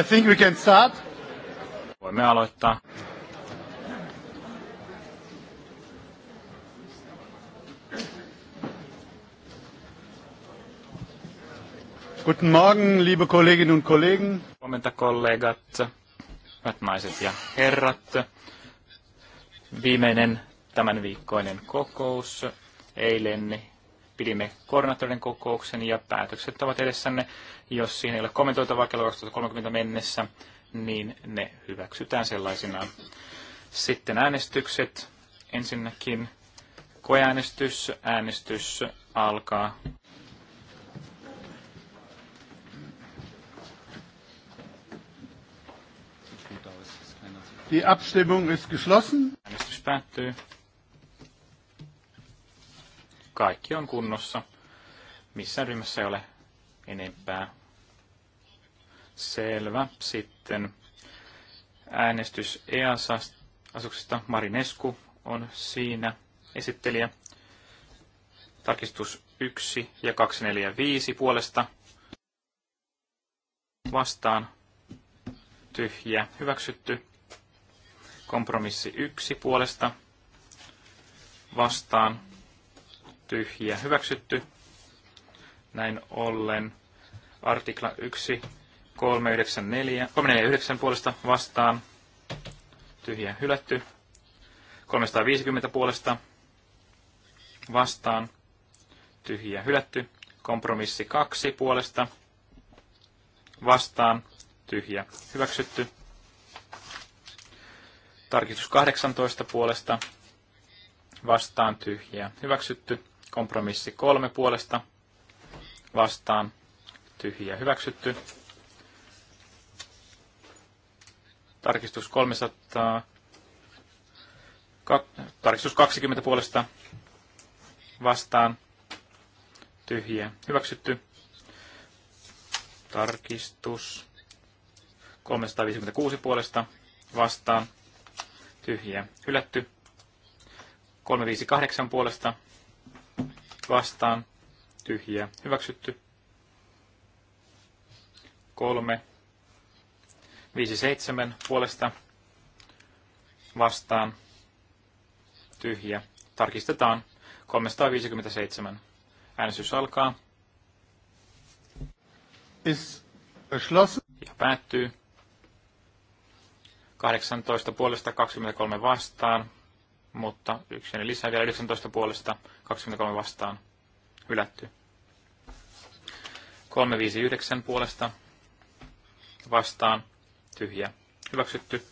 I think we can start. Voimme aloittaa. Guten Morgen, liebe Kolleginnen und Kollegen. Huomenta kollegat, hyvät naiset ja herrat. Viimeinen tämän viikkoinen kokous. Eilen pidimme koordinaattorien kokouksen ja päätökset ovat edessänne. Jos siihen ei ole kommentoitavaa kello 2030 mennessä, niin ne hyväksytään sellaisinaan. Sitten äänestykset. Ensinnäkin koeäänestys. Äänestys alkaa. Die Abstimmung ist geschlossen. Äänestys päättyy kaikki on kunnossa. Missään ryhmässä ei ole enempää. Selvä. Sitten äänestys easa asuksesta Marinesku on siinä esittelijä. Tarkistus 1 ja 245 puolesta vastaan tyhjä hyväksytty. Kompromissi 1 puolesta vastaan tyhjiä hyväksytty. Näin ollen artikla 1, 394, 349 puolesta vastaan, tyhjiä hylätty. 350 puolesta vastaan, tyhjiä hylätty. Kompromissi 2 puolesta vastaan, tyhjä hyväksytty. Tarkistus 18 puolesta vastaan tyhjä hyväksytty. Kompromissi kolme puolesta vastaan tyhjä hyväksytty. Tarkistus 300. Ka, tarkistus 20 puolesta vastaan tyhjiä hyväksytty. Tarkistus 356 puolesta vastaan tyhjiä hylätty. 358 puolesta vastaan, tyhjiä, hyväksytty. Kolme, viisi, seitsemän puolesta vastaan, tyhjiä. Tarkistetaan 357. Äänestys alkaa. Is ja päättyy. 18 puolesta 23 vastaan mutta yksi ennen lisää vielä 19 puolesta, 23 vastaan, hylätty. 359 puolesta, vastaan, tyhjä, hyväksytty.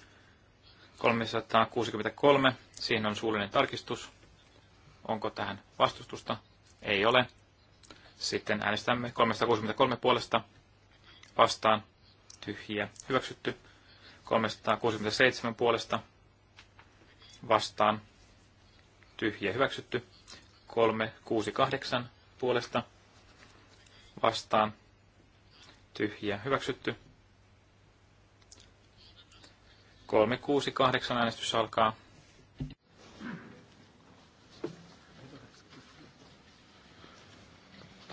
363, siihen on suullinen tarkistus. Onko tähän vastustusta? Ei ole. Sitten äänestämme 363 puolesta, vastaan, tyhjiä, hyväksytty. 367 puolesta, vastaan, tyhjä hyväksytty. 3, 6, 8 puolesta vastaan tyhjä hyväksytty. 3, 6, 8 äänestys alkaa.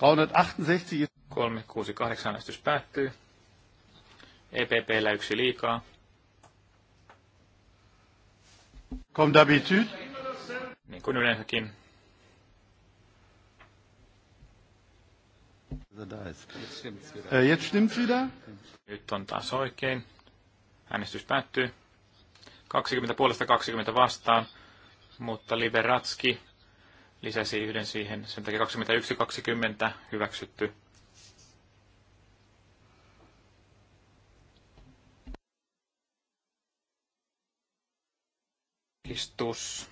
ist 368 äänestys päättyy. EPPllä yksi liikaa. Comme d'habitude niin kuin yleensäkin. Äh, Nyt on taas oikein. Äänestys päättyy. 20 puolesta 20 vastaan, mutta Liberatski lisäsi yhden siihen. Sen takia 21-20 hyväksytty. Istus.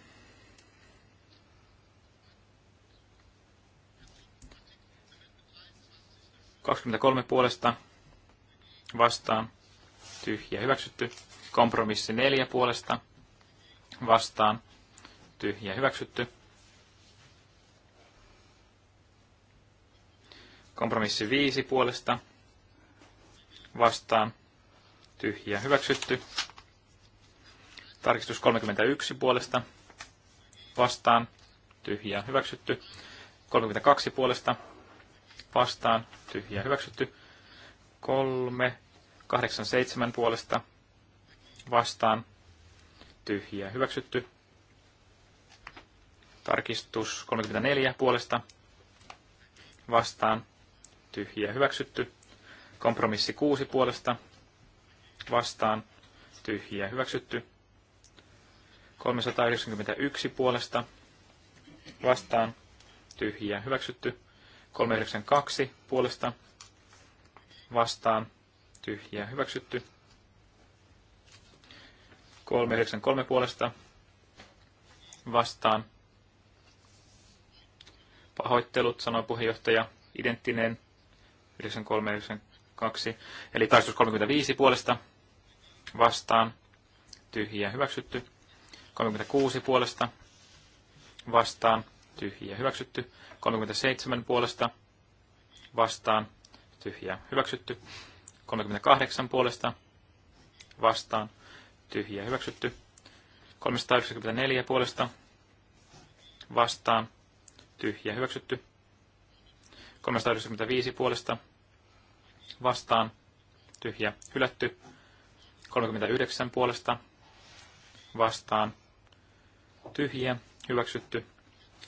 23 puolesta vastaan tyhjä hyväksytty. Kompromissi 4 puolesta vastaan tyhjä hyväksytty. Kompromissi 5 puolesta vastaan tyhjä hyväksytty. Tarkistus 31 puolesta vastaan tyhjä hyväksytty. 32 puolesta vastaan, Tyhjä hyväksytty. 3, 8, 7 puolesta vastaan, Tyhjä hyväksytty. Tarkistus 34 puolesta vastaan, Tyhjä hyväksytty. Kompromissi 6 puolesta vastaan, Tyhjä hyväksytty. 391 puolesta vastaan, Tyhjä hyväksytty. 392 puolesta vastaan tyhjää hyväksytty. 393 puolesta vastaan. Pahoittelut, sanoi puheenjohtaja, identtinen 9392. Eli taistus 35 puolesta vastaan tyhjää hyväksytty. 36 puolesta vastaan tyhjiä hyväksytty. 37 puolesta vastaan tyhjiä hyväksytty. 38 puolesta vastaan tyhjiä hyväksytty. 394 puolesta vastaan tyhjiä hyväksytty. 395 puolesta vastaan tyhjä hylätty. 39 puolesta vastaan tyhjä hyväksytty.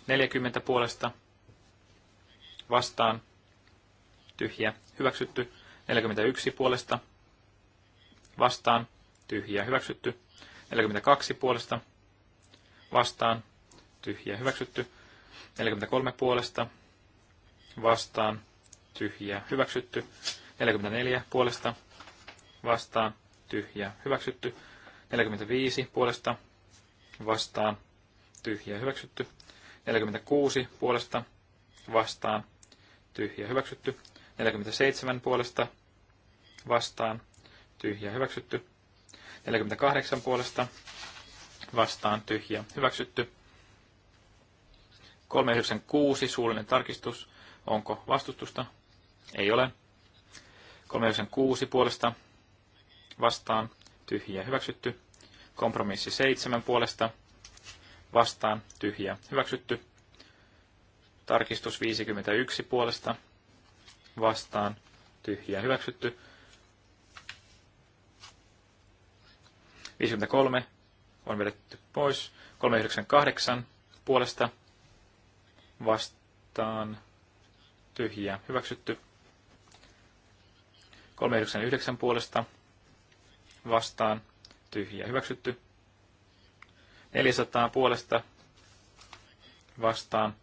40 puolesta vastaan tyhjä hyväksytty. 41 puolesta vastaan tyhjä hyväksytty. 42 puolesta vastaan tyhjä hyväksytty. 43 puolesta vastaan tyhjä hyväksytty. 44 puolesta vastaan tyhjä hyväksytty. 45 puolesta vastaan tyhjä hyväksytty. 46 puolesta vastaan tyhjä hyväksytty. 47 puolesta vastaan tyhjä hyväksytty. 48 puolesta vastaan tyhjä hyväksytty. 396 suullinen tarkistus. Onko vastustusta? Ei ole. 396 puolesta vastaan tyhjä hyväksytty. Kompromissi 7 puolesta vastaan tyhjä hyväksytty. Tarkistus 51 puolesta vastaan tyhjä hyväksytty. 53 on vedetty pois. 398 puolesta vastaan tyhjä hyväksytty. 399 puolesta vastaan tyhjä hyväksytty. 400 puolesta vastaan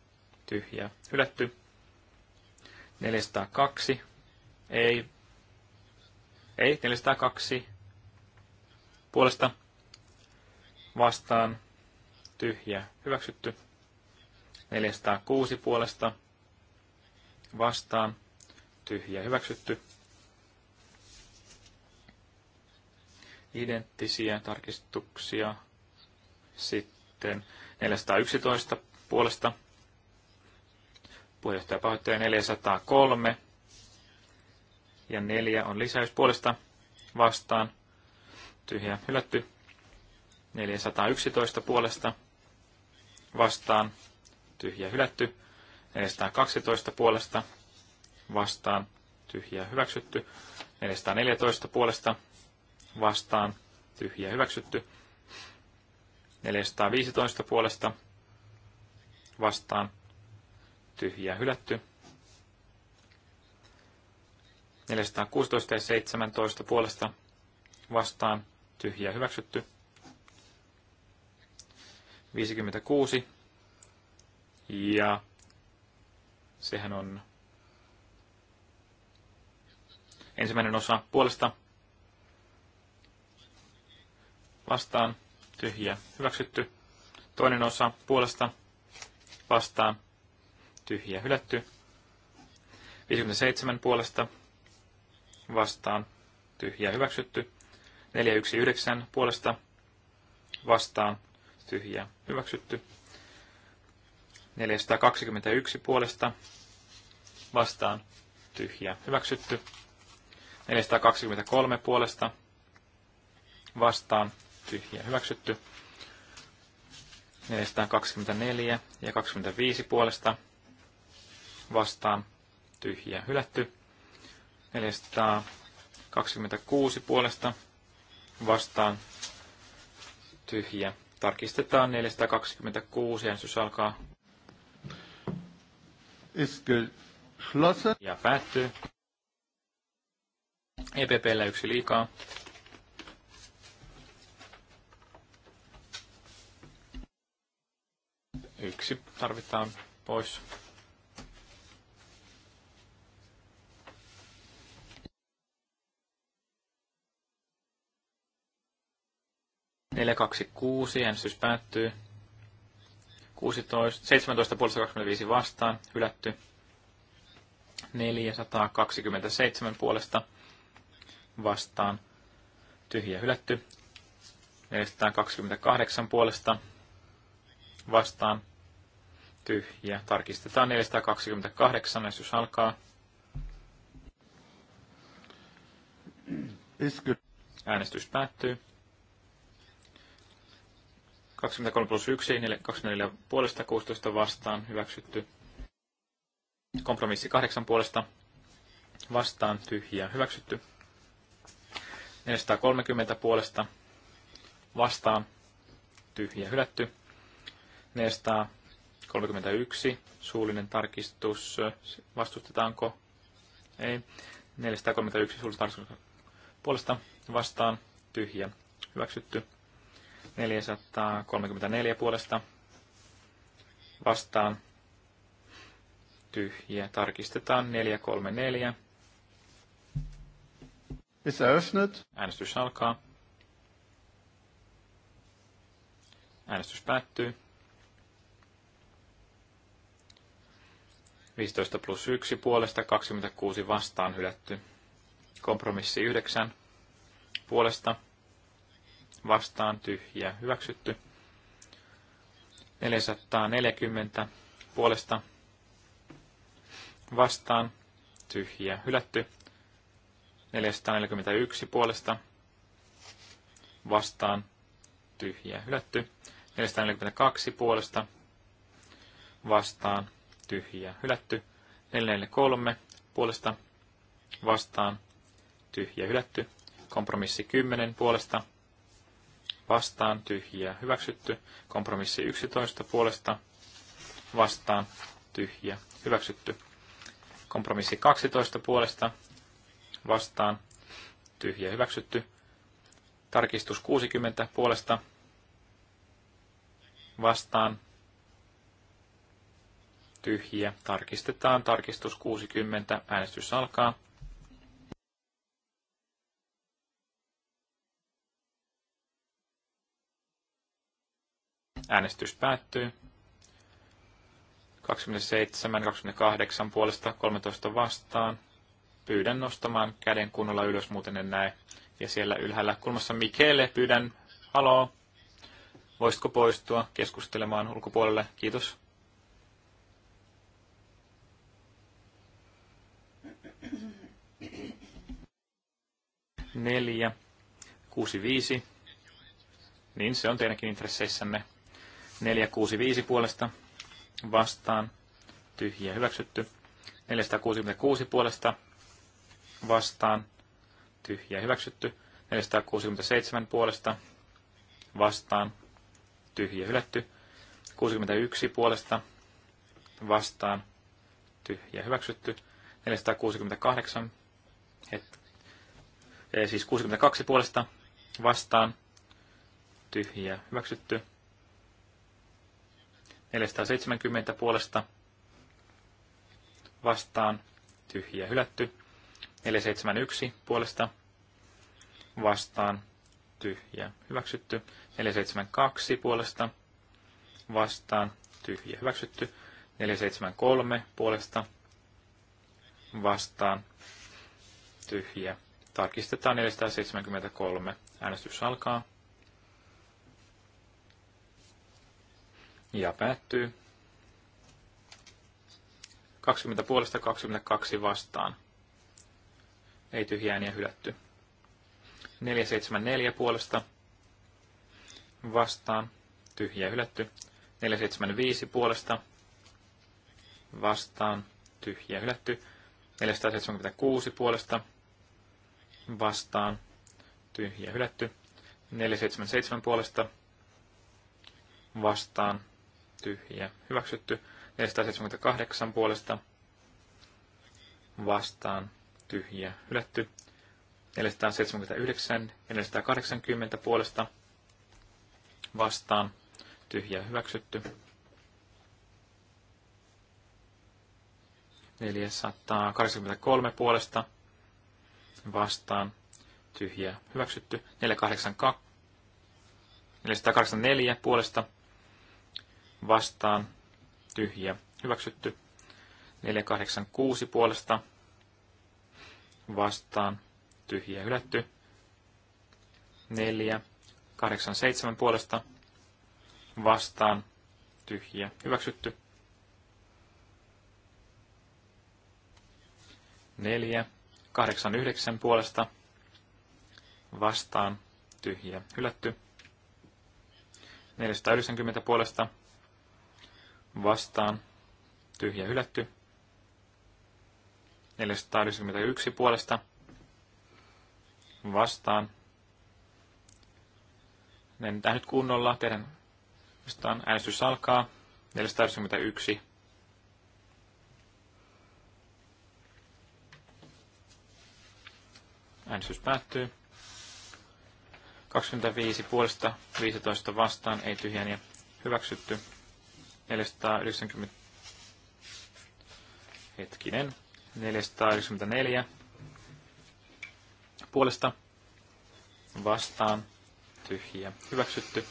tyhjää hylätty. 402 ei. Ei, 402 puolesta vastaan tyhjää hyväksytty. 406 puolesta vastaan tyhjä hyväksytty. Identtisiä tarkistuksia sitten 411 puolesta puheenjohtaja pahoittaja 403 ja 4 on lisäys puolesta vastaan. Tyhjä hylätty. 411 puolesta vastaan. Tyhjä hylätty. 412 puolesta vastaan. Tyhjä hyväksytty. 414 puolesta vastaan. Tyhjä hyväksytty. 415 puolesta vastaan tyhjää hylätty. 416 ja 17 puolesta vastaan tyhjää hyväksytty. 56 ja sehän on ensimmäinen osa puolesta vastaan tyhjä, hyväksytty. Toinen osa puolesta vastaan, tyhjä, hylätty. 57 puolesta vastaan, tyhjä, hyväksytty. 419 puolesta vastaan, tyhjä, hyväksytty. 421 puolesta vastaan, tyhjä, hyväksytty. 423 puolesta vastaan, tyhjiä hyväksytty. 424 ja 25 puolesta vastaan tyhjiä hylätty. 426 puolesta vastaan tyhjä. Tarkistetaan 426, ensys alkaa. Ja päättyy. EPPllä yksi liikaa. Yksi tarvitaan pois. Neljä, kaksi, kuusi. Äänestys päättyy. 17.25 vastaan. Hylätty. 427 puolesta vastaan. Tyhjä hylätty. 428 puolesta vastaan tyhjä. Tarkistetaan 428, jos alkaa. Isky. Äänestys päättyy. 23 plus 1, 24 puolesta, 16 vastaan, hyväksytty. Kompromissi 8 puolesta, vastaan, tyhjä, hyväksytty. 430 puolesta, vastaan, tyhjä, hylätty. 400 31, suullinen tarkistus, vastustetaanko? Ei. 431, suullinen tarkistus puolesta vastaan, tyhjä, hyväksytty. 434 puolesta vastaan, tyhjä, tarkistetaan, 434. Ist eröffnet. Äänestys alkaa. Äänestys päättyy. 15 plus 1 puolesta, 26 vastaan hylätty. Kompromissi 9 puolesta, vastaan tyhjä hyväksytty. 440 puolesta, vastaan tyhjä hylätty. 441 puolesta, vastaan tyhjä hylätty. 442 puolesta, vastaan tyhjiä hylätty. 443 puolesta vastaan tyhjiä hylätty. Kompromissi 10 puolesta vastaan tyhjiä hyväksytty. Kompromissi 11 puolesta vastaan tyhjiä hyväksytty. Kompromissi 12 puolesta vastaan tyhjiä hyväksytty. Tarkistus 60 puolesta vastaan tyhjiä. Tarkistetaan. Tarkistus 60. Äänestys alkaa. Äänestys päättyy. 27, 28 puolesta, 13 vastaan. Pyydän nostamaan käden kunnolla ylös, muuten en näe. Ja siellä ylhäällä kulmassa Mikele, pyydän, haloo, voisitko poistua keskustelemaan ulkopuolelle? Kiitos. 4, 6, 5. Niin, se on teidänkin intresseissämme. 4, 6, 5 puolesta vastaan. Tyhjiä hyväksytty. 466 puolesta vastaan. Tyhjiä hyväksytty. 467 puolesta vastaan. Tyhjiä hylätty. 61 puolesta vastaan. Tyhjiä hyväksytty. 468 hetki E, siis 62 puolesta vastaan. Tyhjiä hyväksytty. 470 puolesta vastaan. Tyhjiä hylätty. 471 puolesta vastaan. Tyhjiä hyväksytty. 472 puolesta vastaan. Tyhjiä hyväksytty. 473 puolesta vastaan tyhjiä Tarkistetaan 473. Äänestys alkaa. Ja päättyy. 20 puolesta 22 vastaan. Ei tyhjään ja hylätty. 474 puolesta vastaan. Tyhjä hylätty. 475 puolesta vastaan. Tyhjä hylätty. 476 puolesta vastaan, tyhjä hylätty. 477 puolesta vastaan, tyhjä hyväksytty. 478 puolesta vastaan, tyhjä hylätty. 479 ja 480 puolesta vastaan, tyhjä hyväksytty. 483 puolesta vastaan tyhjää hyväksytty. 482, 484 puolesta vastaan tyhjää hyväksytty. 486 puolesta vastaan tyhjää hylätty. 487 puolesta vastaan tyhjä hyväksytty. 4, 89 puolesta vastaan tyhjä hylätty. 490 puolesta vastaan tyhjä hylätty. 491 puolesta vastaan. Mennään nyt kunnolla. Teidän vastaan äänestys alkaa. 491 Äänestys päättyy. 25 puolesta, 15 vastaan, ei ja Hyväksytty. 490. Hetkinen. 494 puolesta vastaan tyhjä, Hyväksytty.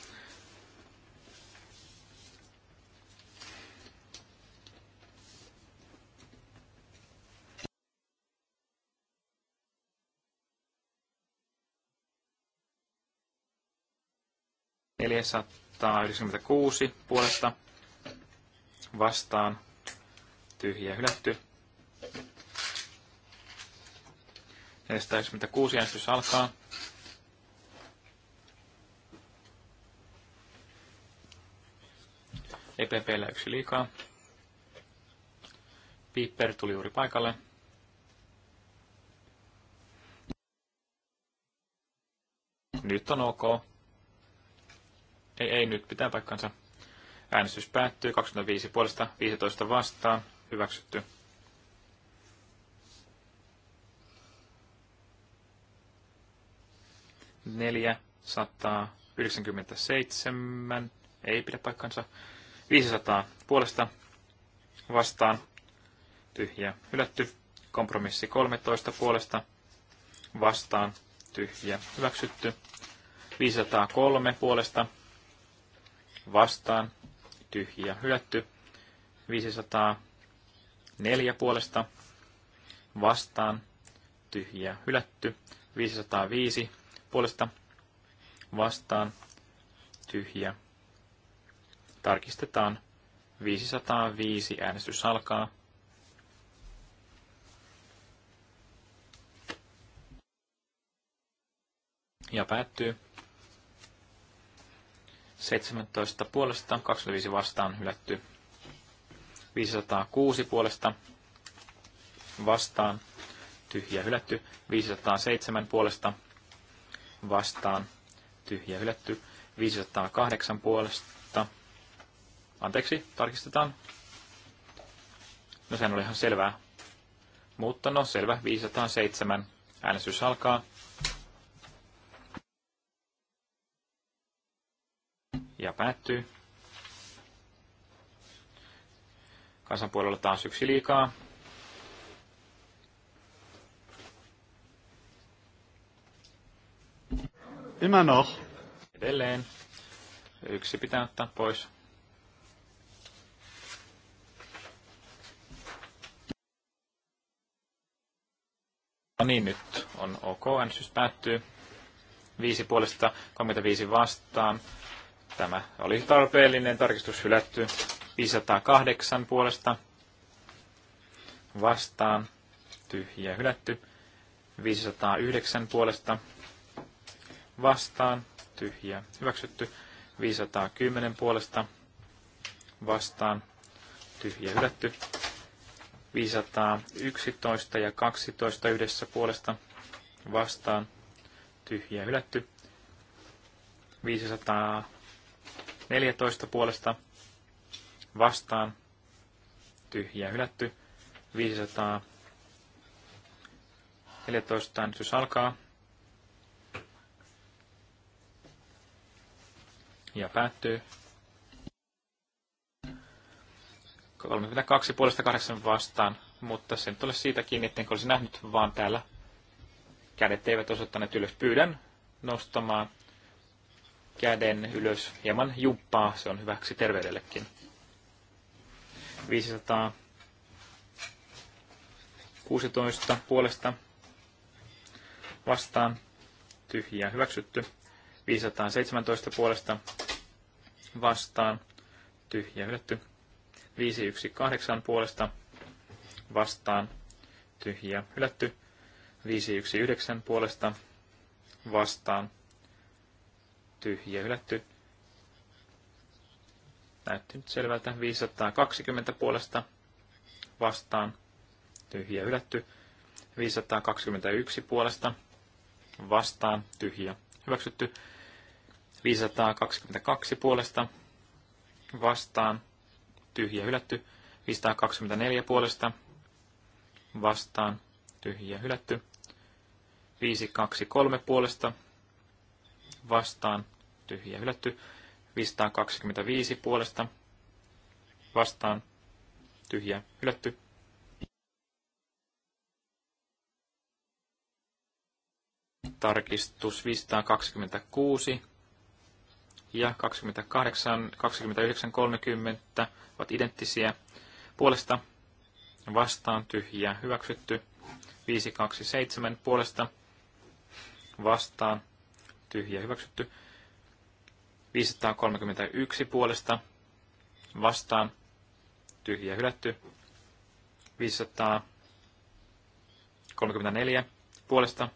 496 puolesta vastaan tyhjä hylätty. 496 äänestys alkaa. EPPllä yksi liikaa. Piper tuli juuri paikalle. Nyt on ok. Ei, ei nyt pitää paikkansa. Äänestys päättyy 25 puolesta 15 vastaan. Hyväksytty. Neljä 197, ei pidä paikkansa, 500 puolesta vastaan, tyhjä, hylätty, kompromissi 13 puolesta vastaan, tyhjä, hyväksytty, 503 puolesta vastaan, tyhjiä hylätty. 504 puolesta vastaan, tyhjiä hylätty. 505 puolesta vastaan, tyhjiä. Tarkistetaan. 505 äänestys alkaa. Ja päättyy. 17 puolesta, 25 vastaan hylätty. 506 puolesta vastaan tyhjä hylätty. 507 puolesta vastaan tyhjä hylätty. 508 puolesta. Anteeksi, tarkistetaan. No sehän oli ihan selvää. Mutta no selvä, 507. Äänestys alkaa. päättyy. Kansan puolella taas yksi liikaa. Immer Edelleen. Yksi pitää ottaa pois. No niin, nyt on ok. Äänestys päättyy. Viisi puolesta, 35 vastaan. Tämä oli tarpeellinen tarkistus hylätty. 508 puolesta vastaan tyhjiä hylätty. 509 puolesta vastaan tyhjiä hyväksytty. 510 puolesta vastaan tyhjiä hylätty. 511 ja 12 yhdessä puolesta vastaan tyhjiä hylätty. 500 14 puolesta vastaan. Tyhjä hylätty. 500. 14 äänestys alkaa. Ja päättyy. 32 puolesta 8 vastaan, mutta sen tulee siitä kiinni, että olisi nähnyt, vaan täällä kädet eivät osoittaneet ylös. Pyydän nostamaan käden ylös, hieman jumppaa, se on hyväksi terveydellekin. 516 puolesta vastaan, tyhjiä hyväksytty. 517 puolesta vastaan, tyhjiä hylätty. 518 puolesta vastaan, tyhjiä hylätty. 519 puolesta vastaan, tyhjiä hylätty. Näytti nyt selvältä. 520 puolesta vastaan tyhjiä hylätty. 521 puolesta vastaan tyhjiä hyväksytty. 522 puolesta vastaan tyhjiä hylätty. 524 puolesta vastaan tyhjiä hylätty. 523 puolesta vastaan, tyhjä hylätty. 525 puolesta vastaan, tyhjä hylätty. Tarkistus 526 ja 28, 29, 30 ovat identtisiä. Puolesta vastaan tyhjä hyväksytty. 527 puolesta vastaan tyhjä hyväksytty. 531 puolesta vastaan tyhjä hylätty. 534 puolesta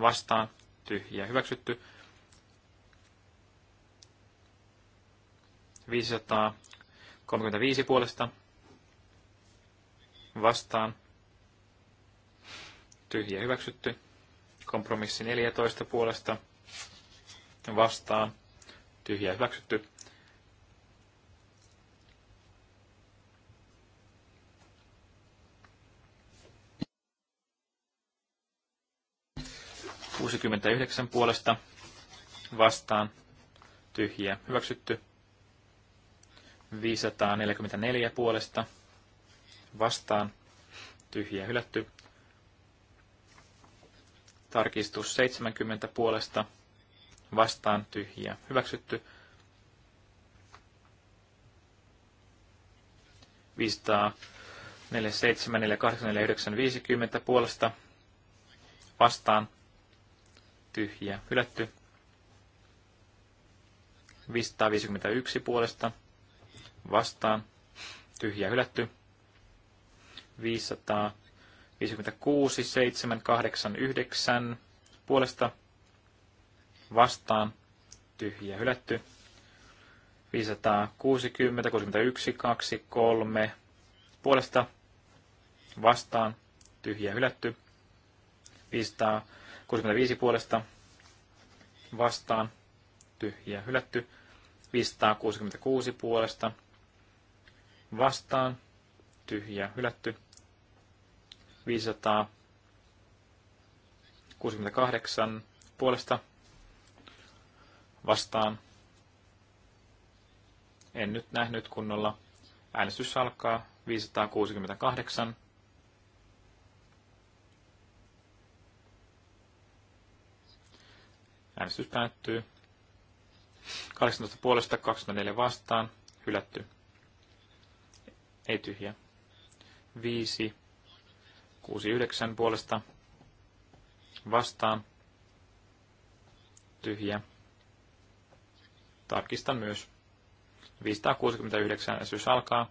vastaan tyhjä hyväksytty. 535 puolesta vastaan tyhjä hyväksytty. Kompromissi 14 puolesta vastaan. Tyhjä hyväksytty. Kuusikymmentäyhdeksän puolesta vastaan tyhjiä hyväksytty. 544 puolesta vastaan tyhjiä hylätty. Tarkistus 70 puolesta vastaan tyhjiä. Hyväksytty. 547, puolesta vastaan tyhjiä. Hylätty. 551 puolesta vastaan tyhjiä. Hylätty. 500 56, 7, 8, 9 puolesta vastaan tyhjä hylätty. 560, 61, 2, 3 puolesta vastaan tyhjä hylätty. 565 puolesta vastaan tyhjä hylätty. 566 puolesta vastaan tyhjä hylätty. 568 puolesta vastaan. En nyt nähnyt kunnolla. Äänestys alkaa 568. Äänestys päättyy. 18 puolesta 24 vastaan. Hylätty. Ei tyhjä. 5, 69 puolesta vastaan. Tyhjä. Tarkistan myös. 569 esitys alkaa.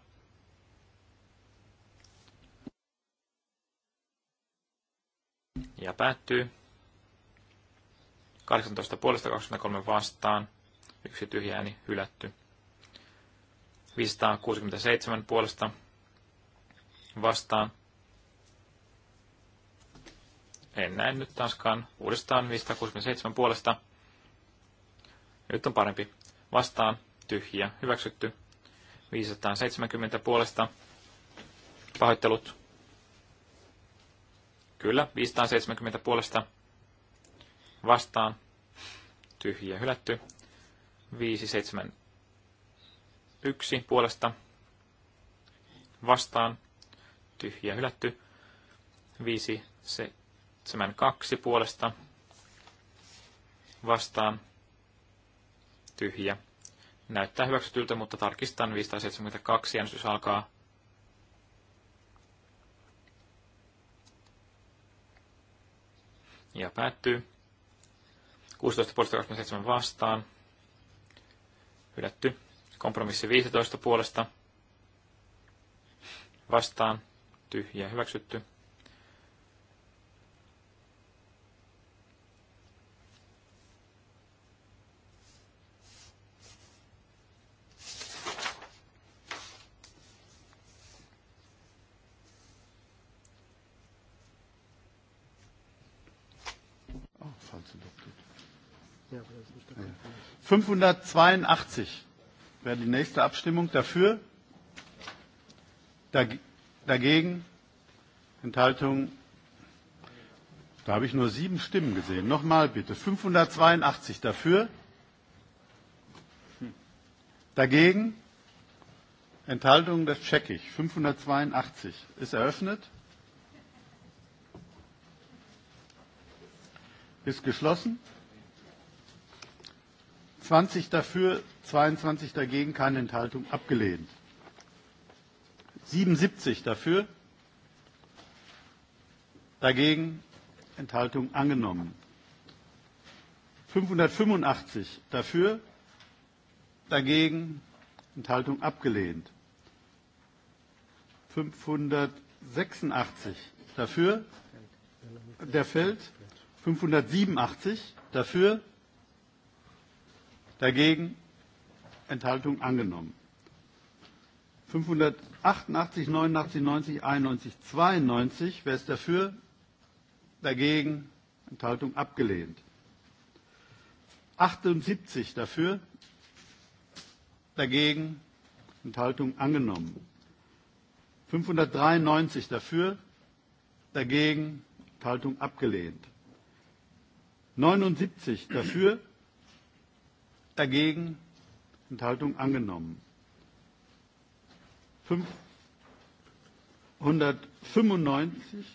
Ja päättyy. 18 puolesta 23 vastaan. Yksi tyhjä ääni hylätty. 567 puolesta vastaan en näe nyt taaskaan. Uudestaan 567 puolesta. Nyt on parempi. Vastaan. Tyhjiä. Hyväksytty. 570 puolesta. Pahoittelut. Kyllä. 570 puolesta. Vastaan. Tyhjiä. Hylätty. 571 puolesta. Vastaan. Tyhjiä. Hylätty. 5 se 72 puolesta vastaan tyhjä. Näyttää hyväksytyltä, mutta tarkistan 572 äänestys alkaa. Ja päättyy. 16 puolesta 27 vastaan. Hylätty. Kompromissi 15 puolesta vastaan. Tyhjä hyväksytty. 582 wäre die nächste Abstimmung. Dafür? Dag dagegen? Enthaltung? Da habe ich nur sieben Stimmen gesehen. Nochmal bitte. 582 dafür? Dagegen? Enthaltung, das checke ich. 582 ist eröffnet. Ist geschlossen. 20 dafür, 22 dagegen, keine Enthaltung abgelehnt. 77 dafür, dagegen, Enthaltung angenommen. 585 dafür, dagegen, Enthaltung abgelehnt. 586 dafür, der fällt. 587 dafür, Dagegen Enthaltung angenommen. 588, 89, 90, 91, 92. Wer ist dafür? Dagegen Enthaltung abgelehnt. 78 dafür. Dagegen Enthaltung angenommen. 593 dafür. Dagegen Enthaltung abgelehnt. 79 dafür. Dagegen? Enthaltung angenommen. 595?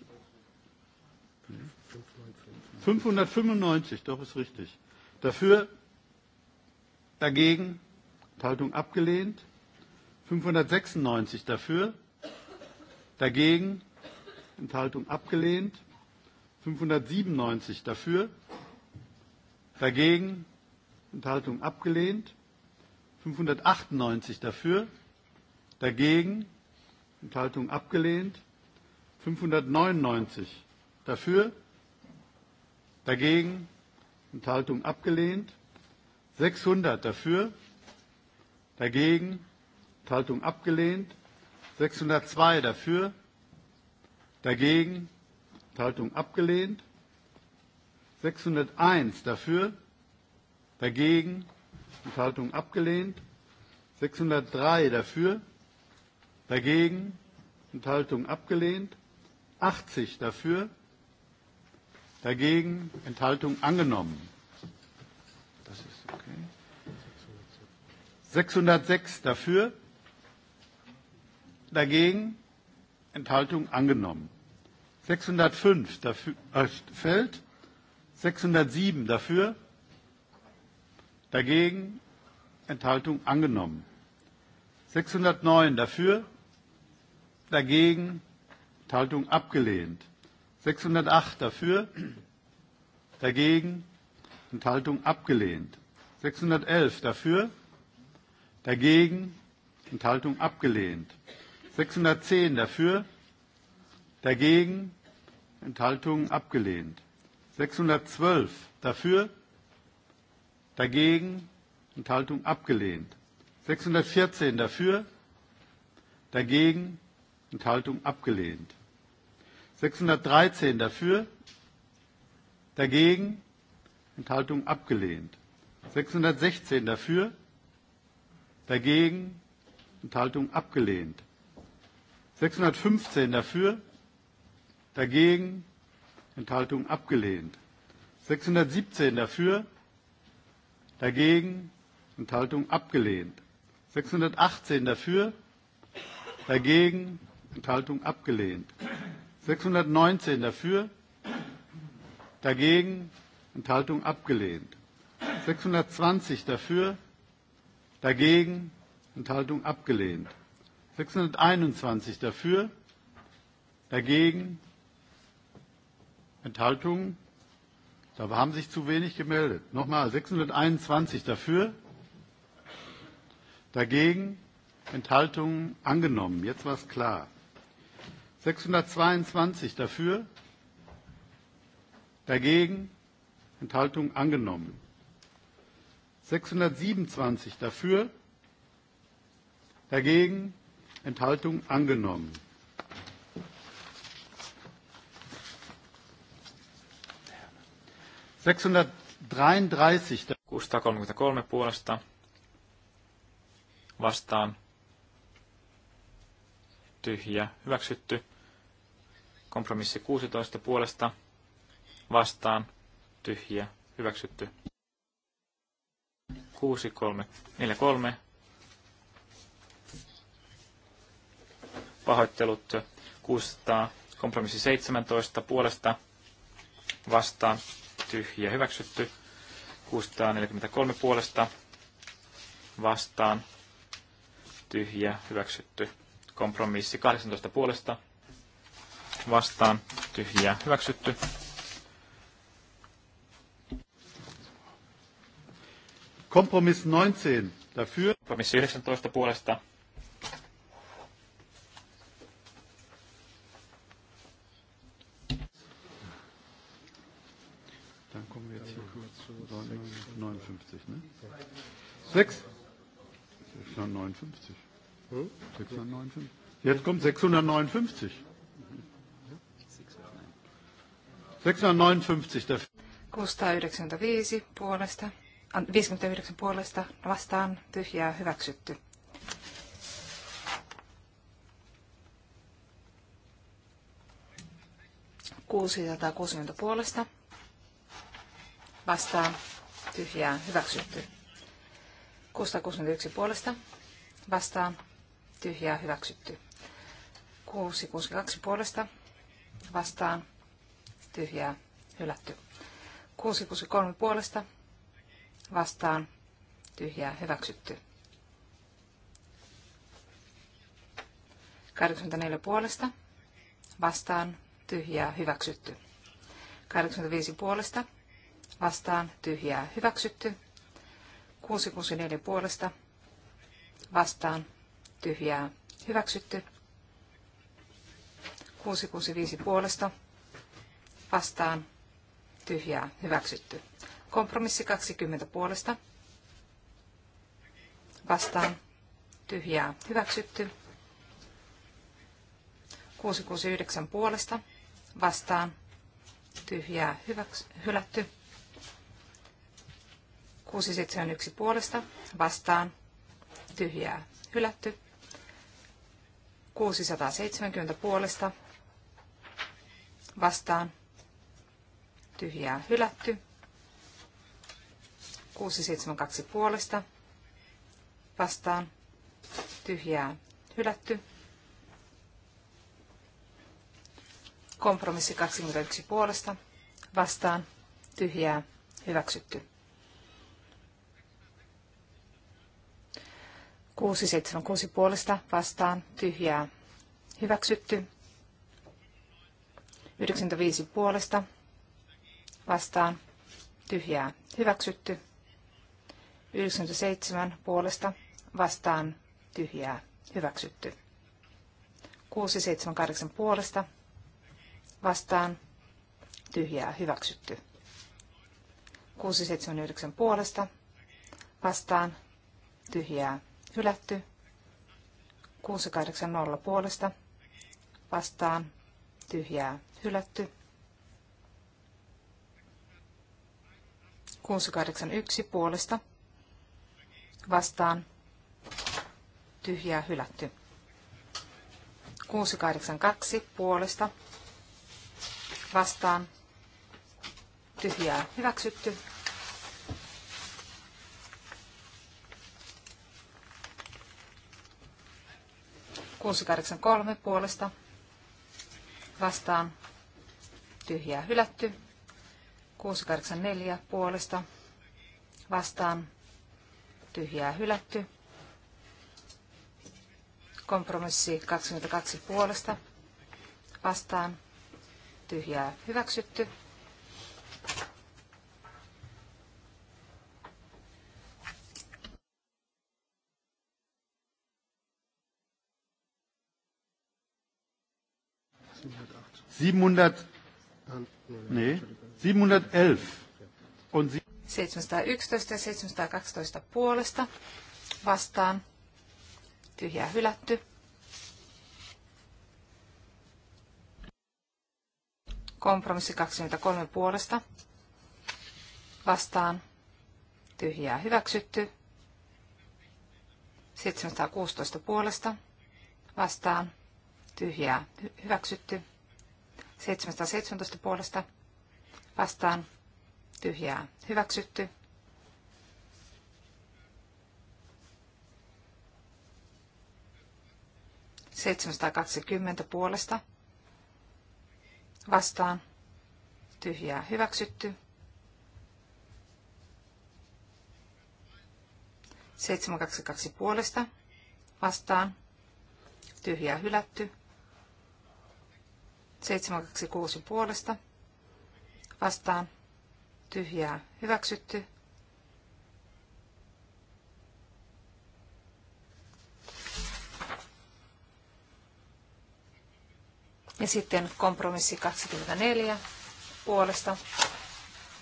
595, doch ist richtig. Dafür? Dagegen? Enthaltung abgelehnt. 596 dafür, dagegen, Enthaltung abgelehnt. 597 dafür, dagegen, Enthaltung abgelehnt. 598 dafür, dagegen, enthaltung abgelehnt. 599 dafür, dagegen, enthaltung abgelehnt. 600 dafür, dagegen, enthaltung abgelehnt. 602 dafür, dagegen, enthaltung abgelehnt. 601 dafür, Dagegen? Enthaltung abgelehnt. 603 dafür. Dagegen? Enthaltung abgelehnt. 80 dafür. Dagegen? Enthaltung angenommen. Das ist okay. 606 dafür. Dagegen? Enthaltung angenommen. 605 dafür, äh, fällt. 607 dafür. Dagegen Enthaltung angenommen. 609 dafür, dagegen Enthaltung abgelehnt. 608 dafür, dagegen Enthaltung abgelehnt. 611 dafür, dagegen Enthaltung abgelehnt. 610 dafür, dagegen Enthaltung abgelehnt. 612 dafür, dagegen, Enthaltung abgelehnt. 614 dafür, dagegen, Enthaltung abgelehnt. 613 dafür, dagegen, Enthaltung abgelehnt. 616 dafür, dagegen, Enthaltung abgelehnt. 615 dafür, dagegen, Enthaltung abgelehnt. 617 dafür, dagegen, Enthaltung abgelehnt. 618 dafür, dagegen, Enthaltung abgelehnt. 619 dafür, dagegen, Enthaltung abgelehnt. 620 dafür, dagegen, Enthaltung abgelehnt. 621 dafür, dagegen, Enthaltung Da haben sich zu wenig gemeldet. Nochmal 621 dafür, dagegen, Enthaltungen angenommen. Jetzt war es klar. 622 dafür, dagegen, Enthaltungen angenommen. 627 dafür, dagegen, Enthaltungen angenommen. 633. puolesta vastaan tyhjä hyväksytty. Kompromissi 16 puolesta vastaan tyhjä hyväksytty. 6343 pahoittelut 600 kompromissi 17 puolesta vastaan tyhjä hyväksytty. 643 puolesta vastaan tyhjä hyväksytty. Kompromissi 18 puolesta vastaan tyhjä hyväksytty. kompromissi 19 dafür. Kompromissi 19 puolesta 59, ne? 6? 659. 659. Jetzt kommt 659. 659 dafür. 695 puolesta, 59 puolesta vastaan tyhjää hyväksytty. Kuusi puolesta vastaan tyhjää hyväksytty. 661 puolesta vastaan tyhjää hyväksytty. 662 puolesta vastaan tyhjää hylätty. 663 puolesta vastaan tyhjää hyväksytty. 84 puolesta vastaan tyhjää hyväksytty. 85 puolesta vastaan tyhjää hyväksytty. 664 puolesta vastaan tyhjää hyväksytty. 665 puolesta vastaan tyhjää hyväksytty. Kompromissi 20 puolesta vastaan tyhjää hyväksytty. 669 puolesta vastaan tyhjää hyväks- hylätty. 671 puolesta vastaan tyhjää hylätty. 670 puolesta vastaan tyhjää hylätty. 672 puolesta vastaan tyhjää hylätty. Kompromissi 21 puolesta vastaan tyhjää hyväksytty. 676 puolesta vastaan tyhjää hyväksytty. 95 puolesta vastaan tyhjää hyväksytty. 97 puolesta vastaan tyhjää hyväksytty. 678 puolesta vastaan tyhjää hyväksytty. 679 puolesta vastaan tyhjää Hylätty. 680 puolesta. Vastaan. Tyhjää. Hylätty. 681 puolesta. Vastaan. Tyhjää. Hylätty. 682 puolesta. Vastaan. Tyhjää. Hyväksytty. 683 puolesta vastaan tyhjää hylätty. 684 puolesta vastaan tyhjää hylätty. Kompromissi 22 puolesta vastaan tyhjää hyväksytty. 700, nee, 711 on 711 ja 712 puolesta vastaan. Tyhjää hylätty. Kompromissi 23 puolesta vastaan. Tyhjää hyväksytty. 716 puolesta vastaan. Tyhjää hyväksytty. 717 puolesta vastaan tyhjää hyväksytty. Seitsemästä puolesta vastaan tyhjää hyväksytty. 722 puolesta vastaan tyhjää hylätty. 726 puolesta vastaan tyhjää hyväksytty. Ja sitten kompromissi 24 puolesta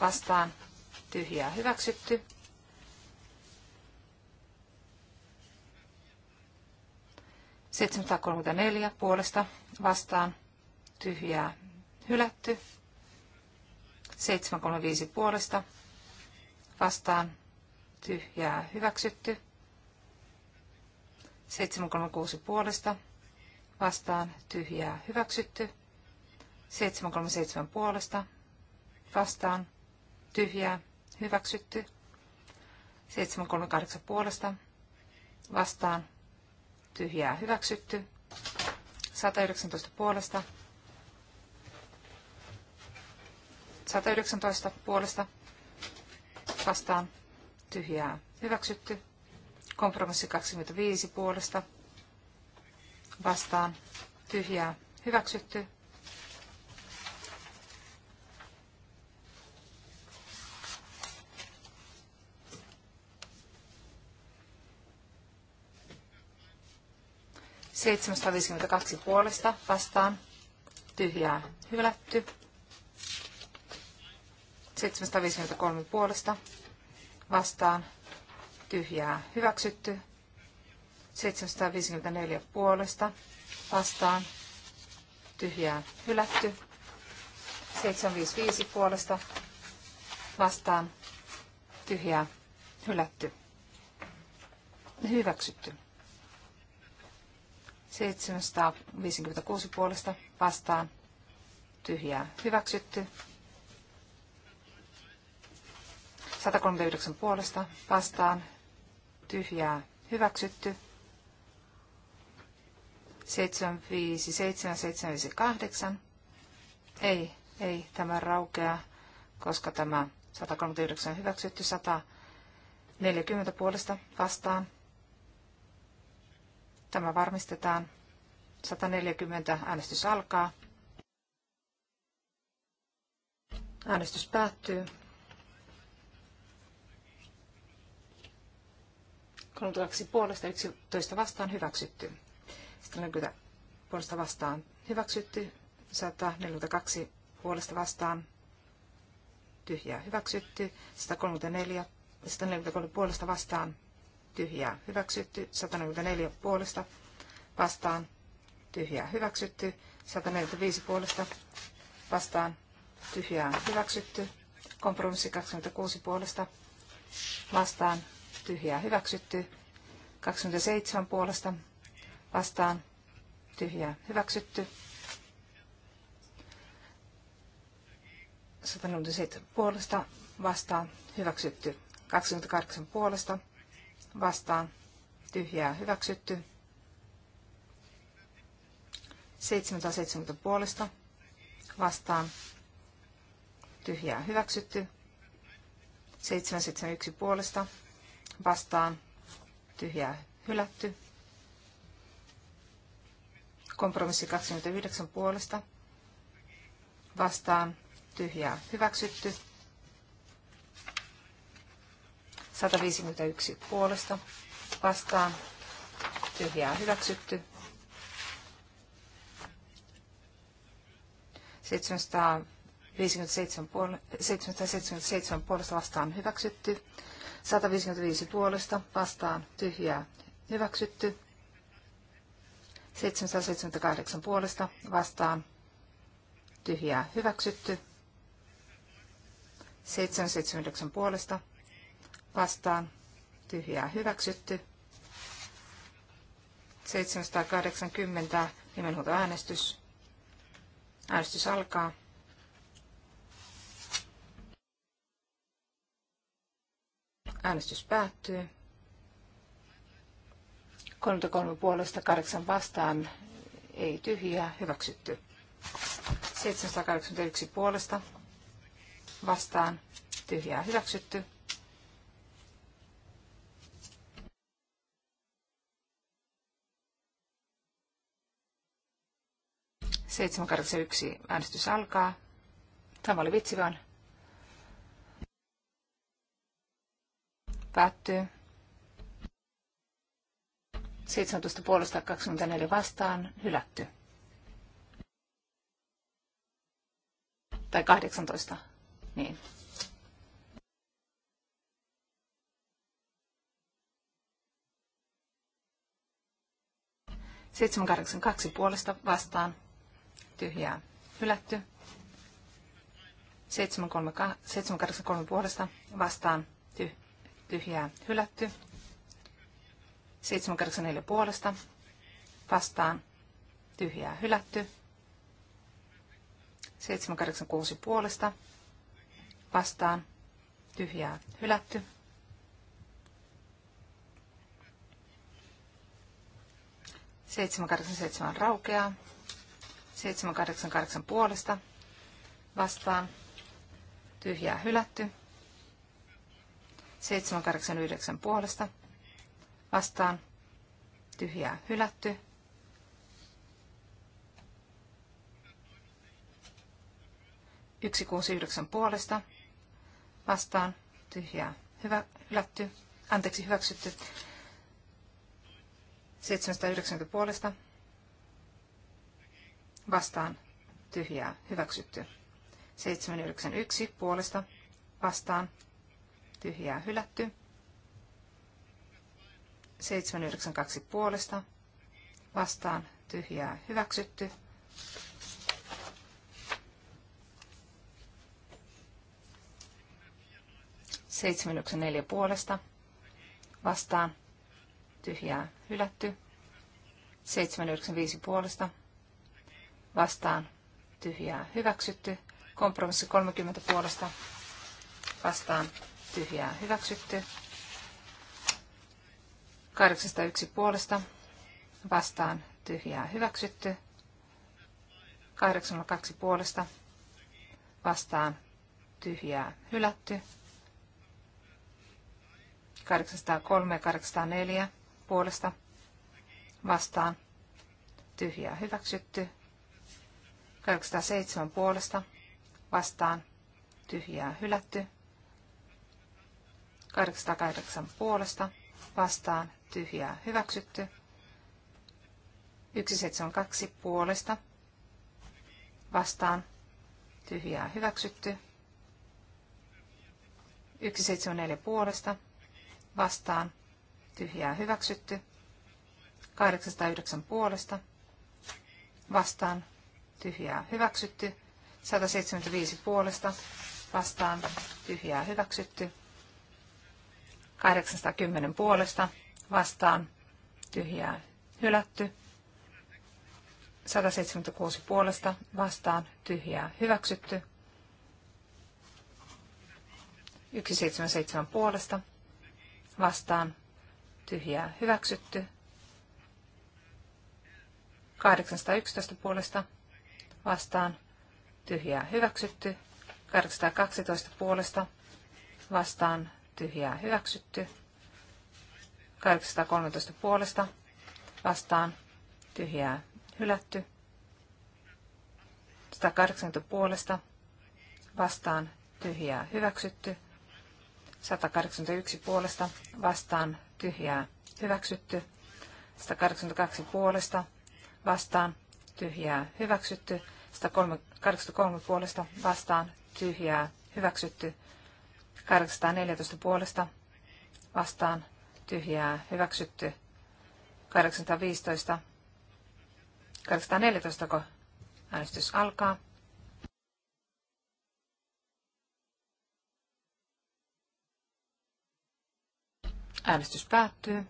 vastaan tyhjää hyväksytty. Seitsemän puolesta vastaan tyhjää hylätty. 735 puolesta vastaan tyhjää hyväksytty. 736 puolesta vastaan tyhjää hyväksytty. 737 puolesta vastaan tyhjää hyväksytty. 738 puolesta vastaan tyhjää hyväksytty. 119 puolesta 119 puolesta vastaan tyhjää hyväksytty. Kompromissi 25 puolesta vastaan tyhjää hyväksytty. Seitsemästä puolesta vastaan tyhjää hylätty. 753 puolesta vastaan tyhjää hyväksytty. 754 puolesta vastaan tyhjää hylätty. 755 puolesta vastaan tyhjää hylätty. Hyväksytty. 756 puolesta vastaan tyhjää hyväksytty. 139 puolesta vastaan tyhjää hyväksytty. 75, 7, 758. Ei, ei tämä raukea, koska tämä 139 hyväksytty 140 puolesta vastaan. Tämä varmistetaan. 140 äänestys alkaa. Äänestys päättyy. 32 puolesta 11 vastaan hyväksytty. 140 puolesta vastaan hyväksytty. 142 puolesta vastaan tyhjää hyväksytty. 134 143 puolesta vastaan tyhjää hyväksytty. 144 puolesta vastaan tyhjää hyväksytty. 145 puolesta vastaan tyhjää hyväksytty. Kompromissi 26 puolesta vastaan tyhjää hyväksytty. 27 puolesta vastaan tyhjää hyväksytty. 147 puolesta vastaan hyväksytty. 28 puolesta vastaan tyhjää hyväksytty. 770 puolesta vastaan tyhjää hyväksytty. 771 puolesta vastaan tyhjää hylätty. Kompromissi 29 puolesta vastaan tyhjää hyväksytty. 151 puolesta vastaan tyhjää hyväksytty. 757 puolesta vastaan hyväksytty. 155 puolesta vastaan tyhjää hyväksytty. 778 puolesta vastaan tyhjää hyväksytty. 779 puolesta vastaan tyhjää hyväksytty. 780 nimenhuutoäänestys. Äänestys alkaa. Äänestys päättyy. 33 puolesta 8 vastaan, ei tyhjää, hyväksytty. 781 puolesta vastaan, tyhjää, hyväksytty. Seitsemän yksi äänestys alkaa. Tämä oli vitsi vaan. Päättyy. 17 puolesta 24 vastaan. Hylätty. Tai 18. Niin. Seitsemän kahdeksan kaksi puolesta vastaan. Tyhjää. Hylätty. 783 puolesta vastaan tyhjää tyhjää hylätty. 784 puolesta vastaan tyhjää hylätty. 786 puolesta vastaan tyhjää hylätty. 787 raukeaa. 788 puolesta vastaan tyhjää hylätty. 789 puolesta vastaan tyhjää hylätty. Yksi kuusi yhdeksän puolesta vastaan tyhjää hyvä, hylätty, anteeksi hyväksytty. 790 puolesta vastaan tyhjää hyväksytty. 791 puolesta vastaan tyhjää hylätty. 792 puolesta vastaan tyhjää hyväksytty. Seitsemän neljä puolesta vastaan tyhjää hylätty. 795 puolesta vastaan tyhjää hyväksytty. Kompromissi 30 puolesta vastaan tyhjää hyväksytty. 801 puolesta vastaan tyhjää hyväksytty. 802 puolesta vastaan tyhjää hylätty. 803 ja 804 puolesta vastaan tyhjää hyväksytty. 807 puolesta vastaan tyhjää hylätty. 808 puolesta vastaan tyhjää hyväksytty. 172 puolesta vastaan tyhjää hyväksytty. 174 puolesta vastaan tyhjää hyväksytty. 809 puolesta vastaan tyhjää hyväksytty. 175 puolesta vastaan tyhjää hyväksytty. 810 puolesta vastaan tyhjää hylätty. 176 puolesta vastaan tyhjää hyväksytty. 177 puolesta vastaan tyhjää hyväksytty. 811 puolesta vastaan tyhjää hyväksytty. 812 puolesta vastaan tyhjää hyväksytty. 813 puolesta vastaan tyhjää hylätty. 180 puolesta vastaan tyhjää hyväksytty. 181 puolesta vastaan tyhjää hyväksytty. 182 puolesta vastaan tyhjää hyväksytty. 183 puolesta vastaan tyhjää hyväksytty. 814 puolesta vastaan tyhjää hyväksytty. 815. 814, kun äänestys alkaa. Äänestys päättyy.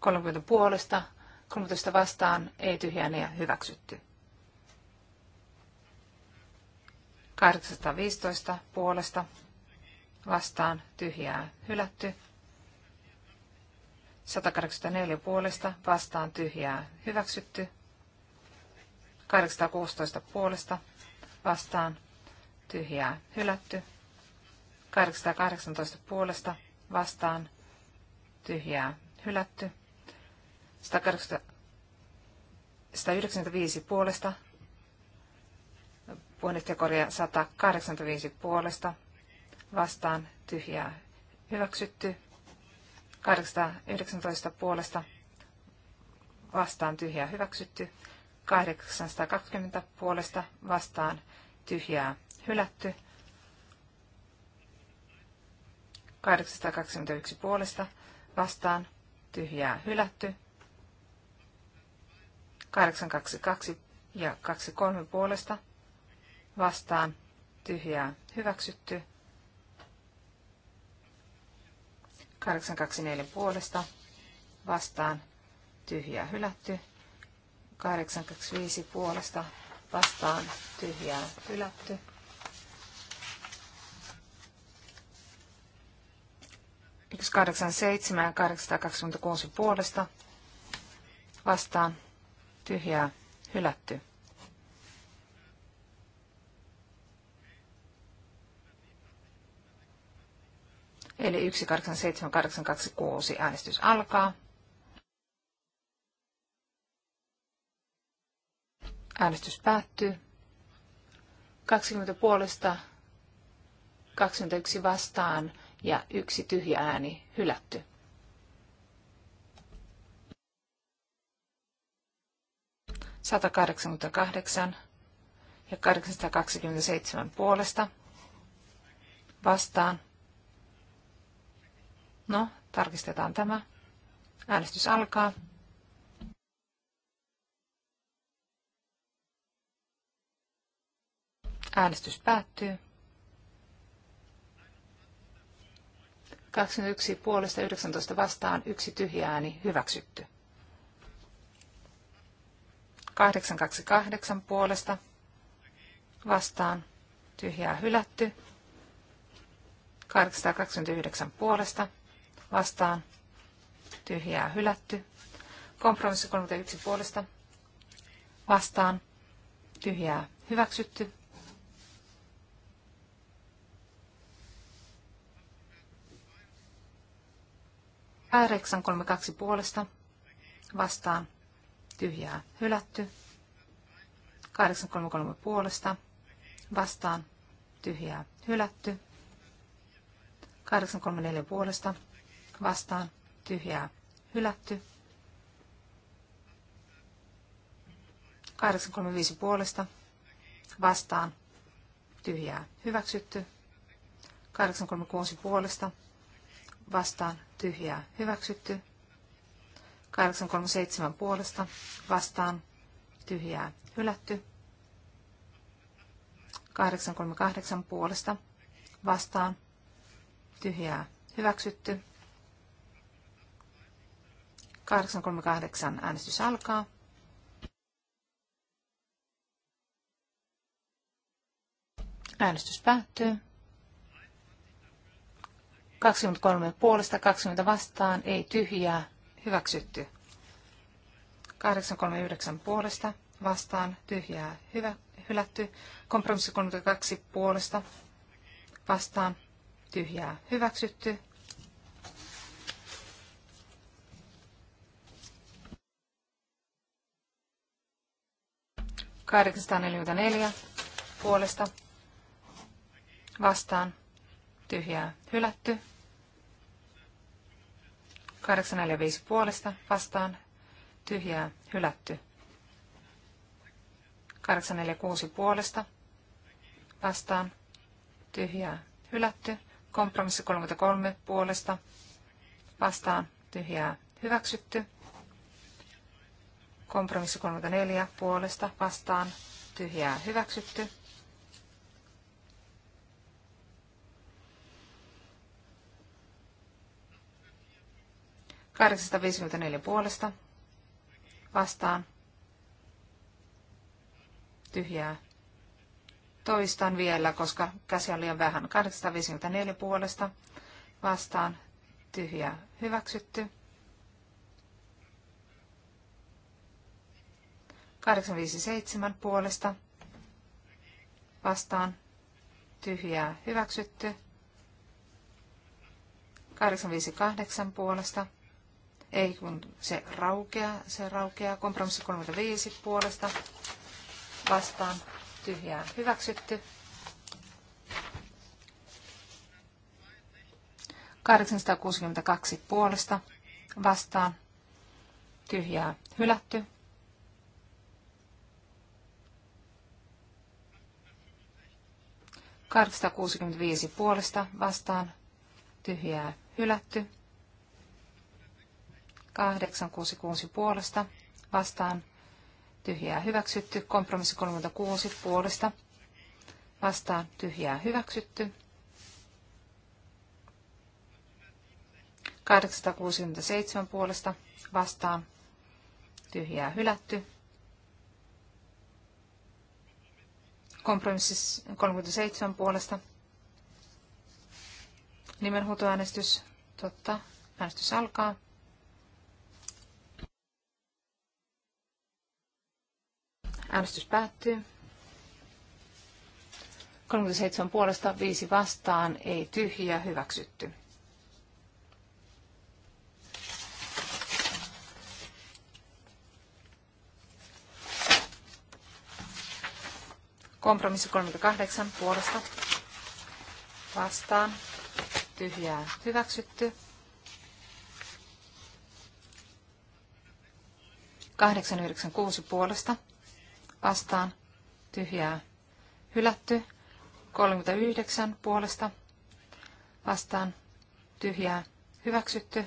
30 puolesta, 13 vastaan, ei tyhjään niin ja hyväksytty. 815 puolesta vastaan tyhjää hylätty. 184 puolesta vastaan tyhjää hyväksytty. 816 puolesta vastaan tyhjää hylätty. 818 puolesta vastaan tyhjää hylätty. 195 puolesta, puheenjohtajakorja 185 puolesta vastaan tyhjää hyväksytty. 819 puolesta vastaan tyhjää hyväksytty. 820 puolesta vastaan tyhjää hylätty. 821 puolesta vastaan tyhjää hylätty. 822 ja 23 puolesta vastaan tyhjää hyväksytty. 824 puolesta vastaan tyhjää hylätty. 825 puolesta vastaan tyhjää hylätty. Yksi 87 ja 826 puolesta vastaan tyhjää hylätty. Eli 187826 äänestys alkaa. Äänestys päättyy. 20 puolesta, 21 vastaan ja yksi tyhjä ääni hylätty. kahdeksan ja 827 puolesta vastaan No, tarkistetaan tämä. Äänestys alkaa. Äänestys päättyy. 21 puolesta 19 vastaan, yksi tyhjä ääni hyväksytty. 828 puolesta vastaan, tyhjää hylätty. 829 puolesta vastaan tyhjää hylätty. Kompromissi 31 puolesta vastaan tyhjää hyväksytty. A832 puolesta vastaan tyhjää hylätty. 833 puolesta vastaan tyhjää hylätty. 834 puolesta vastaan tyhjää hylätty. 835 puolesta vastaan tyhjää hyväksytty. 836 puolesta vastaan tyhjää hyväksytty. 837 puolesta vastaan tyhjää hylätty. 838 puolesta vastaan tyhjää hyväksytty. 838 äänestys alkaa. Äänestys päättyy. 23 puolesta, 20 vastaan, ei tyhjää, hyväksytty. 839 puolesta, vastaan, tyhjää, hyvä, hylätty. Kompromissi 32 puolesta, vastaan, tyhjää, hyväksytty. 844 puolesta vastaan tyhjää hylätty. 845 puolesta vastaan tyhjää hylätty. 846 puolesta vastaan tyhjää hylätty. Kompromissi 33 puolesta vastaan tyhjää hyväksytty. Kompromissi 34 puolesta vastaan tyhjää hyväksytty. neljä puolesta vastaan tyhjää. Toistan vielä, koska käsi on liian vähän. 854 puolesta vastaan tyhjää hyväksytty. 857 puolesta vastaan tyhjää hyväksytty. 858 puolesta. Ei kun se raukea se raukea Kompromissi 35 puolesta vastaan tyhjää hyväksytty. 862 puolesta vastaan tyhjää hylätty. 865 puolesta vastaan tyhjää hylätty. 866 puolesta vastaan tyhjää hyväksytty. Kompromissi 36 puolesta vastaan tyhjää hyväksytty. 867 puolesta vastaan tyhjää hylätty. Kompromissis 37 puolesta. Nimenhuutoäänestys. Totta. Äänestys alkaa. Äänestys päättyy. 37 puolesta, 5 vastaan, ei tyhjiä, hyväksytty. Kompromissi 38 puolesta vastaan. Tyhjää hyväksytty. 896 puolesta vastaan. Tyhjää hylätty. 39 puolesta vastaan. Tyhjää hyväksytty.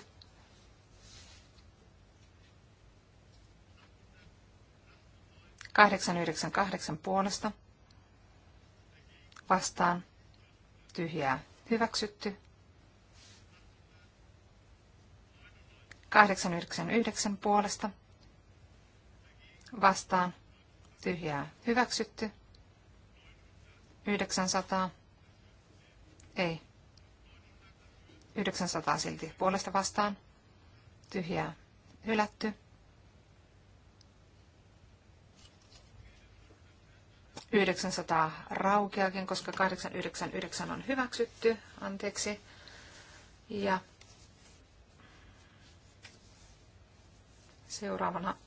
898 puolesta vastaan tyhjää hyväksytty. 899 puolesta vastaan tyhjää hyväksytty. 900 ei. 900 silti puolesta vastaan tyhjää hylätty. 900 raukeakin, koska 899 on hyväksytty, anteeksi. Ja seuraavana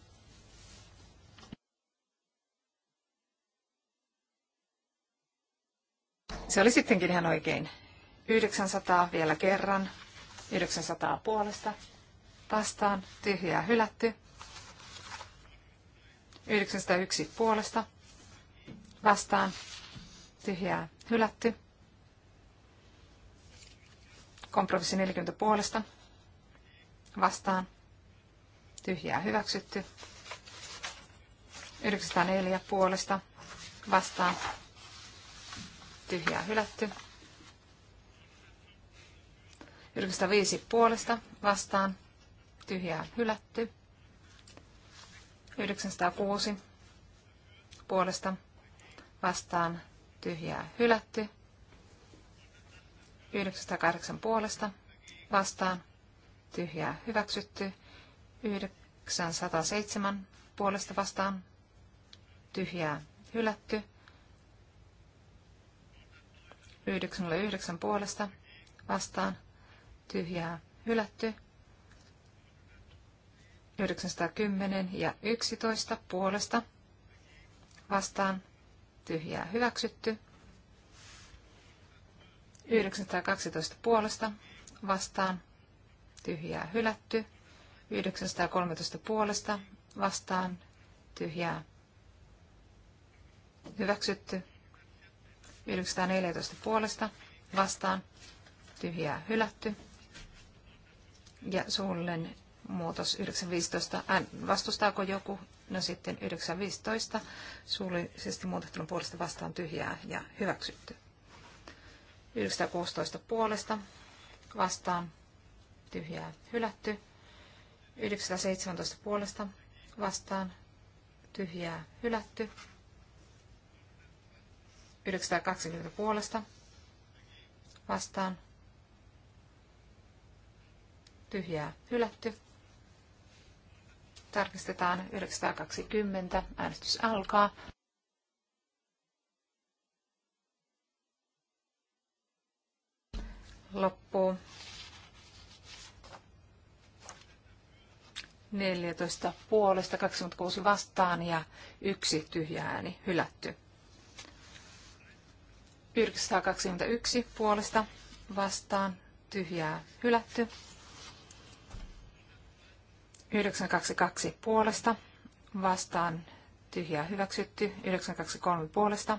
Se oli sittenkin ihan oikein. 900 vielä kerran. 900 puolesta. Vastaan tyhjää hylätty. 901 puolesta vastaan tyhjää hylätty. Kompromissi 40 puolesta vastaan tyhjää hyväksytty. 904 puolesta vastaan tyhjää hylätty. 905 puolesta vastaan tyhjää hylätty. 906 puolesta vastaan tyhjää hylätty. 908 puolesta vastaan tyhjää hyväksytty. 907 puolesta vastaan tyhjää hylätty. 909 puolesta vastaan tyhjää hylätty. 910 ja 11 puolesta vastaan tyhjää hyväksytty. 912 puolesta vastaan tyhjää hylätty. 913 puolesta vastaan tyhjää hyväksytty. 914 puolesta vastaan tyhjää hylätty. Ja suullinen muutos 915. vastustaako joku? No sitten 915. Suullisesti muutettuna puolesta vastaan tyhjää ja hyväksytty. 916 puolesta vastaan tyhjää hylätty. 917 puolesta vastaan tyhjää hylätty. 920 puolesta vastaan tyhjää hylätty. Tarkistetaan 920. Äänestys alkaa. Loppuu. 14 puolesta, 26 vastaan ja yksi tyhjä ääni hylätty. 921 puolesta vastaan tyhjää hylätty. 922 puolesta vastaan tyhjää hyväksytty, 923 puolesta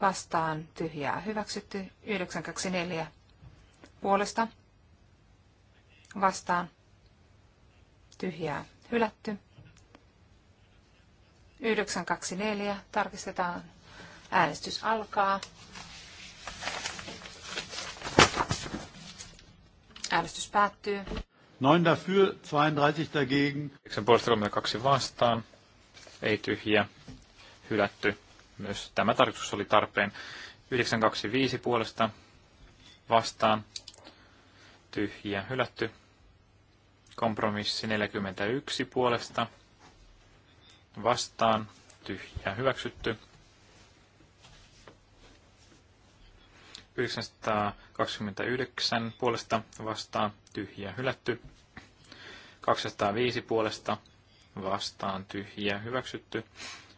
vastaan tyhjää hyväksytty, 924 puolesta vastaan tyhjää hylätty, 924 tarkistetaan äänestys alkaa. Äänestys päättyy. Noin dafür, 32 dagegen. 9 32 vastaan. Ei tyhjä, Hylätty. Myös tämä tarkoitus oli tarpeen. 925 puolesta vastaan. tyhjä, Hylätty. Kompromissi 41 puolesta vastaan. tyhjä, Hyväksytty. 929 puolesta vastaan tyhjä hylätty. 205 puolesta vastaan tyhjä hyväksytty.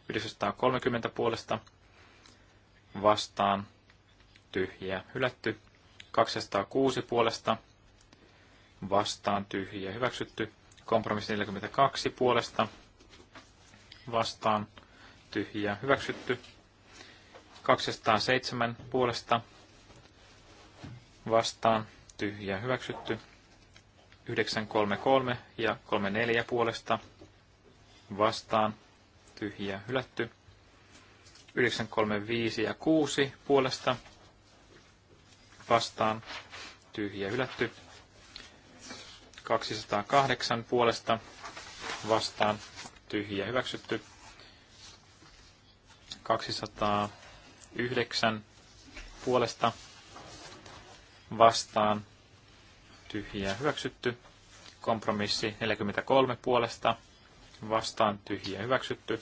930 puolesta vastaan tyhjä hylätty. 206 puolesta vastaan tyhjä hyväksytty. Kompromissi 42 puolesta vastaan tyhjä hyväksytty. 207 puolesta vastaan tyhjä hyväksytty. 933 ja 34 puolesta vastaan tyhjä hylätty. 935 ja 6 puolesta vastaan tyhjä hylätty. 208 puolesta vastaan tyhjä hyväksytty. 209 puolesta vastaan tyhjiä hyväksytty. Kompromissi 43 puolesta vastaan tyhjiä hyväksytty.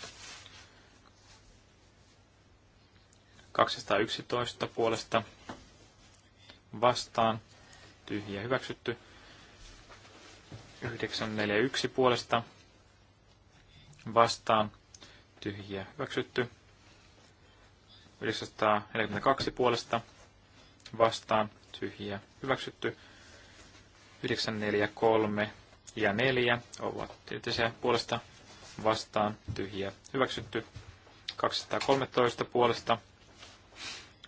211 puolesta vastaan tyhjiä hyväksytty. 941 puolesta vastaan tyhjiä hyväksytty. 942 puolesta vastaan tyhjiä hyväksytty. 943 ja 4 ovat tietysti puolesta vastaan tyhjiä hyväksytty. 213 puolesta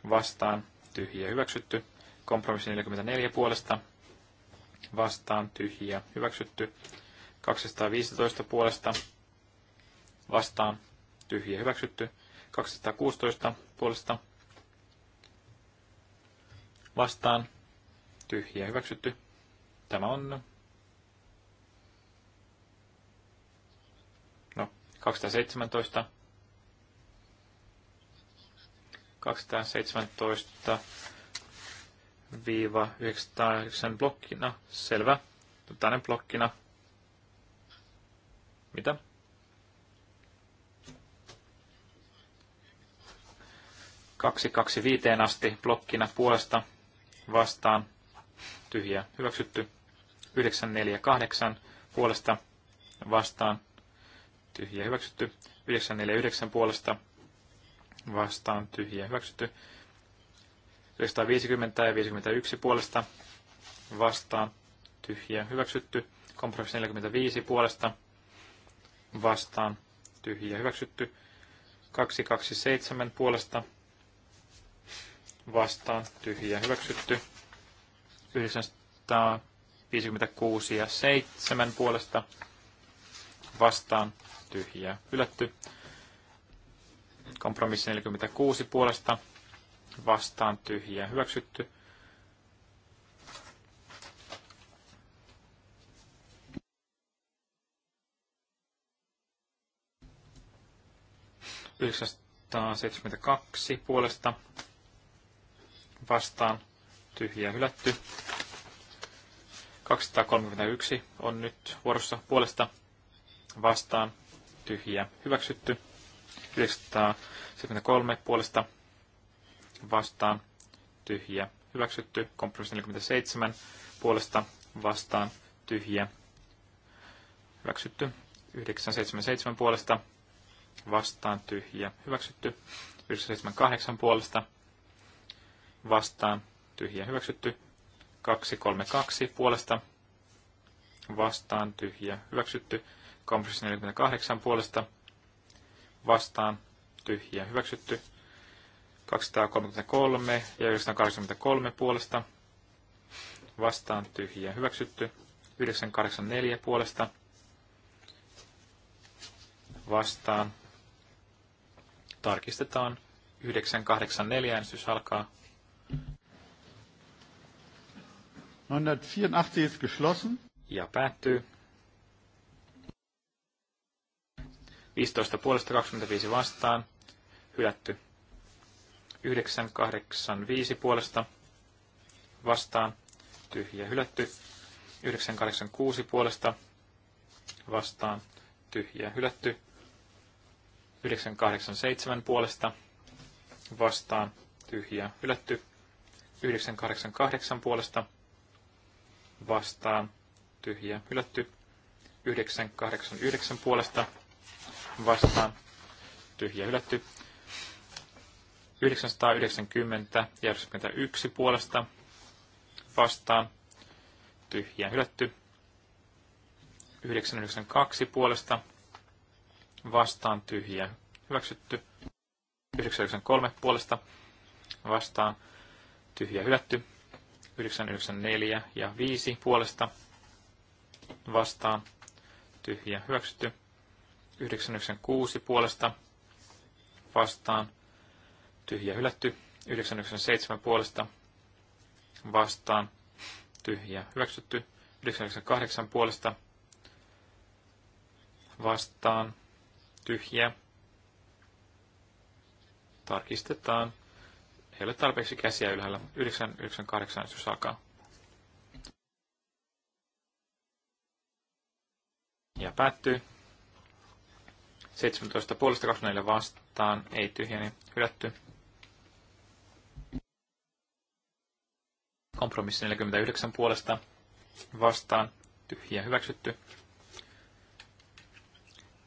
vastaan tyhjiä hyväksytty. Kompromissi 44 puolesta vastaan tyhjiä hyväksytty. 215 puolesta vastaan tyhjiä hyväksytty. 216 puolesta vastaan, tyhjiä hyväksytty. Tämä on no, 217. 217 viiva 909 blokkina. Selvä. Tällainen blokkina. Mitä? Kaksi kaksi viiteen asti blokkina puolesta vastaan, Tyhjä hyväksytty. 948 puolesta vastaan, Tyhjä hyväksytty. 949 puolesta vastaan, Tyhjä hyväksytty. 950 ja 51 puolesta vastaan, Tyhjä hyväksytty. Kompromissi 45 puolesta vastaan, Tyhjä hyväksytty. 227 puolesta vastaan, vastaan tyhjiä hyväksytty. 956 ja 7 puolesta vastaan tyhjiä hylätty. Kompromissi 46 puolesta vastaan tyhjiä hyväksytty. Yhdeksänsataaseitsemänkymmentäkaksi puolesta vastaan tyhjiä hylätty. 231 on nyt vuorossa puolesta vastaan tyhjiä hyväksytty. 973 puolesta vastaan tyhjiä hyväksytty. Kompromissi 47 puolesta vastaan tyhjiä hyväksytty. 977 puolesta vastaan tyhjiä hyväksytty. 978 puolesta vastaan, tyhjä hyväksytty. 232 puolesta vastaan, tyhjä hyväksytty. Kompromissi 48 puolesta vastaan, tyhjä hyväksytty. 233 ja 983 puolesta vastaan tyhjä hyväksytty. 984 puolesta vastaan. Tarkistetaan. 984 äänestys alkaa. 984 ist geschlossen. Ja päättyy. 15 puolesta 25 vastaan. Hylätty. 985 puolesta vastaan. Tyhjä hylätty. 986 puolesta vastaan. Tyhjä hylätty. 987 puolesta vastaan. Tyhjä hylätty. 988 puolesta vastaan vastaan tyhjä hylätty. 989 puolesta vastaan tyhjä hylätty. 990 ja 91 puolesta vastaan tyhjä hylätty. 992 puolesta vastaan tyhjä hyväksytty. 993 puolesta vastaan tyhjä hylätty. 994 ja 5 puolesta vastaan tyhjä hyväksytty. 996 puolesta vastaan tyhjä hylätty. 997 puolesta vastaan tyhjä hyväksytty. 998 puolesta vastaan tyhjä. Tarkistetaan. Ei ole tarpeeksi käsiä ylhäällä. 998 jos alkaa. Ja päättyy. 17 puolesta 24 vastaan. Ei tyhjäni. Hylätty. Kompromissi 49 puolesta vastaan. Tyhjä hyväksytty.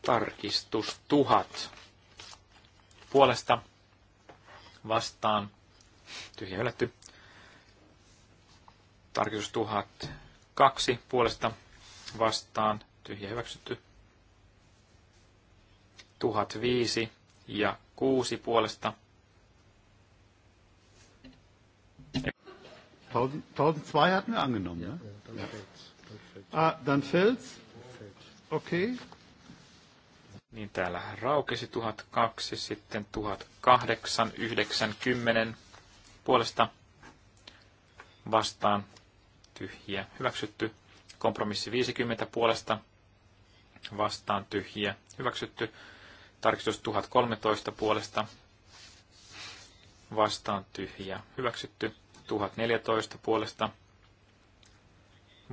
Tarkistus tuhat puolesta vastaan Tyhjä hylätty. Tarkistus 1002 puolesta vastaan. Tyhjä hyväksytty. 1005 ja 6 puolesta. Tausend, 1002 hatten wir angenommen, ja, ne? Ja, dann, Fällt's. Ah, dann fällt's? Okei. Okay. Niin täällä raukesi 1002, sitten 1008, 9, puolesta vastaan tyhjiä hyväksytty. Kompromissi 50 puolesta vastaan tyhjiä hyväksytty. Tarkistus 1013 puolesta vastaan tyhjiä hyväksytty. 1014 puolesta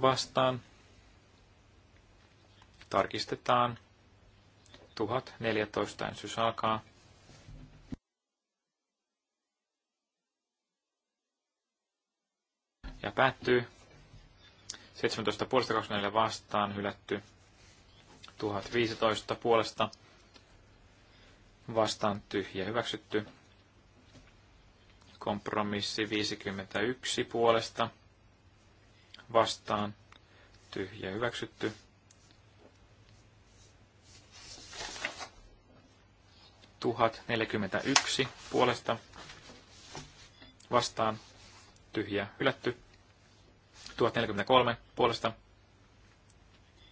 vastaan tarkistetaan. 1014 ensys alkaa. ja päättyy. 17 puolesta 24 vastaan hylätty. 1015 puolesta vastaan tyhjä hyväksytty. Kompromissi 51 puolesta vastaan tyhjä hyväksytty. Tuhat yksi puolesta vastaan tyhjä hylätty. 1043 puolesta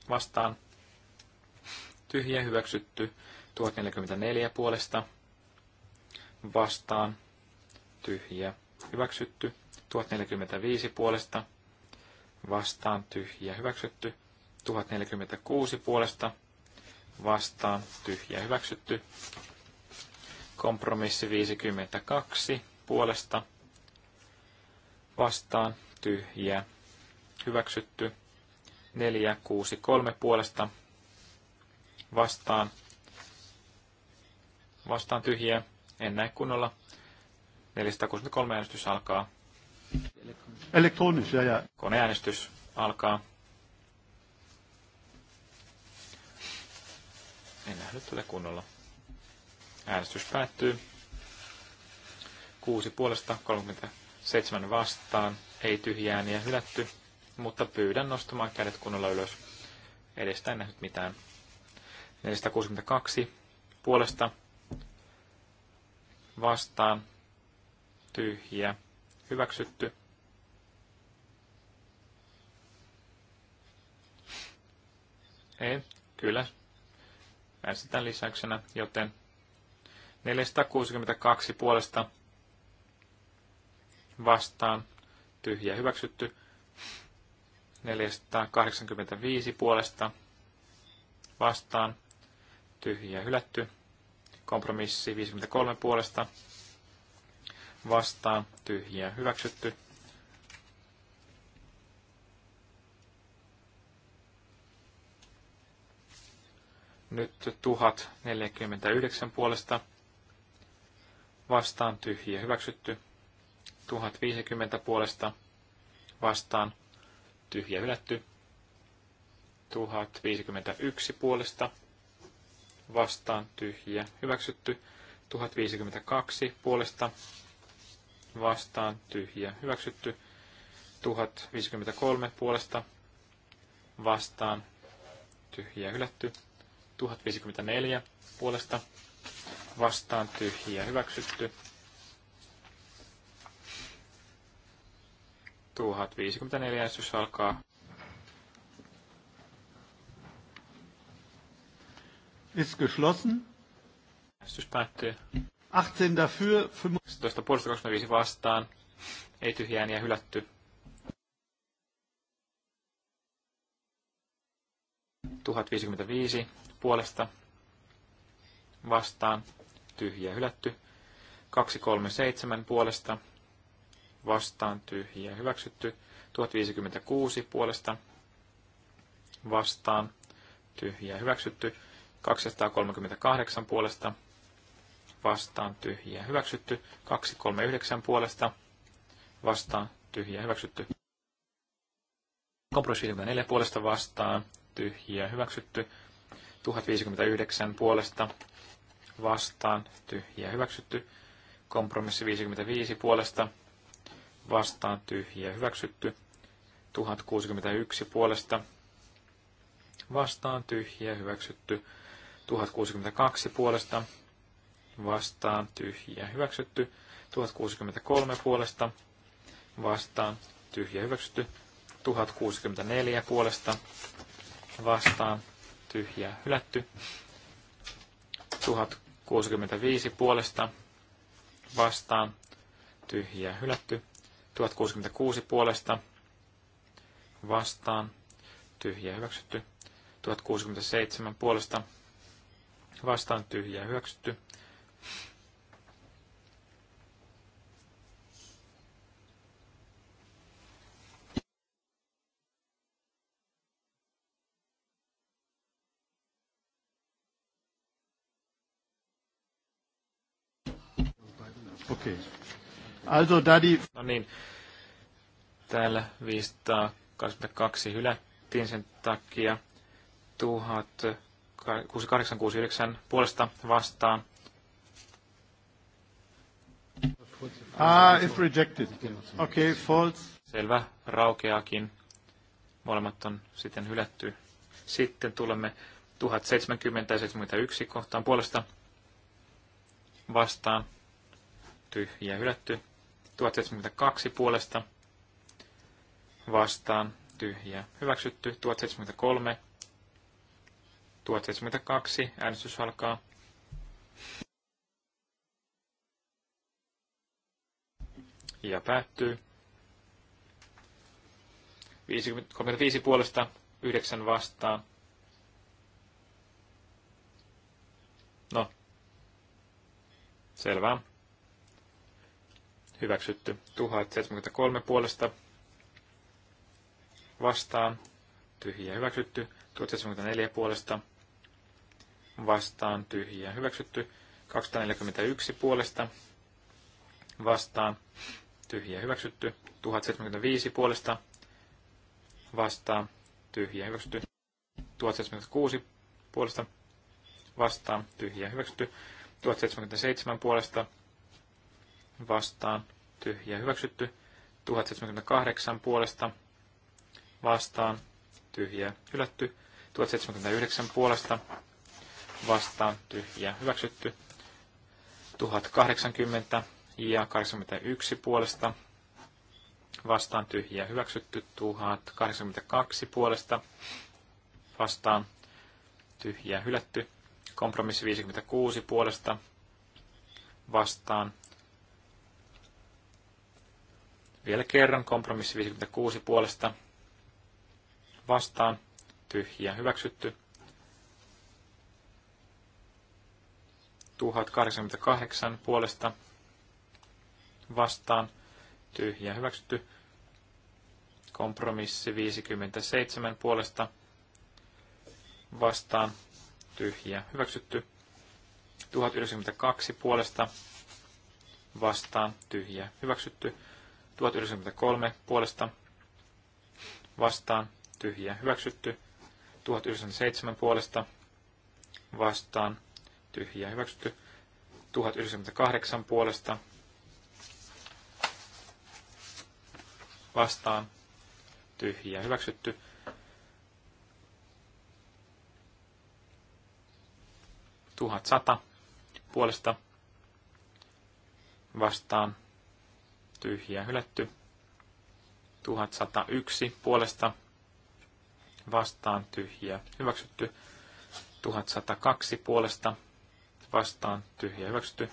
vastaan. Tyhjä hyväksytty. 1044 puolesta vastaan. Tyhjä hyväksytty. 1045 puolesta vastaan. Tyhjä hyväksytty. 1046 puolesta vastaan. Tyhjä hyväksytty. Kompromissi 52 puolesta vastaan. Tyhjä hyväksytty. 4, 6, 3 puolesta vastaan. Vastaan tyhjiä. En näe kunnolla. 463 äänestys alkaa. Elektronisia ja... Koneäänestys alkaa. En nähnyt tätä kunnolla. Äänestys päättyy. 6 puolesta, 37 vastaan, ei tyhjään ääniä hylätty mutta pyydän nostamaan kädet kunnolla ylös. Edestä en nähnyt mitään. 462 puolesta vastaan tyhjä hyväksytty. Ei, kyllä. Äänestetään lisäyksenä, joten 462 puolesta vastaan tyhjä hyväksytty. 485 puolesta vastaan, tyhjiä hylätty. Kompromissi 53 puolesta vastaan, tyhjiä hyväksytty. Nyt 1049 puolesta vastaan tyhjiä hyväksytty. 1050 puolesta vastaan tyhjä hylätty. 1051 puolesta vastaan tyhjä hyväksytty. 1052 puolesta vastaan tyhjä hyväksytty. 1053 puolesta vastaan tyhjä hylätty. 1054 puolesta vastaan tyhjä hyväksytty. 1054 äänestys alkaa. Ist geschlossen. Äänestys päättyy. 18 dafür, 15 puolesta 25 vastaan. Ei tyhjään ja hylätty. Tuhat viisikymmentäviisi puolesta vastaan tyhjä hylätty. 237 puolesta vastaan tyhjiä hyväksytty. 1056 puolesta vastaan tyhjiä hyväksytty. 238 puolesta vastaan tyhjiä hyväksytty. 239 puolesta vastaan tyhjiä hyväksytty. Kompromissi puolesta vastaan tyhjiä hyväksytty. 1059 puolesta vastaan tyhjiä hyväksytty. Kompromissi 55 puolesta vastaan tyhjiä hyväksytty. 1061 puolesta vastaan tyhjiä hyväksytty. 1062 puolesta vastaan tyhjiä hyväksytty. 1063 puolesta vastaan tyhjiä hyväksytty. 1064 puolesta vastaan tyhjiä hylätty. 1065 puolesta vastaan tyhjiä hylätty. 1066 puolesta vastaan, tyhjä hyväksytty. 1067 puolesta vastaan, tyhjä hyväksytty. Also daddy... No niin, täällä 522 hylättiin sen takia. 1869 puolesta vastaan. Ah, if rejected. Okay, false. Selvä, raukeakin. Molemmat on sitten hylätty. Sitten tulemme 1070 ja 71 kohtaan puolesta vastaan. tyhjä hylätty. 1072 puolesta vastaan tyhjää. Hyväksytty 1073. 1072. Äänestys alkaa. Ja päättyy. 35 puolesta 9 vastaan. No. Selvä hyväksytty. 1073 puolesta vastaan, tyhjiä hyväksytty. 1074 puolesta vastaan, tyhjiä hyväksytty. 241 puolesta vastaan, tyhjiä hyväksytty. 1075 puolesta vastaan, tyhjiä hyväksytty. 1076 puolesta vastaan, tyhjiä hyväksytty. 1077 puolesta vastaan tyhjä hyväksytty. 1078 puolesta vastaan tyhjä hylätty. 1079 puolesta vastaan tyhjä hyväksytty. 1080 ja 81 puolesta vastaan tyhjä hyväksytty. 1082 puolesta vastaan tyhjä hylätty. Kompromissi 56 puolesta vastaan vielä kerran kompromissi 56 puolesta vastaan tyhjiä hyväksytty. 1088 puolesta vastaan tyhjiä hyväksytty. Kompromissi 57 puolesta vastaan tyhjiä hyväksytty. 1092 puolesta vastaan tyhjiä hyväksytty. 1993 puolesta vastaan tyhjiä hyväksytty. 1097 puolesta vastaan tyhjiä hyväksytty. 1098 puolesta vastaan tyhjiä hyväksytty. Tuhat sata puolesta vastaan tyhjää hylätty. 1101 puolesta vastaan tyhjä hyväksytty. 1102 puolesta vastaan tyhjä hyväksytty.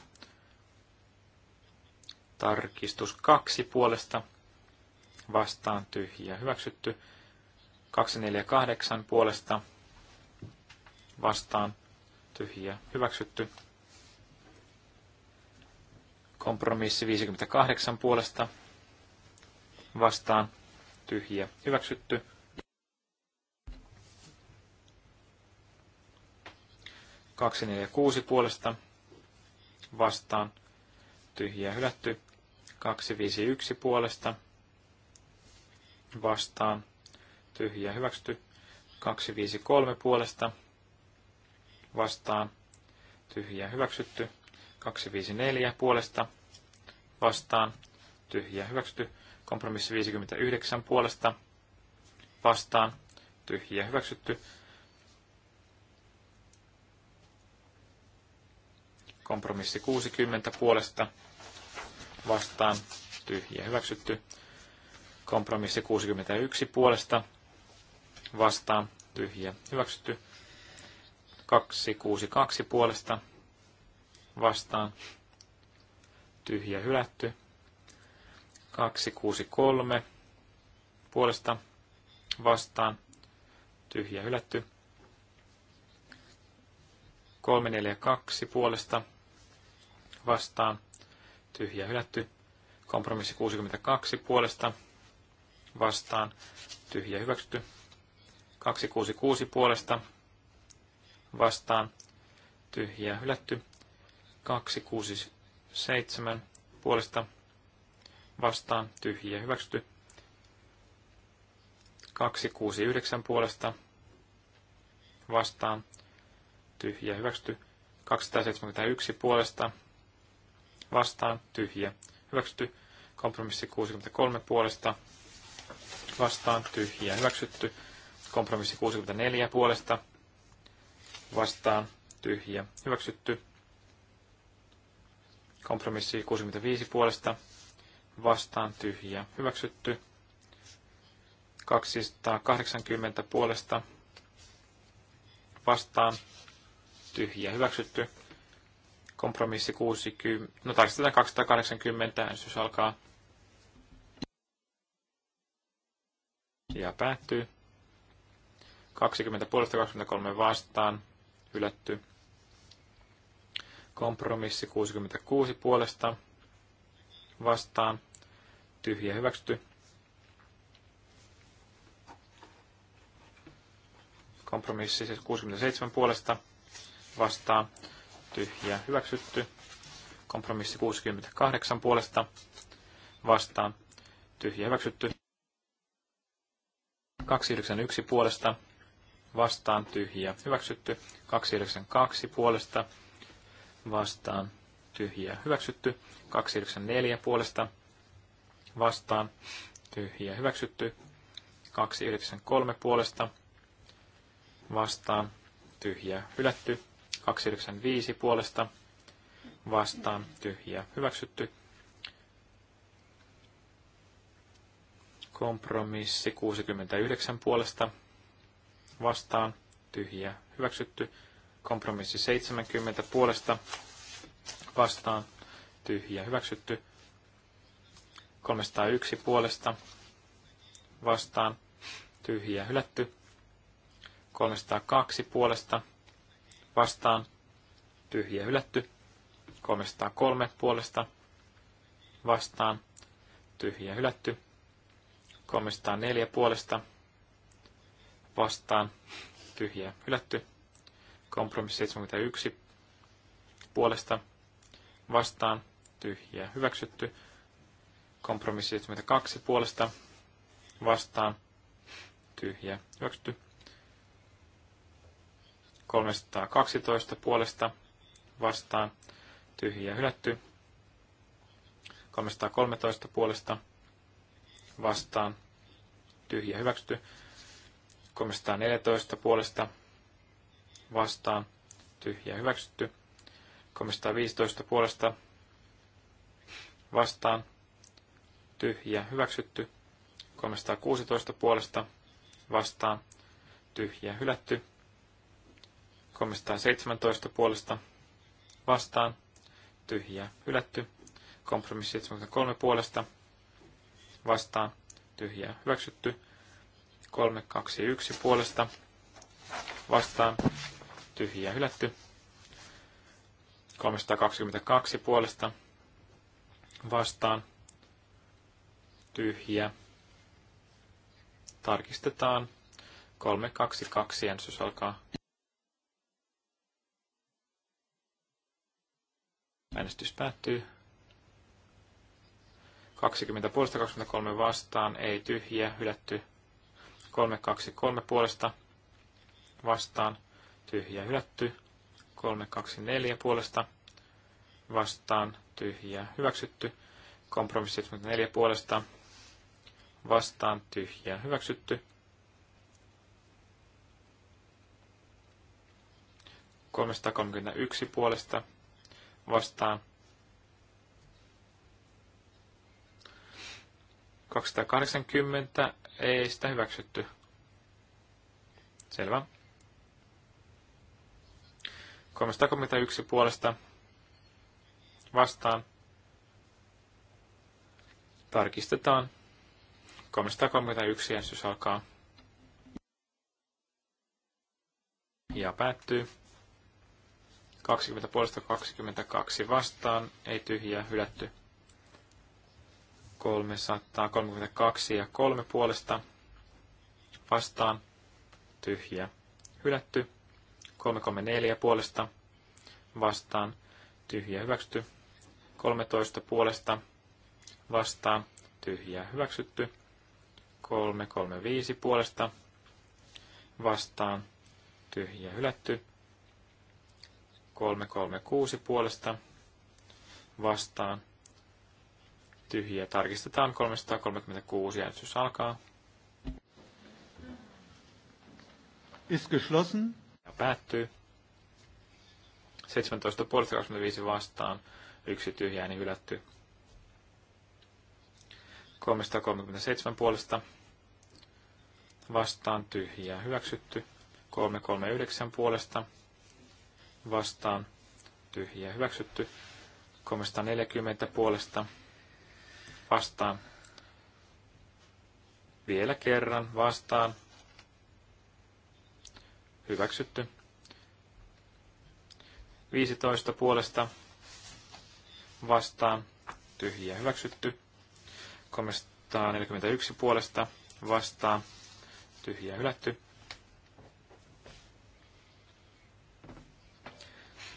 Tarkistus 2 puolesta vastaan tyhjä hyväksytty. 248 puolesta vastaan tyhjä hyväksytty. Kompromissi 58 puolesta vastaan tyhjiä hyväksytty. Kaksi, neljä, kuusi puolesta vastaan tyhjiä hylätty. 251 puolesta vastaan tyhjiä hyväksytty. 253 puolesta vastaan tyhjiä hyväksytty. 254 puolesta vastaan tyhjä hyväksytty. Kompromissi 59 puolesta vastaan tyhjä hyväksytty. Kompromissi 60 puolesta vastaan tyhjä hyväksytty. Kompromissi 61 puolesta vastaan tyhjä hyväksytty. 262 puolesta vastaan tyhjä hylätty. 263 puolesta vastaan tyhjä hylätty. 342 puolesta vastaan tyhjä hylätty. Kompromissi 62 puolesta vastaan tyhjä hyväksytty. 266 puolesta vastaan tyhjä hylätty. 267 puolesta vastaan tyhjiä hyväksytty. 269 puolesta vastaan tyhjiä hyväksytty. 271 puolesta vastaan tyhjiä hyväksytty. Kompromissi 63 puolesta vastaan tyhjiä hyväksytty. Kompromissi 64 puolesta vastaan tyhjiä hyväksytty. Kompromissi 65 puolesta vastaan tyhjä hyväksytty. 280 puolesta vastaan tyhjä hyväksytty. Kompromissi 60, no tarkistetaan 280, äänestys alkaa. Ja päättyy. 20 puolesta 23 vastaan, hylätty. Kompromissi 66 puolesta vastaan. Tyhjä hyväksytty. Kompromissi siis 67 puolesta vastaan. Tyhjä hyväksytty. Kompromissi 68 puolesta vastaan. Tyhjä hyväksytty. 291 puolesta vastaan tyhjä hyväksytty. 292 puolesta vastaan tyhjiä hyväksytty. 294 puolesta vastaan tyhjiä hyväksytty. 293 puolesta vastaan tyhjiä hylätty. 295 puolesta vastaan tyhjiä hyväksytty. Kompromissi 69 puolesta vastaan tyhjiä hyväksytty. Kompromissi 70 puolesta vastaan tyhjä hyväksytty. 301 puolesta vastaan tyhjä hylätty. 302 puolesta vastaan tyhjä hylätty. 303 puolesta vastaan tyhjä hylätty. 304 puolesta vastaan tyhjä hylätty. Kompromissi 71 puolesta vastaan tyhjä hyväksytty. Kompromissi 72 puolesta vastaan tyhjä hyväksytty. 312 puolesta vastaan tyhjä hylätty. 313 puolesta vastaan tyhjä hyväksytty. 314 puolesta vastaan, tyhjä hyväksytty. 315 puolesta vastaan, tyhjä hyväksytty. 316 puolesta vastaan, Tyhjä hylätty. 317 puolesta vastaan, Tyhjä hylätty. Kompromissi 73 puolesta vastaan, tyhjä hyväksytty. 321 puolesta vastaan, tyhjiä hylätty. 322 puolesta vastaan tyhjiä. Tarkistetaan. 322 ensys alkaa. Äänestys päättyy. 20 puolesta, 23 vastaan, ei tyhjiä, hylätty. 323 puolesta vastaan, tyhjä hylätty. 324 puolesta vastaan tyhjä hyväksytty. Kompromissi 74 puolesta vastaan tyhjä hyväksytty. 331 puolesta vastaan 280 ei sitä hyväksytty. Selvä. 331 puolesta vastaan. Tarkistetaan. 331 ensys alkaa. Ja päättyy. 20 puolesta 22 vastaan. Ei tyhjää, hylätty. 332 ja 3 puolesta vastaan. Tyhjä, hylätty. 334 puolesta vastaan tyhjä hyväksytty. 13 puolesta vastaan tyhjä hyväksytty. 335 puolesta vastaan tyhjä hylätty. 336 puolesta vastaan tyhjä tarkistetaan 336 äänestys alkaa. Ist geschlossen päättyy. 17.5.25 vastaan, yksi tyhjä niin ylätty. 337 puolesta vastaan tyhjää hyväksytty. 339 puolesta vastaan tyhjää hyväksytty. 340 puolesta vastaan vielä kerran vastaan Hyväksytty. 15 puolesta vastaan tyhjiä hyväksytty. 341 puolesta vastaan tyhjiä hylätty.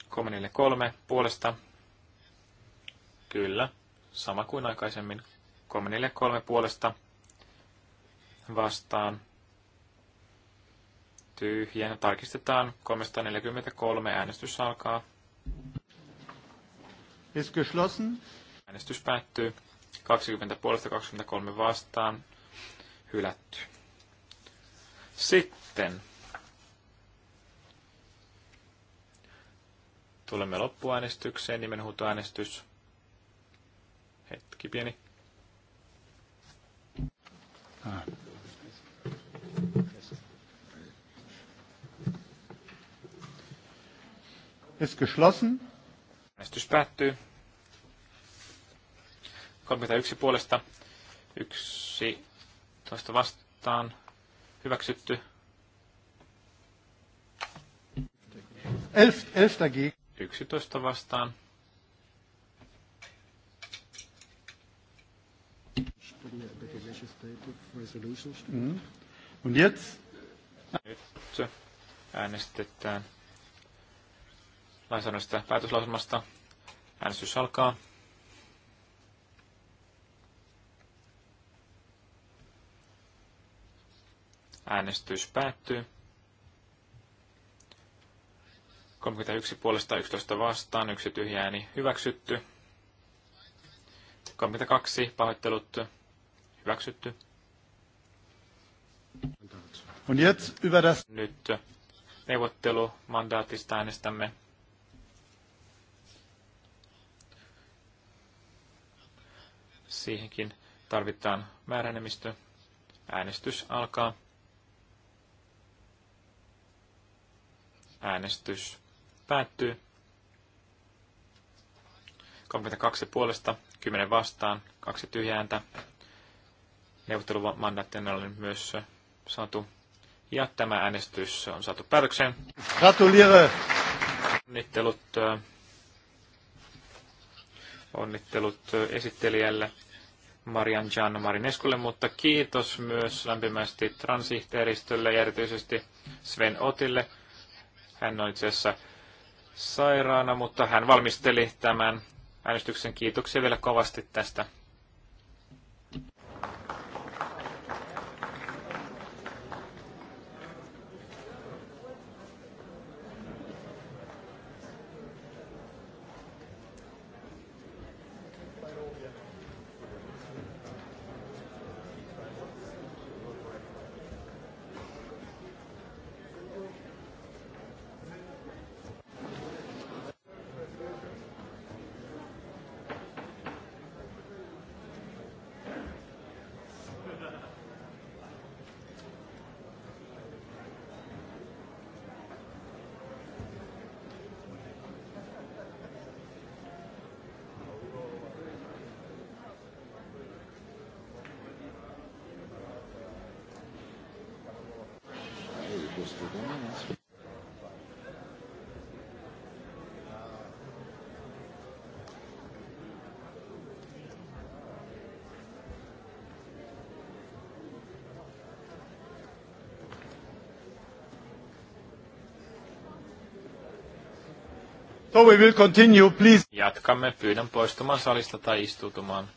343 puolesta. Kyllä, sama kuin aikaisemmin. 343 puolesta vastaan tyhjä. Tarkistetaan 343. Äänestys alkaa. Ist geschlossen. Äänestys päättyy. 20 puolesta 23 vastaan. Hylätty. Sitten tulemme loppuäänestykseen, nimenhuutoäänestys. Hetki pieni. Ah. ist geschlossen. Äänestys päättyy. 31 puolesta, 11 vastaan, hyväksytty. 11, 11 vastaan. Mm. Und jetzt? Nyt äänestetään lainsäädännöstä päätöslausumasta. Äänestys alkaa. Äänestys päättyy. 31 puolesta 11 vastaan, yksi tyhjä ääni hyväksytty. 32 pahoittelut hyväksytty. Nyt neuvottelumandaatista äänestämme. Siihenkin tarvitaan määräenemmistö. Äänestys alkaa. Äänestys päättyy. 32 puolesta, 10 vastaan, 2 tyhjääntä. Neuvottelumandaattina on myös äh, saatu. Ja tämä äänestys on saatu päätökseen. Gratuliere! Onnittelut, äh, onnittelut äh, esittelijälle. Marian Gian Marineskulle, mutta kiitos myös lämpimästi transihteeristölle ja erityisesti Sven Otille. Hän on itse asiassa sairaana, mutta hän valmisteli tämän äänestyksen. Kiitoksia vielä kovasti tästä Oh, we will continue, please. Jatkamme. Pyydän poistumaan salista tai istutumaan.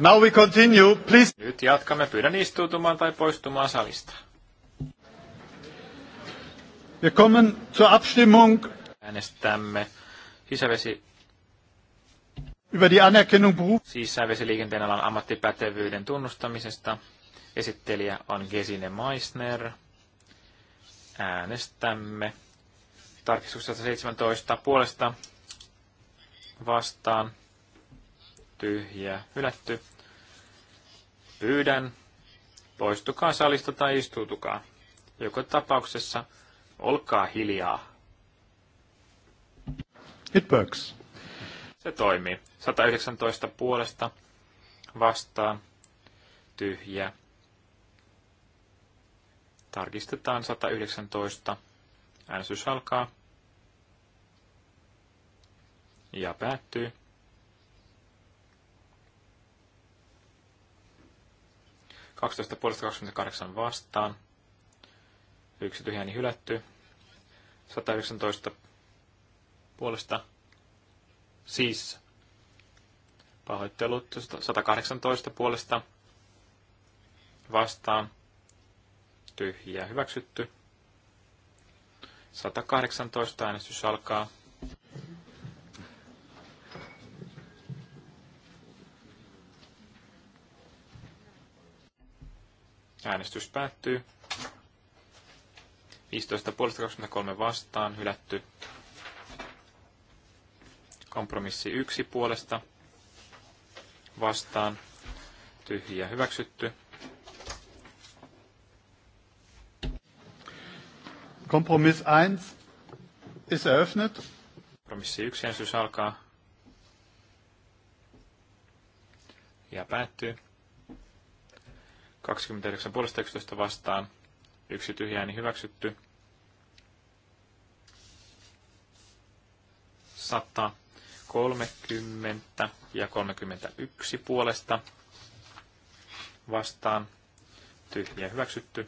Now we continue, please. Nyt jatkamme. Pyydän istuutumaan tai poistumaan salista. Wir kommen zur Abstimmung. Äänestämme sisävesi über die Anerkennung beruf. Sisävesiliikenteen alan ammattipätevyyden tunnustamisesta. Esittelijä on Gesine Meissner. Äänestämme tarkistuksesta 17 puolesta vastaan tyhjää, hylätty. Pyydän, poistukaa salista tai istuutukaa. Joka tapauksessa olkaa hiljaa. It works. Se toimii. 119 puolesta vastaan tyhjä. Tarkistetaan 119. Äänestys alkaa. Ja päättyy. 12 puolesta 28 vastaan. Yksi tyhjäni hylätty. 119 puolesta siis pahoittelut 118 puolesta vastaan tyhjä hyväksytty. 118 äänestys alkaa. Äänestys päättyy. 15 puolesta 23 vastaan, hylätty. Kompromissi 1 puolesta vastaan, tyhjiä hyväksytty. Kompromiss 1 is eröffnet. Kompromissi 1 äänestys alkaa ja päättyy. 29 puolesta 11 vastaan. Yksi tyhjä ääni hyväksytty. 130 ja 31 puolesta vastaan. Tyhjä hyväksytty.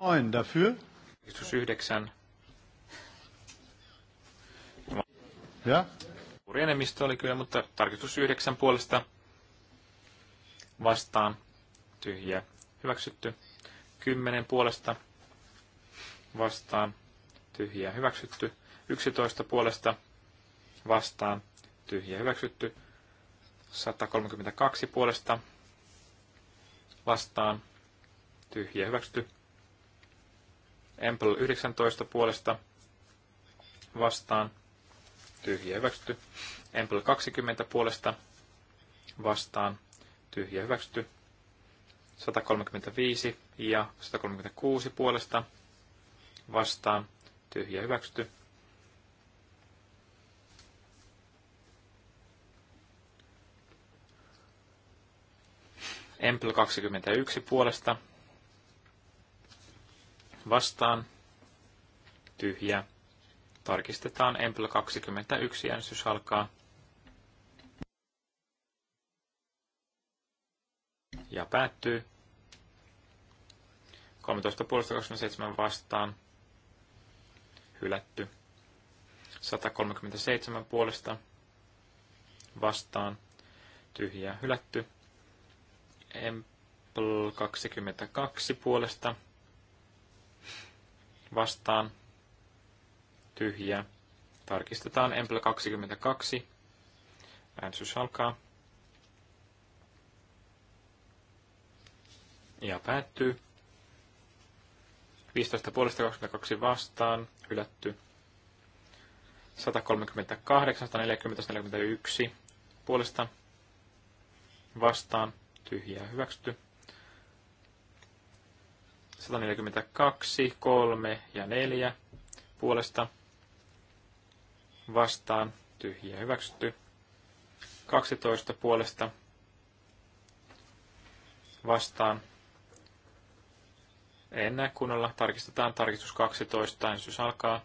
Neun dafür. 9. Ja? Suuri enemmistö oli kyllä, mutta tarkistus yhdeksän puolesta vastaan tyhjä hyväksytty. Kymmenen puolesta vastaan tyhjä hyväksytty. Yksitoista puolesta vastaan tyhjä hyväksytty. 132 puolesta vastaan tyhjä hyväksytty. empel 19 puolesta vastaan tyhjä hyväksytty. Empel 20 puolesta vastaan, tyhjä hyväksytty. 135 ja 136 puolesta vastaan, tyhjä hyväksytty. Empl 21 puolesta vastaan, tyhjä, Tarkistetaan Empel 21 jänsys alkaa. Ja päättyy. 13 vastaan. Hylätty. 137 puolesta vastaan. Tyhjä. hylätty. Empl 22 puolesta vastaan tyhjä. Tarkistetaan Emple 22. Äänestys alkaa. Ja päättyy. 15.5.22 vastaan, hylätty. 138, 140, 141 puolesta vastaan, tyhjää hyväksytty. 142, 3 ja 4 puolesta vastaan, tyhjiä hyväksytty. 12 puolesta vastaan. En näe kunnolla. Tarkistetaan tarkistus 12. Äänestys alkaa.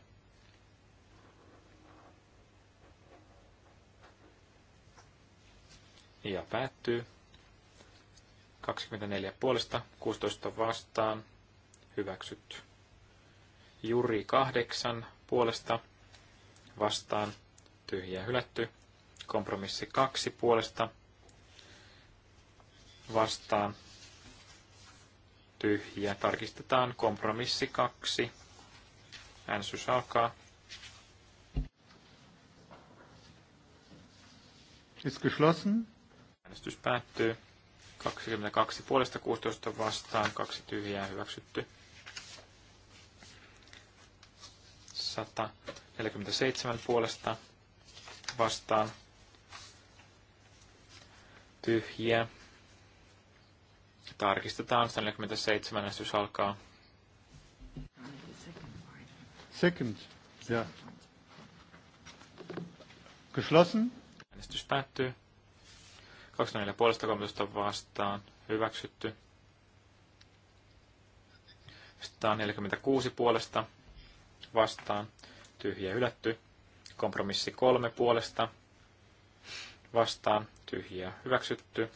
Ja päättyy. 24 puolesta, 16 vastaan, hyväksytty. Juri 8 puolesta, vastaan, tyhjä hylätty. Kompromissi 2 puolesta vastaan, tyhjä. Tarkistetaan kompromissi 2. Äänsys alkaa. Ist geschlossen. Äänestys päättyy. 22 puolesta 16 vastaan, kaksi tyhjää hyväksytty. 100. 47 puolesta vastaan tyhjiä. Tarkistetaan, 147 äänestys alkaa. Second, ja. Geschlossen. Äänestys päättyy. 24 puolesta 13 vastaan. Hyväksytty. 146 puolesta vastaan tyhjä hylätty. Kompromissi kolme puolesta vastaan tyhjä hyväksytty.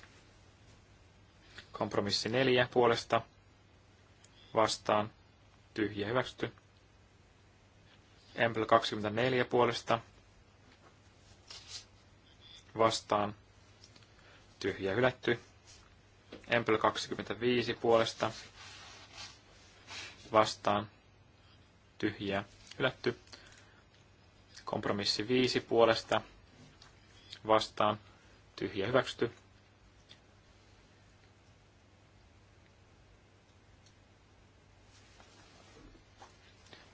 Kompromissi neljä puolesta vastaan tyhjä hyväksytty. Ample 24 puolesta vastaan tyhjä hylätty. Ample 25 puolesta vastaan tyhjä hylätty. Kompromissi 5 puolesta vastaan. Tyhjä hyväksytty.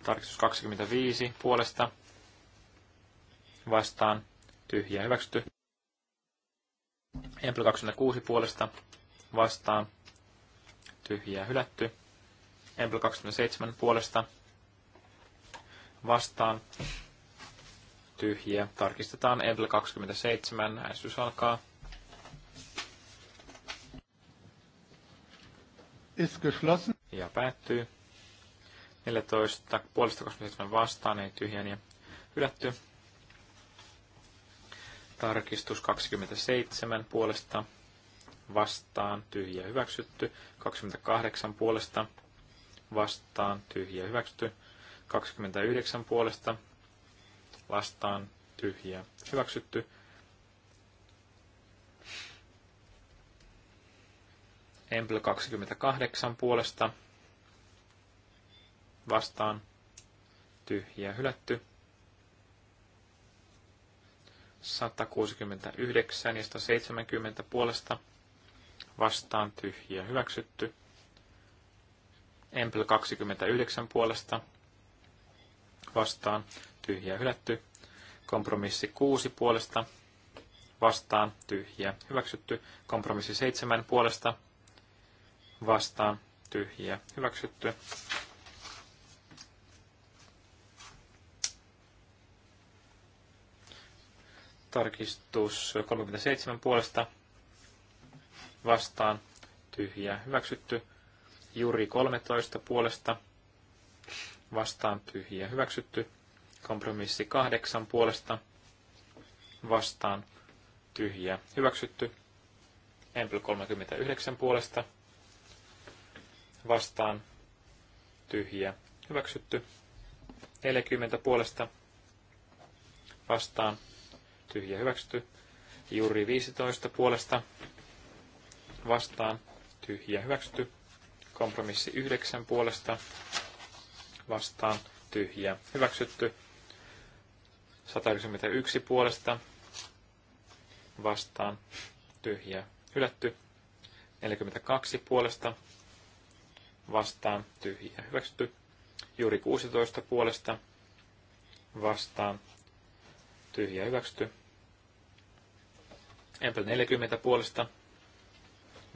Tarkistus 25 puolesta vastaan. Tyhjä hyväksytty. Emple 26 puolesta vastaan. Tyhjää hylätty. Emple 27 puolesta vastaan tyhjiä. Tarkistetaan Evel 27, äänestys alkaa. Ja päättyy. 14 puolesta 27 vastaan, ei tyhjän niin ja hylätty. Tarkistus 27 puolesta vastaan, tyhjä hyväksytty. 28 puolesta vastaan, tyhjä hyväksytty. 29 puolesta vastaan tyhjää hyväksytty. Emple 28 puolesta vastaan tyhjää hylätty. 169 ja 170 puolesta vastaan tyhjiä hyväksytty. Emple 29 puolesta vastaan tyhjä hylätty. Kompromissi 6 puolesta vastaan tyhjä hyväksytty. Kompromissi 7 puolesta vastaan tyhjä hyväksytty. Tarkistus 37 puolesta vastaan tyhjä hyväksytty. Juri 13 puolesta vastaan tyhjä hyväksytty. Kompromissi kahdeksan puolesta vastaan tyhjä hyväksytty. Empl 39 puolesta vastaan tyhjä hyväksytty. 40 puolesta vastaan tyhjä hyväksytty. Juuri 15 puolesta vastaan tyhjä hyväksytty. Kompromissi 9 puolesta vastaan tyhjä hyväksytty. 191 puolesta vastaan tyhjä hylätty. 42 puolesta vastaan tyhjä hyväksytty. Juuri 16 puolesta vastaan tyhjä hyväksytty. Empel 40 puolesta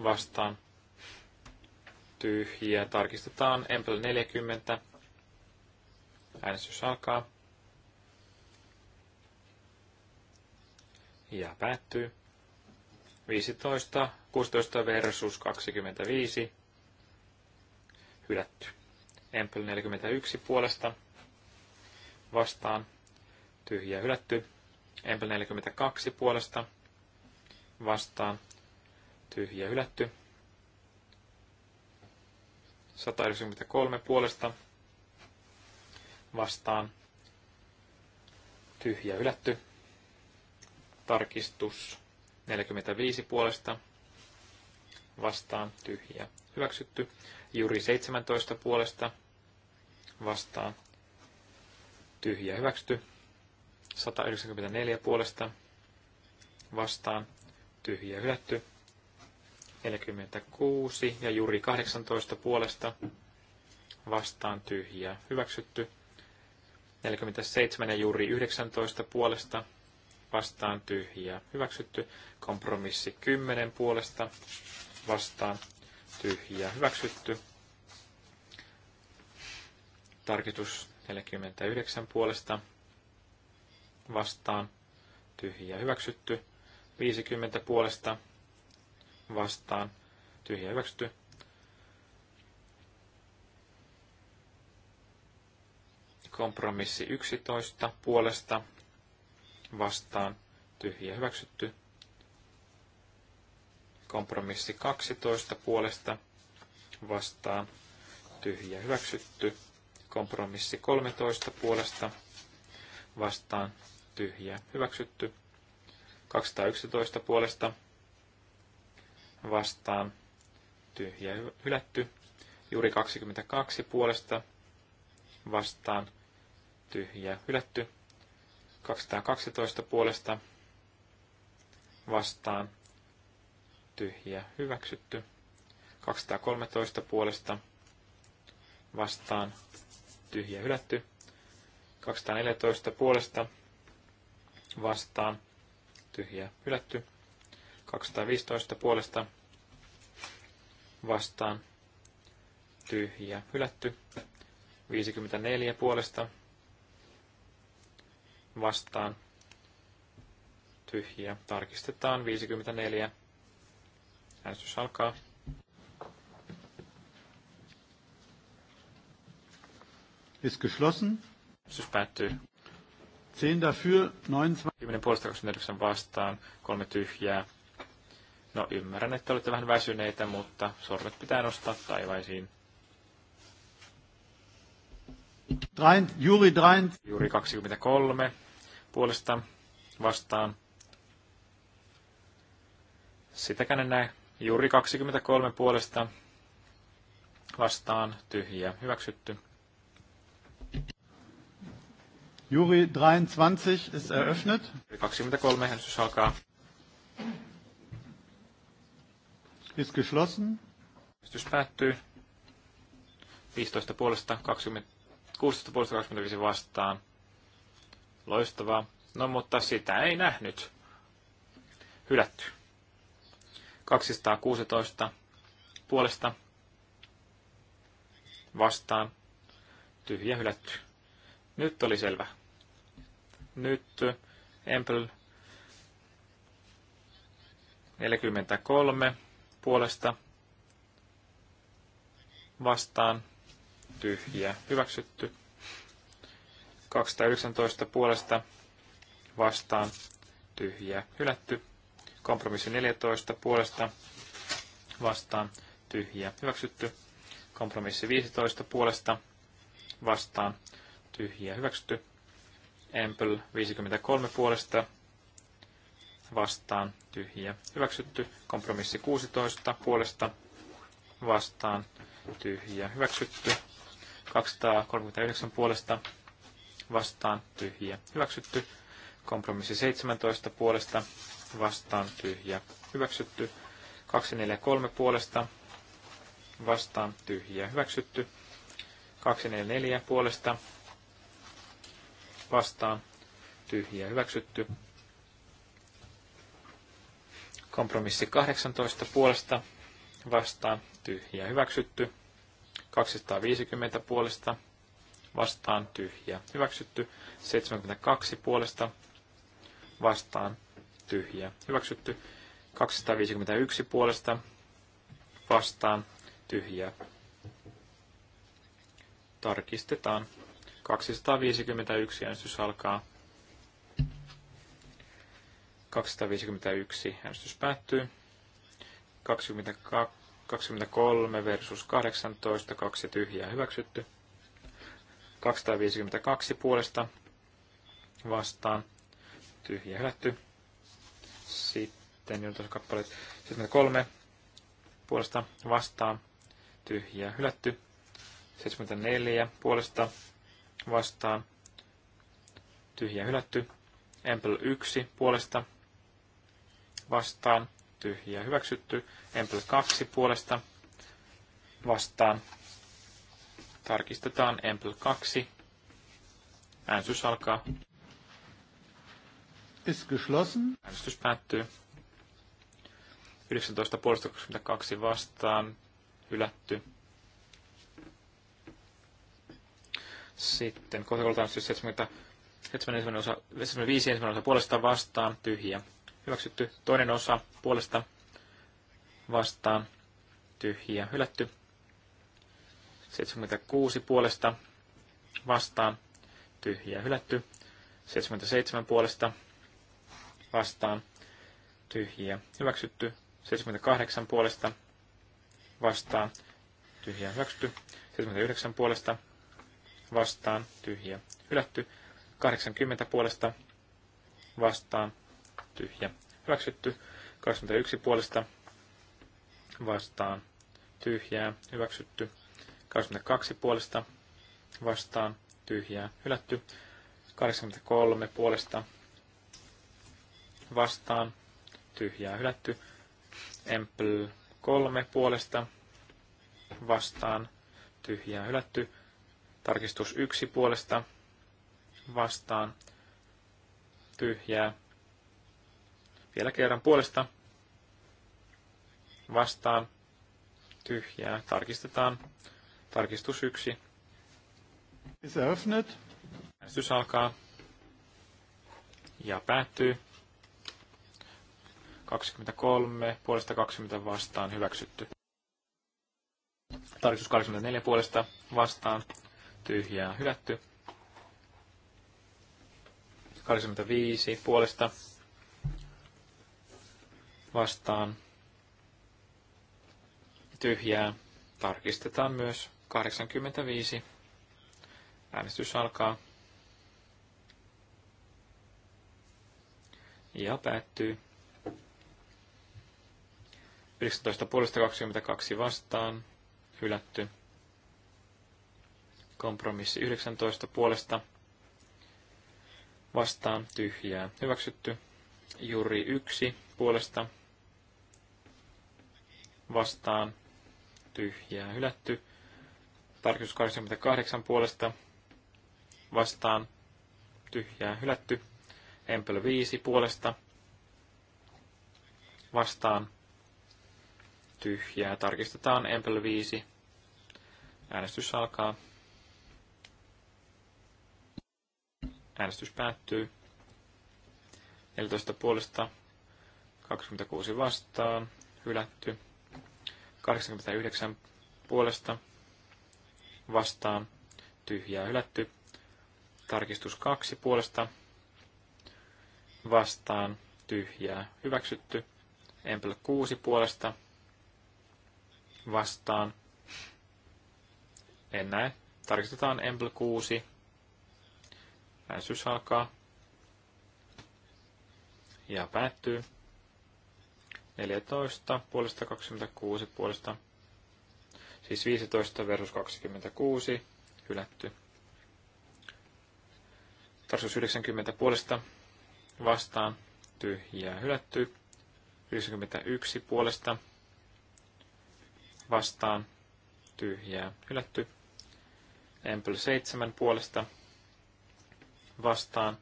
vastaan tyhjiä. Tarkistetaan Empel 40. Äänestys alkaa. ja päättyy. 15, 16 versus 25, hylätty. Empel 41 puolesta vastaan, tyhjä hylätty. Empel 42 puolesta vastaan, tyhjä hylätty. 193 puolesta vastaan, tyhjä hylätty. Tarkistus 45 puolesta vastaan tyhjä hyväksytty. Juri 17 puolesta vastaan tyhjä hyväksytty. 194 puolesta vastaan tyhjä hylätty. 46 ja Juri 18 puolesta vastaan tyhjä hyväksytty. 47 ja Juri 19 puolesta vastaan tyhjiä. Hyväksytty kompromissi 10 puolesta vastaan tyhjiä. Hyväksytty tarkistus 49 puolesta vastaan tyhjiä. Hyväksytty 50 puolesta vastaan tyhjiä. Hyväksytty kompromissi 11 puolesta vastaan tyhjä hyväksytty. Kompromissi 12 puolesta vastaan tyhjä hyväksytty. Kompromissi 13 puolesta vastaan tyhjä hyväksytty. 211 puolesta vastaan tyhjä hylätty. Juuri 22 puolesta vastaan tyhjä hylätty. 212 puolesta vastaan tyhjä hyväksytty. 213 puolesta vastaan tyhjä hylätty. 214 puolesta vastaan tyhjä hylätty. 215 puolesta vastaan tyhjä hylätty. 54 puolesta vastaan, vastaan tyhjiä. Tarkistetaan 54. Äänestys alkaa. Ist geschlossen. Äänestys päättyy. 10 dafür, 29. 10 puolesta 29 vastaan, kolme tyhjää. No ymmärrän, että olette vähän väsyneitä, mutta sormet pitää nostaa taivaisiin. Dreint, juuri 23 puolesta vastaan. Sitäkään en näe. Juuri 23 puolesta vastaan tyhjiä. Hyväksytty. Juuri 23 ist eröffnet. 23 äänestys alkaa. Ist geschlossen. päättyy. 15 puolesta 20 16 puolesta 25 vastaan. Loistavaa. No mutta sitä ei nähnyt. Hylätty. 216 puolesta vastaan. Tyhjä hylätty. Nyt oli selvä. Nyt Empel 43 puolesta vastaan tyhjiä. hyväksytty. 219 puolesta vastaan tyhjiä. hylätty. Kompromissi 14 puolesta vastaan tyhjiä. hyväksytty. Kompromissi 15 puolesta vastaan tyhjiä. hyväksytty. Ample 53 puolesta vastaan tyhjä hyväksytty. Kompromissi 16 puolesta vastaan tyhjä hyväksytty. 239 puolesta vastaan tyhjä hyväksytty. Kompromissi 17 puolesta vastaan tyhjä hyväksytty. 243 puolesta vastaan tyhjä hyväksytty. 244 puolesta vastaan tyhjä hyväksytty. Kompromissi 18 puolesta vastaan tyhjä hyväksytty. 250 puolesta vastaan tyhjä. Hyväksytty 72 puolesta vastaan tyhjä. Hyväksytty 251 puolesta vastaan tyhjä. Tarkistetaan. 251 äänestys alkaa. 251 äänestys päättyy. 22 23 versus 18, kaksi tyhjää hyväksytty. 252 puolesta vastaan, tyhjä hylätty. Sitten jotain kappaleet 73 puolesta vastaan, tyhjä hylätty. 74 puolesta vastaan, tyhjä hylätty. Empel 1 puolesta vastaan, ja hyväksytty. Empel 2 puolesta vastaan. Tarkistetaan Empel 2. Äänestys alkaa. Ist geschlossen. Äänestys päättyy. 19 puolesta 22 vastaan. Hylätty. Sitten kohta koltaan 71 osa, 75 ensimmäinen osa puolestaan vastaan. Tyhjä hyväksytty. Toinen osa puolesta vastaan tyhjiä hylätty. 76 puolesta vastaan tyhjiä hylätty. 77 puolesta vastaan tyhjiä hyväksytty. 78 puolesta vastaan tyhjiä hyväksytty. 79 puolesta vastaan tyhjiä hylätty. 80 puolesta vastaan tyhjä, hyväksytty. 21 puolesta vastaan, tyhjää, hyväksytty. 22 puolesta vastaan, tyhjää, hylätty. 83 puolesta vastaan, tyhjää, hylätty. Empl 3 puolesta vastaan, tyhjää, hylätty. Tarkistus 1 puolesta vastaan, tyhjää, vielä kerran puolesta vastaan tyhjää. Tarkistetaan. Tarkistus yksi. Äänestys alkaa ja päättyy. 23 puolesta 20 vastaan hyväksytty. Tarkistus 84 puolesta vastaan tyhjää hylätty. 85 puolesta vastaan tyhjää. Tarkistetaan myös 85. Äänestys alkaa. Ja päättyy. 19 puolesta 22 vastaan. Hylätty. Kompromissi 19 puolesta vastaan tyhjää. Hyväksytty. Juri 1 puolesta vastaan tyhjää hylätty. Tarkistus 88 puolesta vastaan tyhjää hylätty. Empel 5 puolesta vastaan tyhjää. Tarkistetaan Empel 5. Äänestys alkaa. Äänestys päättyy. 14 puolesta 26 vastaan. Hylätty. 89 puolesta vastaan tyhjää hylätty. Tarkistus 2 puolesta vastaan tyhjää hyväksytty. Empel 6 puolesta vastaan. En näe. Tarkistetaan Empel 6. Äänestys alkaa. Ja päättyy. 14 puolesta 26 puolesta. Siis 15 versus 26 hylätty. Tarsus 90 puolesta vastaan tyhjää hylätty. 91 puolesta vastaan tyhjää hylätty. Empel 7 puolesta vastaan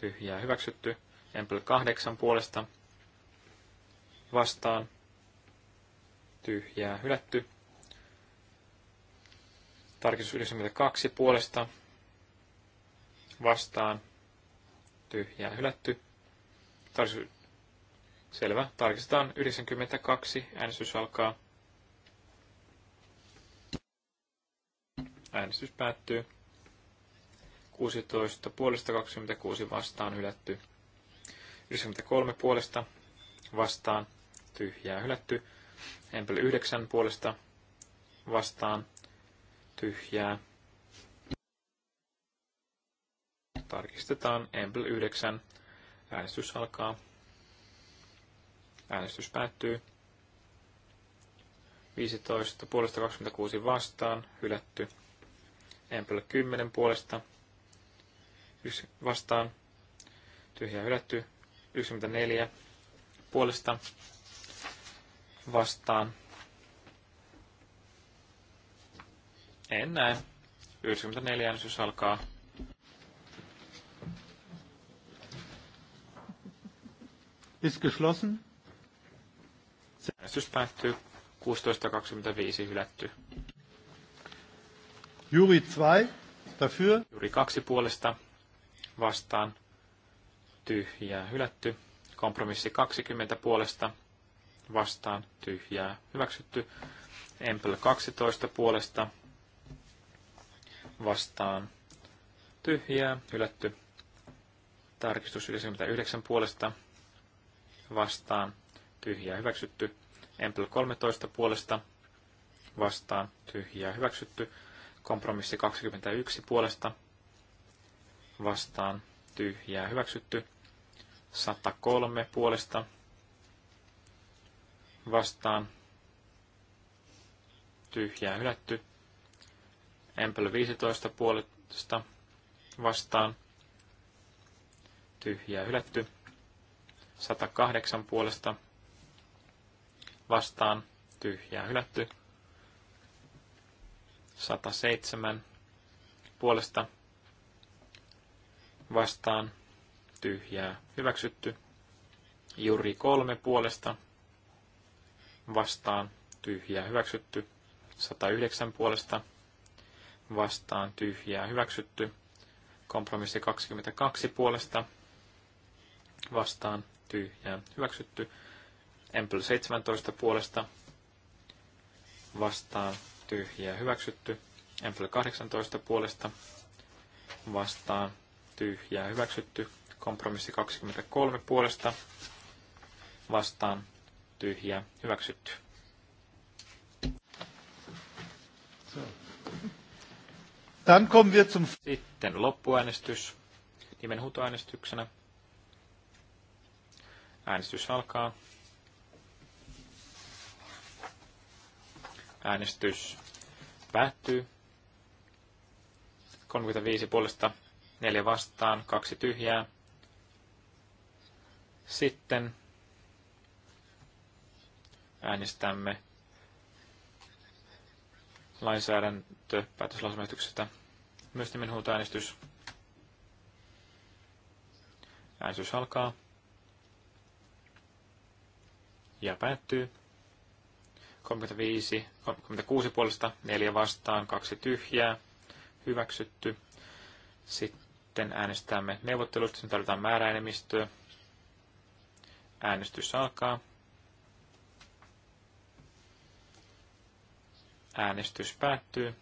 tyhjää hyväksytty. Empel 8 puolesta vastaan tyhjää hylätty. Tarkistus 92 puolesta vastaan tyhjää hylätty. Tarkistus, selvä. Tarkistetaan 92. Äänestys alkaa. Äänestys päättyy. 16 puolesta 26 vastaan hylätty. 93 puolesta vastaan tyhjää hylätty. Empel 9 puolesta vastaan tyhjää. Tarkistetaan Empel 9. Äänestys alkaa. Äänestys päättyy. 15 puolesta 26 vastaan hylätty. Empel 10 puolesta vastaan. tyhjää hylätty. 94 puolesta vastaan. En näe. 94 äänestys alkaa. Ist geschlossen. Äänestys päättyy 16.25 hylätty. Juri 2 dafür. Juri 2 puolesta vastaan tyhjää hylätty. Kompromissi 20 puolesta vastaan tyhjää hyväksytty. Empel 12 puolesta vastaan tyhjää hylätty. Tarkistus 99 puolesta vastaan tyhjää hyväksytty. Empel 13 puolesta vastaan tyhjää hyväksytty. Kompromissi 21 puolesta vastaan tyhjää hyväksytty. 103 puolesta vastaan. Tyhjää hylätty. Empel 15 puolesta vastaan. Tyhjää hylätty. 108 puolesta vastaan. Tyhjää hylätty. 107 puolesta vastaan tyhjää hyväksytty. Juri 3 puolesta vastaan tyhjää hyväksytty. 109 puolesta vastaan tyhjää hyväksytty. Kompromissi 22 puolesta vastaan tyhjää hyväksytty. Empel 17 puolesta vastaan tyhjää hyväksytty. Empel 18 puolesta vastaan tyhjää hyväksytty. Kompromissi 23 puolesta vastaan tyhjää hyväksytty. Dann kommen wir zum Sitten loppuäänestys nimenhuutoäänestyksenä. Äänestys alkaa. Äänestys päättyy. 35 puolesta, 4 vastaan, 2 tyhjää. Sitten äänestämme lainsäädäntöpäätöslausumaesityksestä. Myös nimenhuutoäänestys. Äänestys alkaa. Ja päättyy. 35, 36 puolesta, 4 vastaan, 2 tyhjää. Hyväksytty. Sitten äänestämme neuvottelusta. Nyt tarvitaan määräenemmistöä. Äänestys alkaa. Äänestys päättyy.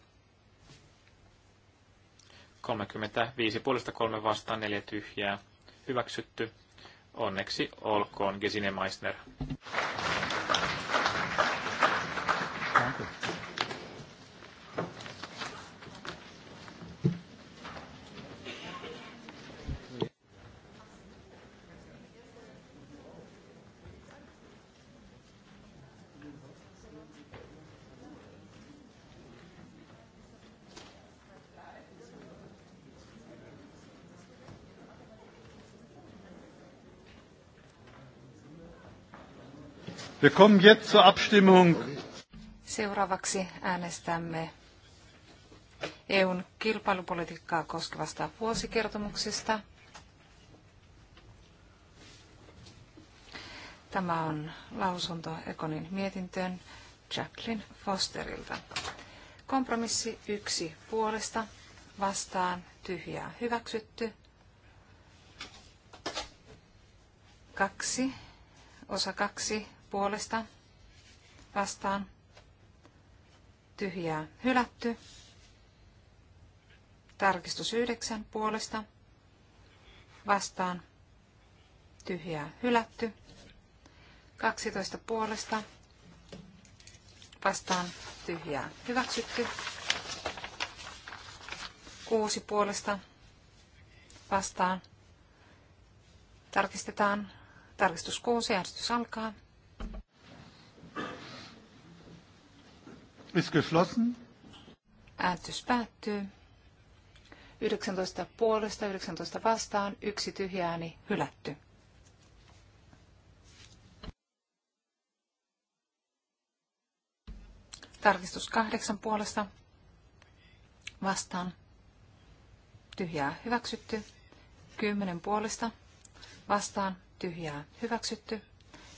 35 puolesta 3 vastaan 4 tyhjää. Hyväksytty. Onneksi olkoon Gesine Meissner. Wir kommen jetzt zur Abstimmung. Seuraavaksi äänestämme EUn kilpailupolitiikkaa koskevasta vuosikertomuksesta. Tämä on lausunto Ekonin mietintöön Jacqueline Fosterilta. Kompromissi yksi puolesta vastaan tyhjää hyväksytty. Kaksi, osa kaksi puolesta vastaan tyhjää hylätty. Tarkistus yhdeksän puolesta vastaan tyhjää hylätty. 12 puolesta vastaan tyhjää hyväksytty. 6 puolesta vastaan tarkistetaan. Tarkistus 6, Järjestys alkaa. Ist geschlossen. Äänestys päättyy. 19 puolesta, 19 vastaan, yksi tyhjääni hylätty. Tarkistus kahdeksan puolesta. Vastaan. Tyhjää hyväksytty. Kymmenen puolesta. Vastaan. Tyhjää hyväksytty.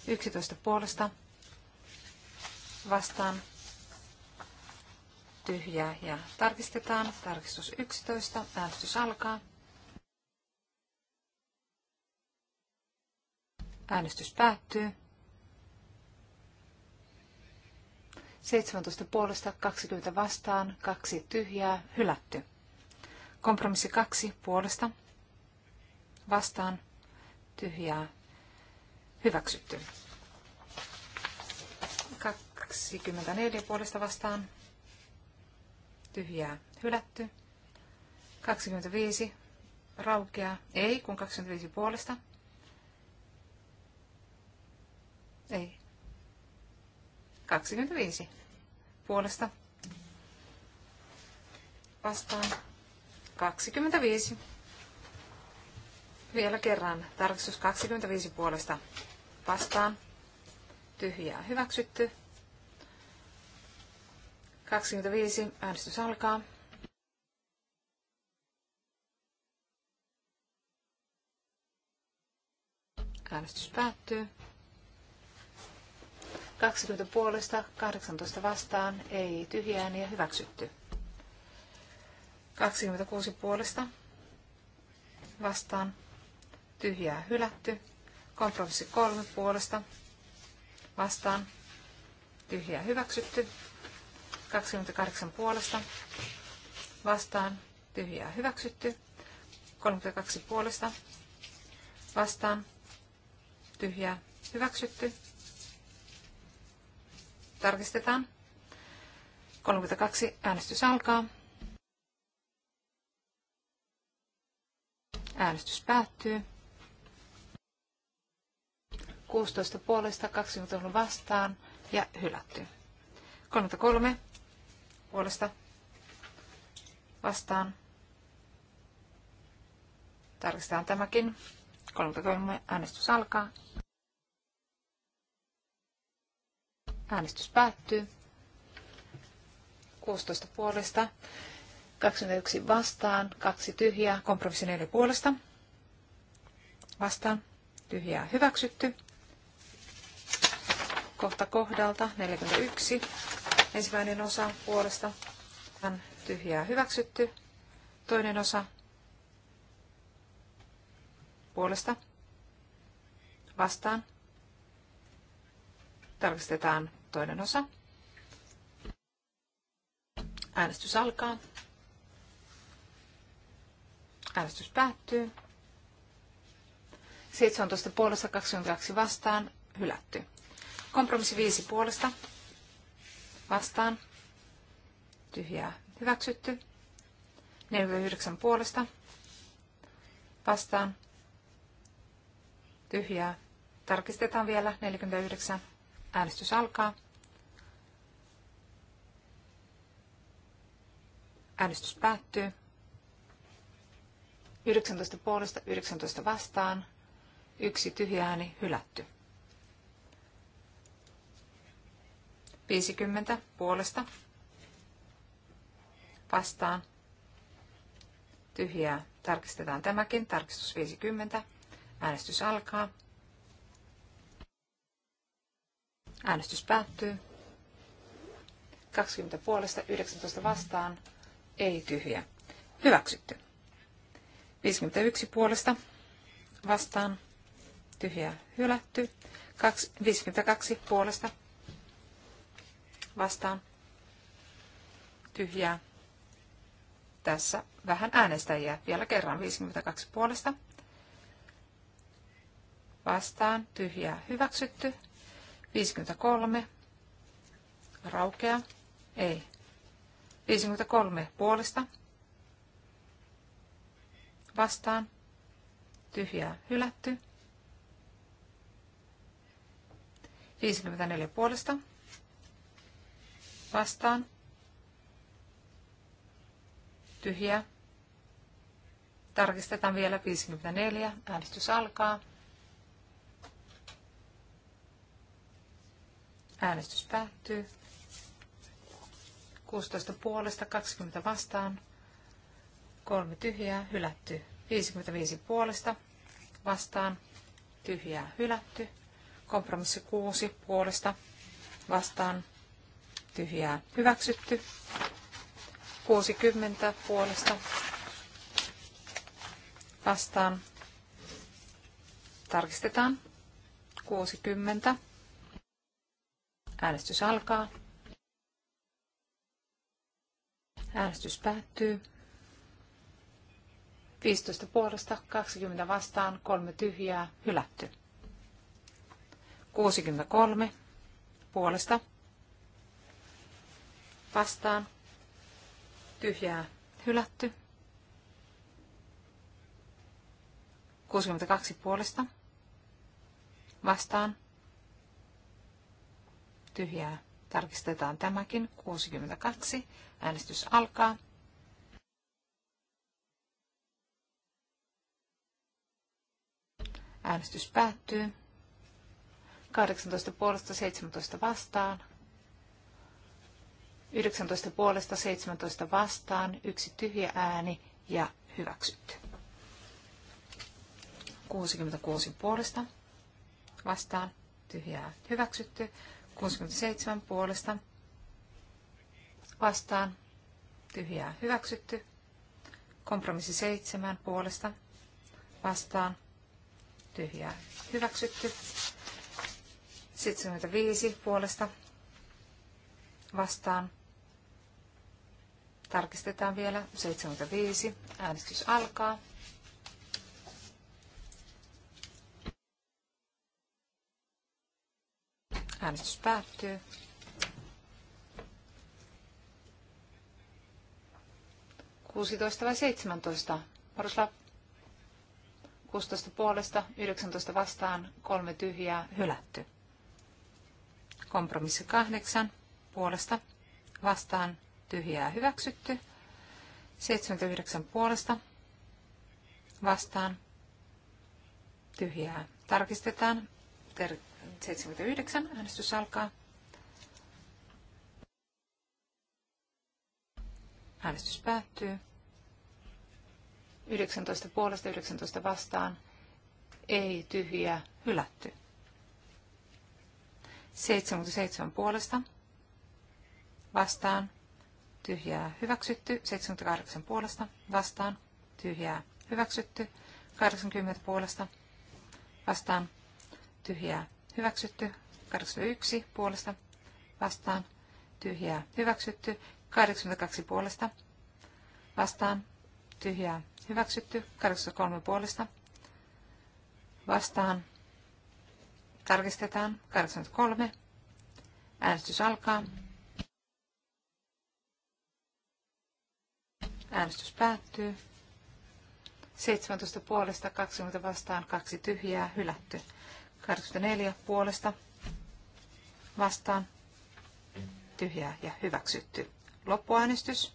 Yksitoista puolesta. Vastaan tyhjää ja tarkistetaan. Tarkistus 11. Äänestys alkaa. Äänestys päättyy. 17 puolesta 20 vastaan, kaksi tyhjää, hylätty. Kompromissi 2 puolesta vastaan, tyhjää, hyväksytty. 24 puolesta vastaan, tyhjää hylätty. 25 raukeaa, ei, kun 25 puolesta. Ei. 25 puolesta vastaan 25. Vielä kerran. Tarkistus 25 puolesta vastaan. Tyhjää hyväksytty. 25. Äänestys alkaa. Äänestys päättyy. 20 puolesta, 18 vastaan, ei tyhjään ja hyväksytty. 26 puolesta, vastaan, tyhjää hylätty. Kompromissi 3 puolesta, vastaan, tyhjää hyväksytty. 28 puolesta vastaan tyhjää hyväksytty. 32 puolesta vastaan tyhjää hyväksytty. Tarkistetaan. 32 äänestys alkaa. Äänestys päättyy. 16 puolesta, 20 vastaan ja hylätty. 33 puolesta vastaan. Tarkistetaan tämäkin. 33 äänestys alkaa. Äänestys päättyy. 16 puolesta, 21 vastaan, 2 tyhjää, kompromissi 4 puolesta. Vastaan, tyhjää hyväksytty. Kohta kohdalta 41 Ensimmäinen osa puolesta tyhjää hyväksytty. Toinen osa puolesta vastaan. Tarkistetaan toinen osa. Äänestys alkaa. Äänestys päättyy. 17 puolesta 22 vastaan hylätty. Kompromissi 5 puolesta vastaan, tyhjää hyväksytty. 49 puolesta vastaan, tyhjää. Tarkistetaan vielä 49. Äänestys alkaa. Äänestys päättyy. 19 puolesta, 19 vastaan, yksi tyhjä ääni hylätty. 50 puolesta vastaan. Tyhjää. Tarkistetaan tämäkin. Tarkistus 50. Äänestys alkaa. Äänestys päättyy. 20 puolesta, 19 vastaan. Ei tyhjä. Hyväksytty. 51 puolesta vastaan. Tyhjä hylätty. 52 puolesta vastaan tyhjää. Tässä vähän äänestäjiä. Vielä kerran 52 puolesta. Vastaan tyhjää hyväksytty. 53 raukea. Ei. 53 puolesta. Vastaan tyhjää hylätty. 54 puolesta vastaan. Tyhjä. Tarkistetaan vielä 54. Äänestys alkaa. Äänestys päättyy. 16 puolesta, 20 vastaan, 3 tyhjää, hylätty. 55 puolesta, vastaan, tyhjää, hylätty. Kompromissi 6 puolesta, vastaan, tyhjää hyväksytty. 60 puolesta vastaan. Tarkistetaan. 60. Äänestys alkaa. Äänestys päättyy. 15 puolesta, 20 vastaan, 3 tyhjää, hylätty. 63 puolesta vastaan tyhjää hylätty. 62 puolesta vastaan tyhjää. Tarkistetaan tämäkin. 62. Äänestys alkaa. Äänestys päättyy. 18 puolesta 17 vastaan. 19 puolesta 17 vastaan, yksi tyhjä ääni ja hyväksytty. 66 puolesta vastaan, tyhjää hyväksytty. 67 puolesta vastaan, tyhjää hyväksytty. Kompromissi 7 puolesta vastaan, tyhjää hyväksytty. 75 puolesta vastaan, Tarkistetaan vielä. 75. Äänestys alkaa. Äänestys päättyy. Kuusitoista vai seitsemäntoista? Varusla. 16 puolesta, 19 vastaan, kolme tyhjää, hylätty. Kompromissi kahdeksan puolesta, vastaan, tyhjää hyväksytty. 79 puolesta vastaan tyhjää tarkistetaan. 79 äänestys alkaa. Äänestys päättyy. 19 puolesta 19 vastaan. Ei tyhjää hylätty. 77 puolesta vastaan tyhjää hyväksytty, 78 puolesta vastaan, tyhjää hyväksytty, 80 puolesta vastaan, tyhjää hyväksytty, 81 puolesta vastaan, tyhjää hyväksytty, 82 puolesta vastaan, tyhjää hyväksytty, 83 puolesta vastaan, tarkistetaan, 83, äänestys alkaa. Äänestys päättyy. 17 puolesta, 20 vastaan, 2 tyhjää, hylätty. 24 puolesta, vastaan, tyhjää ja hyväksytty. Loppuäänestys.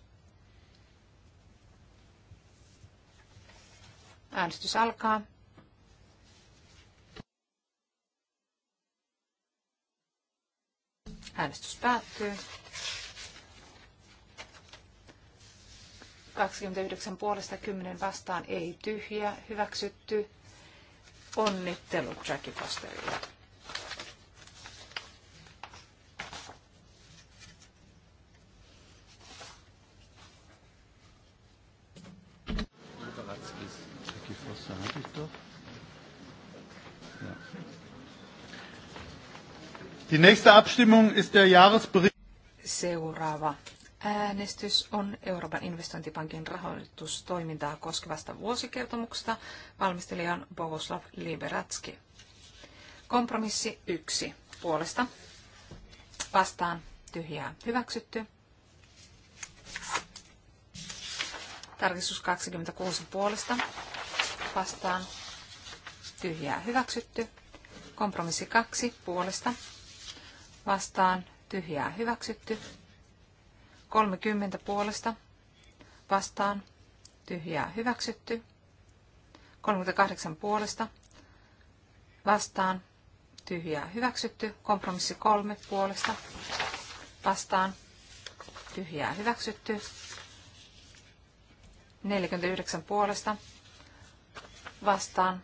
Äänestys alkaa. Äänestys päättyy. 29 puolesta 10 vastaan ei tyhjä, hyväksytty. Onnittelut Jackie Fosterille. Die nächste Abstimmung ist der Jahresbericht. Seuraava äänestys on Euroopan investointipankin rahoitustoimintaa koskevasta vuosikertomuksesta. Valmistelija on Bogoslav Liberatski. Kompromissi 1. Puolesta. Vastaan. Tyhjää. Hyväksytty. Tarkistus 26 puolesta. Vastaan. Tyhjää. Hyväksytty. Kompromissi 2. Puolesta. Vastaan. Tyhjää. Hyväksytty. 30 puolesta vastaan tyhjää hyväksytty. 38 puolesta vastaan tyhjää hyväksytty. Kompromissi 3 puolesta vastaan tyhjää hyväksytty. 49 puolesta vastaan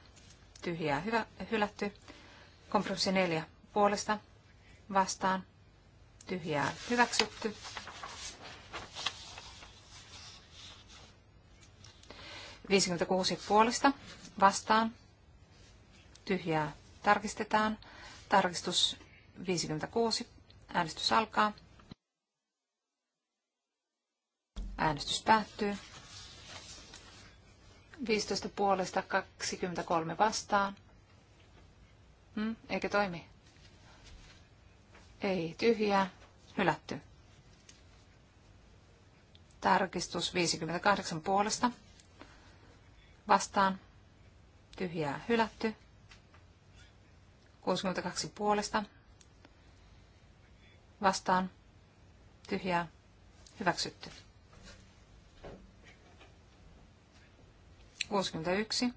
tyhjää hyvä, hylätty. Kompromissi 4 puolesta vastaan tyhjää hyväksytty. 56 puolista vastaan. Tyhjää tarkistetaan. Tarkistus 56. Äänestys alkaa. Äänestys päättyy. 15 puolesta 23 vastaan. Hmm, eikö toimi? Ei tyhjää. Hylätty. Tarkistus 58 puolesta vastaan, tyhjää hylätty. 62 puolesta vastaan, tyhjää hyväksytty. 61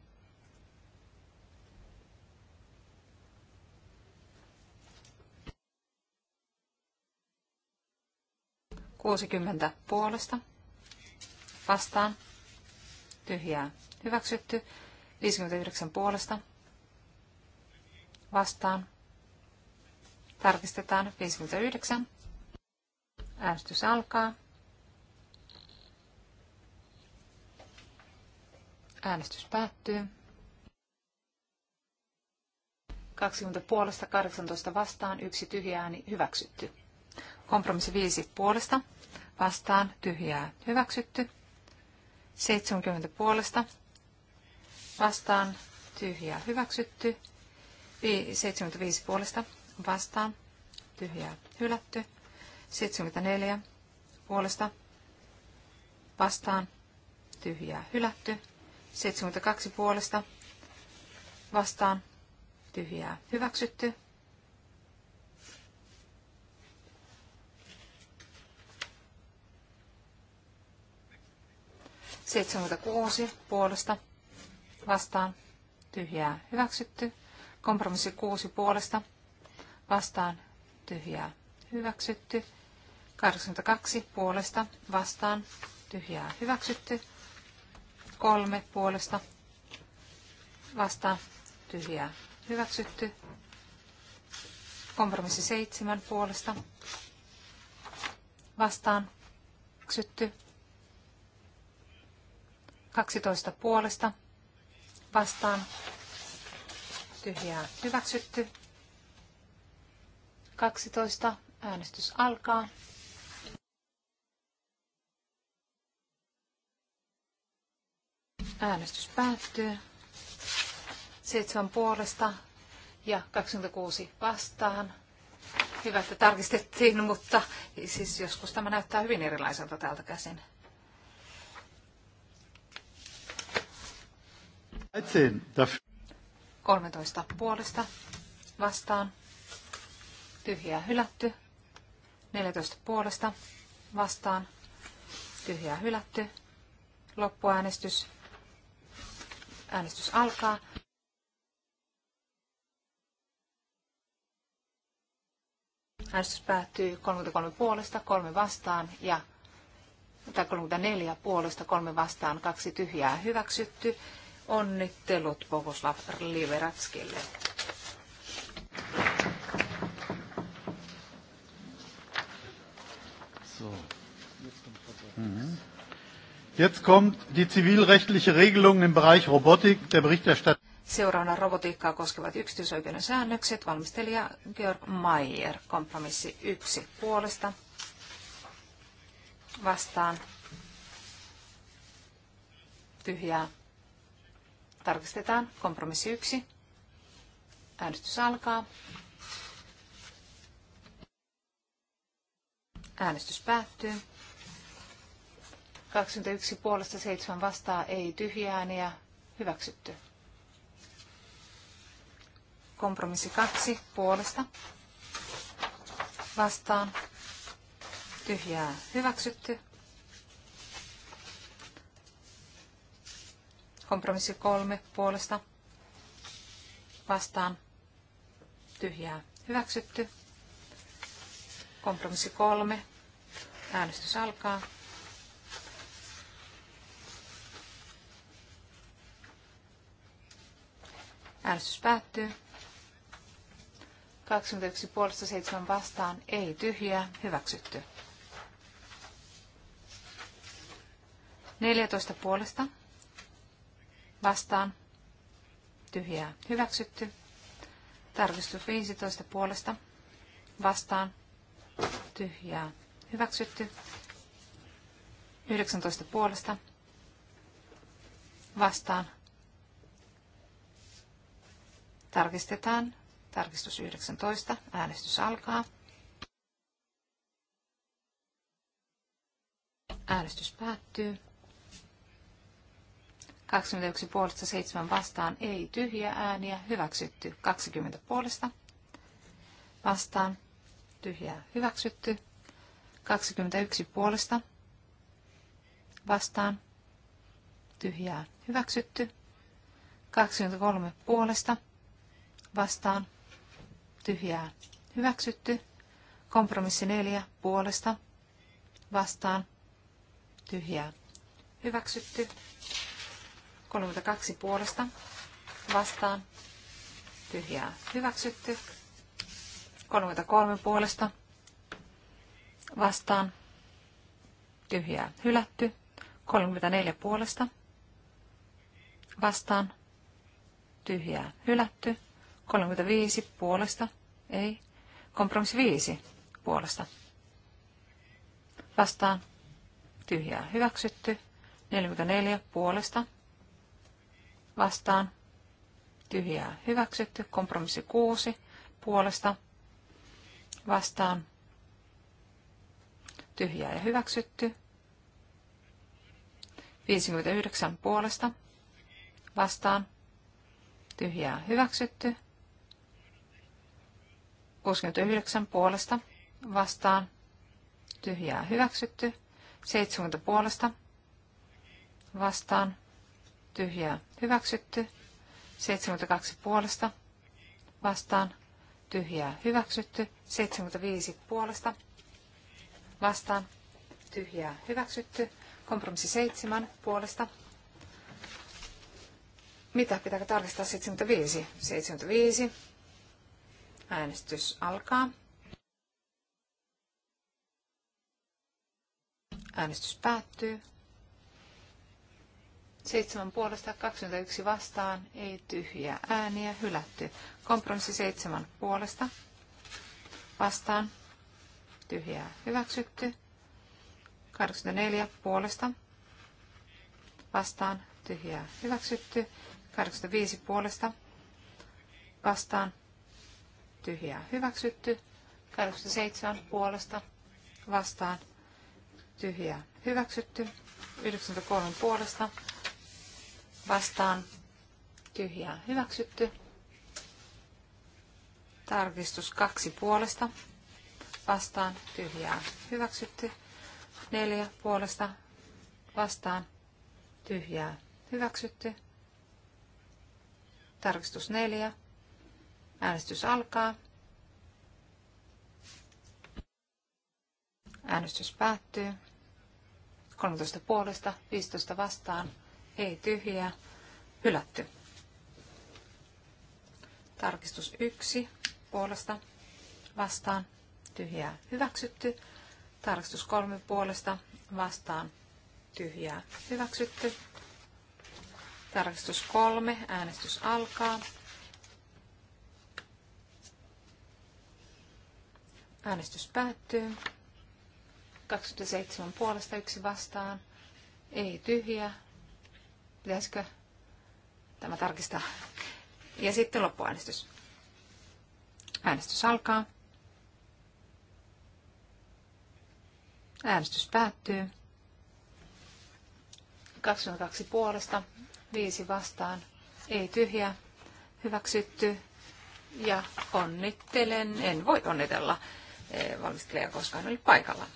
Kuusikymmentä puolesta. Vastaan. Tyhjää hyväksytty. 59 puolesta vastaan. Tarkistetaan 59. Äänestys alkaa. Äänestys päättyy. 20 puolesta, 18 vastaan, yksi tyhjä ääni hyväksytty. Kompromissi 5 puolesta, vastaan, tyhjää hyväksytty. 70 puolesta, vastaan, tyhjää hyväksytty. 75 puolesta vastaan, tyhjää hylätty. 74 puolesta vastaan, tyhjää hylätty. 72 puolesta vastaan, tyhjää hyväksytty. Seitsemänkymmentäkuusi puolesta vastaan, tyhjää hyväksytty. Kompromissi 6 puolesta vastaan, tyhjää hyväksytty. 82 puolesta vastaan, tyhjää hyväksytty. 3 puolesta vastaan, tyhjää hyväksytty. Kompromissi 7 puolesta vastaan, hyväksytty. 12 puolesta vastaan tyhjää hyväksytty. 12. Äänestys alkaa. Äänestys päättyy. 7 puolesta ja 26 vastaan. Hyvä, että tarkistettiin, mutta siis joskus tämä näyttää hyvin erilaiselta täältä käsin. 13 puolesta vastaan. Tyhjää hylätty. 14 puolesta vastaan. Tyhjää hylätty. Loppuäänestys. Äänestys alkaa. Äänestys päättyy 33 puolesta, 3 vastaan ja tai 34 puolesta, 3 vastaan, 2 tyhjää hyväksytty. Onnittelut Bogoslav Liberatskille. So. Mhm. Jetzt kommt die zivilrechtliche Regelung im Bereich Robotik, der Berichterstatter. Seuraavana robotiikkaa koskevat yksityisoikeuden säännökset, valmistelija Georg Mayer, kompromissi yksi puolesta. Vastaan. Tyhjää. Tarkistetaan. Kompromissi 1. Äänestys alkaa. Äänestys päättyy. 21 puolesta 7 vastaa ei ääniä. Hyväksytty. Kompromissi 2 puolesta vastaan. Tyhjää hyväksytty. Kompromissi kolme puolesta vastaan tyhjää hyväksytty. Kompromissi kolme. Äänestys alkaa. Äänestys päättyy. 21 puolesta 7 vastaan. Ei tyhjää. Hyväksytty. 14 puolesta vastaan, tyhjää hyväksytty. Tarkistus 15 puolesta vastaan, tyhjää hyväksytty. 19 puolesta vastaan. Tarkistetaan. Tarkistus 19. Äänestys alkaa. Äänestys päättyy. 21 puolesta 7 vastaan ei tyhjiä ääniä hyväksytty. 20 puolesta vastaan tyhjää hyväksytty. 21 puolesta vastaan tyhjää hyväksytty. 23 puolesta vastaan tyhjää hyväksytty. Kompromissi 4 puolesta vastaan tyhjää hyväksytty. 32 puolesta vastaan tyhjää hyväksytty. 33 puolesta vastaan tyhjää hylätty. 34 puolesta vastaan tyhjää hylätty. 35 puolesta ei. Kompromissi 5 puolesta vastaan tyhjää hyväksytty. 44 puolesta vastaan, tyhjää hyväksytty. Kompromissi 6 puolesta vastaan, tyhjää ja hyväksytty. 59 puolesta vastaan, tyhjää hyväksytty. 69 puolesta vastaan, tyhjää hyväksytty. 70 puolesta vastaan, tyhjää hyväksytty. 72 puolesta vastaan tyhjää hyväksytty. 75 puolesta vastaan tyhjää hyväksytty. Kompromissi 7 puolesta. Mitä pitääkö tarkistaa 75? 75. Äänestys alkaa. Äänestys päättyy. 7 puolesta 21 vastaan, ei tyhjiä ääniä, hylätty. Kompromissi 7 puolesta vastaan, tyhjää hyväksytty. 84 puolesta vastaan, tyhjää hyväksytty. 85 puolesta vastaan, tyhjää hyväksytty. 87 puolesta vastaan, tyhjää hyväksytty. 93 puolesta vastaan tyhjää hyväksytty. Tarkistus kaksi puolesta vastaan tyhjää hyväksytty. Neljä puolesta vastaan tyhjää hyväksytty. Tarkistus neljä. Äänestys alkaa. Äänestys päättyy. 13 puolesta, 15 vastaan, ei tyhjää, hylätty. Tarkistus 1 puolesta vastaan tyhjää hyväksytty. Tarkistus 3 puolesta vastaan tyhjää hyväksytty. Tarkistus 3, äänestys alkaa. Äänestys päättyy. 27 puolesta yksi vastaan. Ei tyhjä, Pitäisikö tämä tarkistaa? Ja sitten loppuäänestys. Äänestys alkaa. Äänestys päättyy. 22 puolesta, 5 vastaan, ei tyhjä, hyväksytty ja onnittelen, en voi onnitella eh, valmistelijaa, koskaan oli paikalla.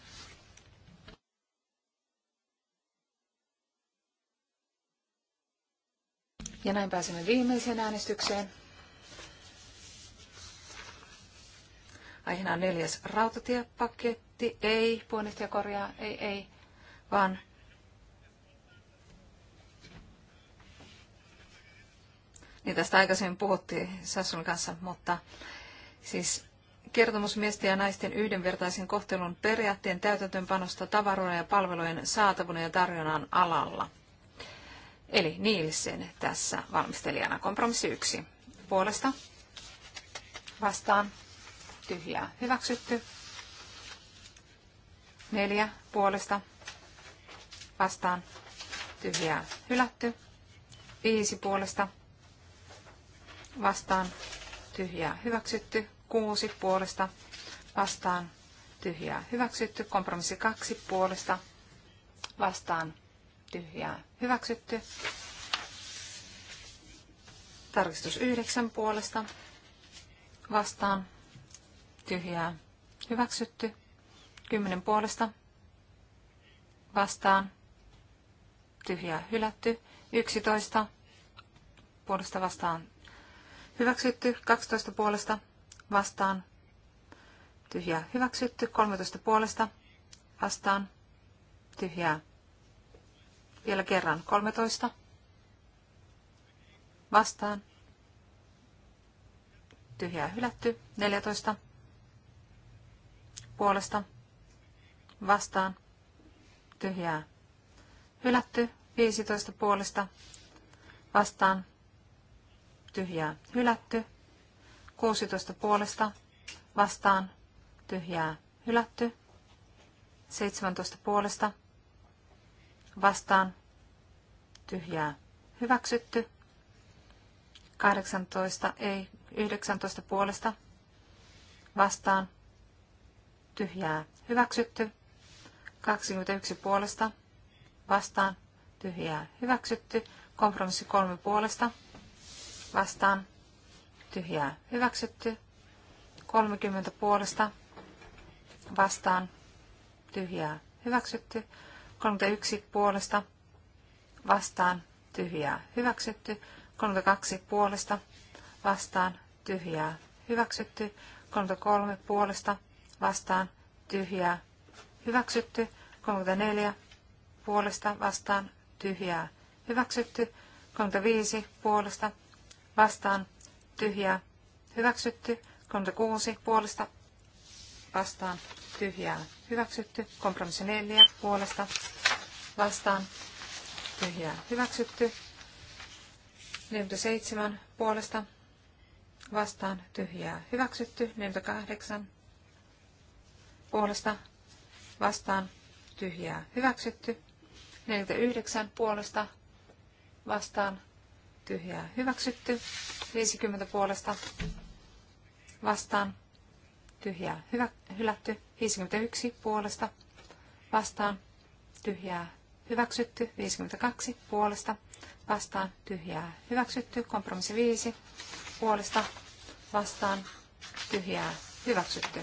Ja näin pääsemme viimeiseen äänestykseen. Aiheena on neljäs rautatiepaketti. Ei, puheenjohtaja korjaa, ei, ei, vaan niin tästä aikaisemmin puhuttiin Sassun kanssa, mutta siis kertomusmiesten ja naisten yhdenvertaisen kohtelun periaatteen täytäntöönpanosta tavaroiden ja palvelujen saatavuuden ja tarjonnan alalla. Eli Nielsen tässä valmistelijana kompromissi yksi. Puolesta vastaan tyhjää hyväksytty. Neljä puolesta vastaan tyhjää hylätty. Viisi puolesta vastaan tyhjää hyväksytty. Kuusi puolesta vastaan tyhjää hyväksytty. Kompromissi kaksi puolesta vastaan tyhjää hyväksytty. Tarkistus yhdeksän puolesta vastaan tyhjää hyväksytty. Kymmenen puolesta vastaan tyhjää hylätty. Yksitoista puolesta vastaan hyväksytty. Kaksitoista puolesta vastaan tyhjää hyväksytty. Kolmetoista puolesta vastaan tyhjää vielä kerran. 13. Vastaan. Tyhjää hylätty. 14. Puolesta. Vastaan. Tyhjää hylätty. 15 puolesta. Vastaan. Tyhjää hylätty. 16 puolesta. Vastaan. Tyhjää hylätty. 17 puolesta vastaan tyhjää hyväksytty. 18 ei 19 puolesta vastaan tyhjää hyväksytty. 21 puolesta vastaan tyhjää hyväksytty. Kompromissi 3 puolesta vastaan tyhjää hyväksytty. 30 puolesta vastaan tyhjää hyväksytty. 31 puolesta vastaan tyhjää hyväksytty. 32 puolesta vastaan tyhjää hyväksytty. 33 puolesta vastaan tyhjää hyväksytty. 34 puolesta vastaan tyhjää hyväksytty. 35 puolesta vastaan tyhjää hyväksytty. 36 puolesta vastaan tyhjää hyväksytty. Kompromissi 4 puolesta vastaan tyhjää hyväksytty. 47 puolesta vastaan tyhjää hyväksytty. 48 puolesta vastaan tyhjää hyväksytty. 49 puolesta vastaan tyhjää hyväksytty. 50 puolesta vastaan tyhjää hyvä, hylätty. 51 puolesta vastaan tyhjää hyväksytty. 52 puolesta vastaan tyhjää hyväksytty. Kompromissi 5 puolesta vastaan tyhjää hyväksytty.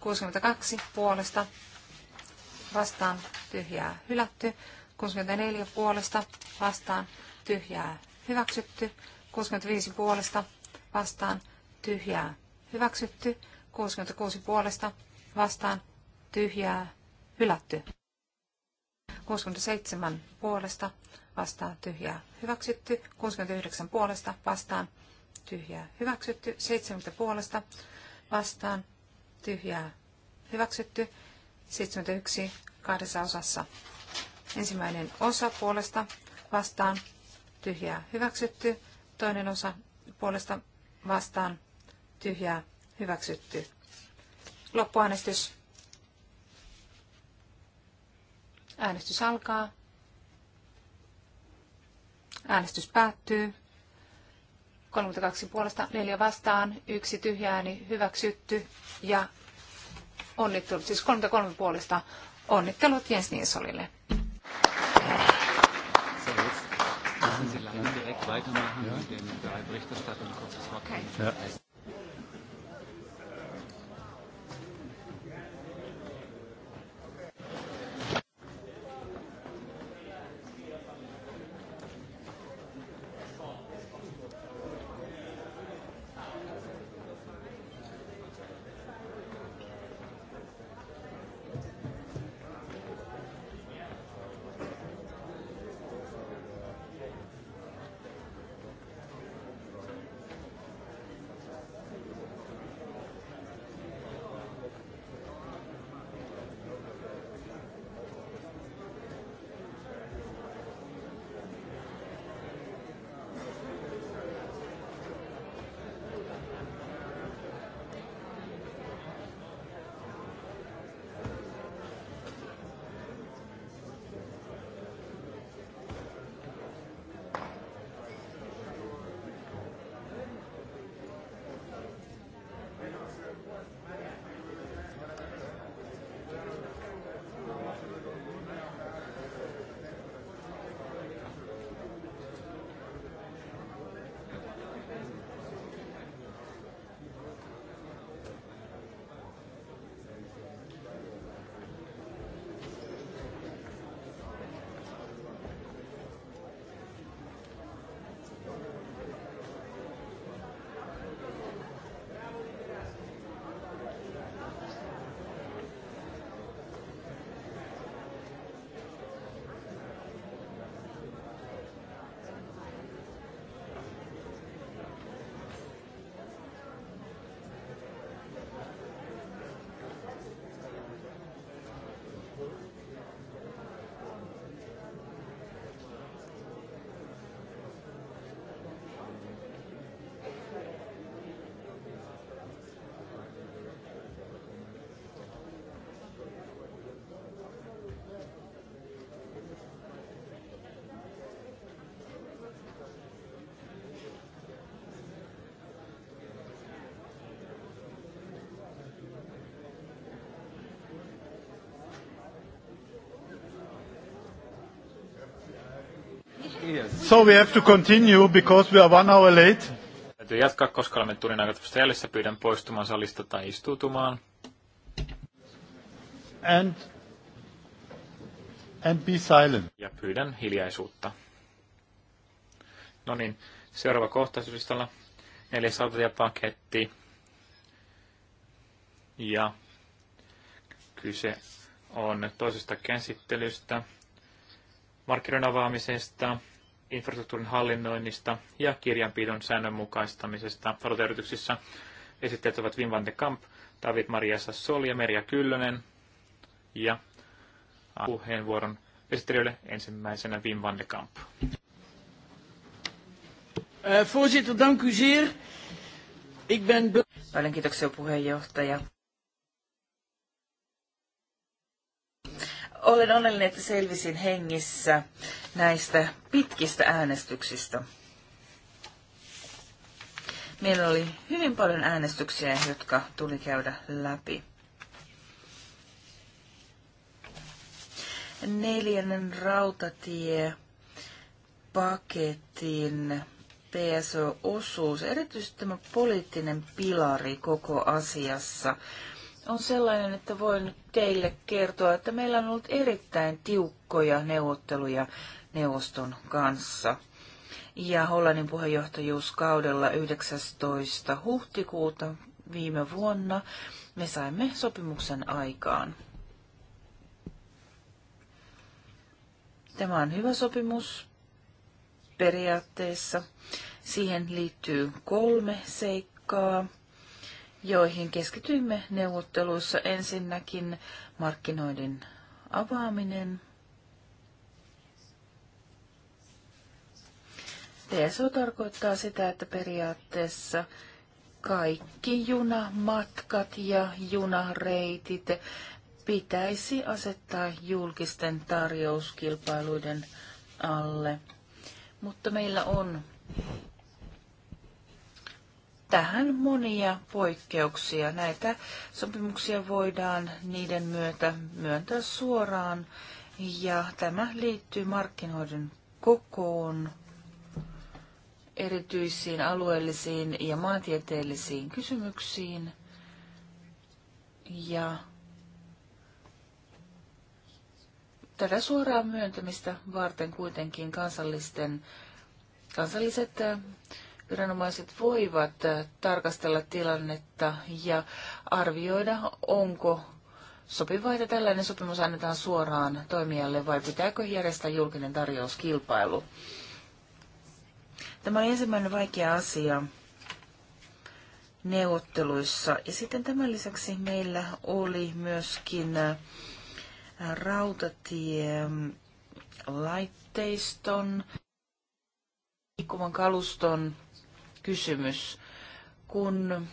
62 puolesta vastaan tyhjää hylätty. 64 puolesta vastaan tyhjää hyväksytty. 65 puolesta vastaan tyhjää hyväksytty. 66 puolesta vastaan tyhjää hylätty. 67 puolesta vastaan tyhjää hyväksytty. 69 puolesta vastaan tyhjää hyväksytty. 70 puolesta vastaan tyhjää hyväksytty. 71 kahdessa osassa. Ensimmäinen osa puolesta vastaan tyhjää hyväksytty. Toinen osa puolesta vastaan tyhjää Hyväksytty. Loppuäänestys. Äänestys alkaa. Äänestys päättyy. 32 puolesta, 4 vastaan, yksi tyhjä ääni hyväksytty ja onnittelut, siis 33 puolesta onnittelut Jens Niensolille. Okay. So we have to continue because we are one hour late. Täytyy jatkaa, koska olemme tunnin aikataulusta jäljessä. Pyydän poistumaan salista tai istutumaan. And, and be silent. Ja pyydän hiljaisuutta. No niin, seuraava kohtaisuuslistalla neljäs paketti. Ja kyse on toisesta käsittelystä, markkinoiden avaamisesta, infrastruktuurin hallinnoinnista ja kirjanpidon säännönmukaistamisesta valutayrityksissä. Esittäjät ovat Wim van de Kamp, David Maria Sassoli ja Merja Kyllönen. Ja puheenvuoron esittelijöille ensimmäisenä Wim van de Kamp. Eh, voorzitter, dank u zeer. Ik ben... Paljon kiitoksia puheenjohtaja. Olen onnellinen, että selvisin hengissä näistä pitkistä äänestyksistä. Meillä oli hyvin paljon äänestyksiä, jotka tuli käydä läpi. Neljännen rautatie paketin PSO-osuus, erityisesti tämä poliittinen pilari koko asiassa, on sellainen, että voin teille kertoa, että meillä on ollut erittäin tiukkoja neuvotteluja neuvoston kanssa. Ja Hollannin puheenjohtajuuskaudella 19. huhtikuuta viime vuonna me saimme sopimuksen aikaan. Tämä on hyvä sopimus periaatteessa. Siihen liittyy kolme seikkaa joihin keskityimme neuvotteluissa. Ensinnäkin markkinoiden avaaminen. TSO tarkoittaa sitä, että periaatteessa kaikki junamatkat ja junareitit pitäisi asettaa julkisten tarjouskilpailuiden alle. Mutta meillä on tähän monia poikkeuksia. Näitä sopimuksia voidaan niiden myötä myöntää suoraan ja tämä liittyy markkinoiden kokoon, erityisiin alueellisiin ja maantieteellisiin kysymyksiin ja tätä suoraa myöntämistä varten kuitenkin kansallisten, kansalliset viranomaiset voivat äh, tarkastella tilannetta ja arvioida, onko sopivaa, että tällainen sopimus annetaan suoraan toimijalle vai pitääkö järjestää julkinen tarjouskilpailu. Tämä on ensimmäinen vaikea asia neuvotteluissa. Ja sitten tämän lisäksi meillä oli myöskin äh, rautatie mm, laitteiston, liikkuvan kaluston kysymys. Kun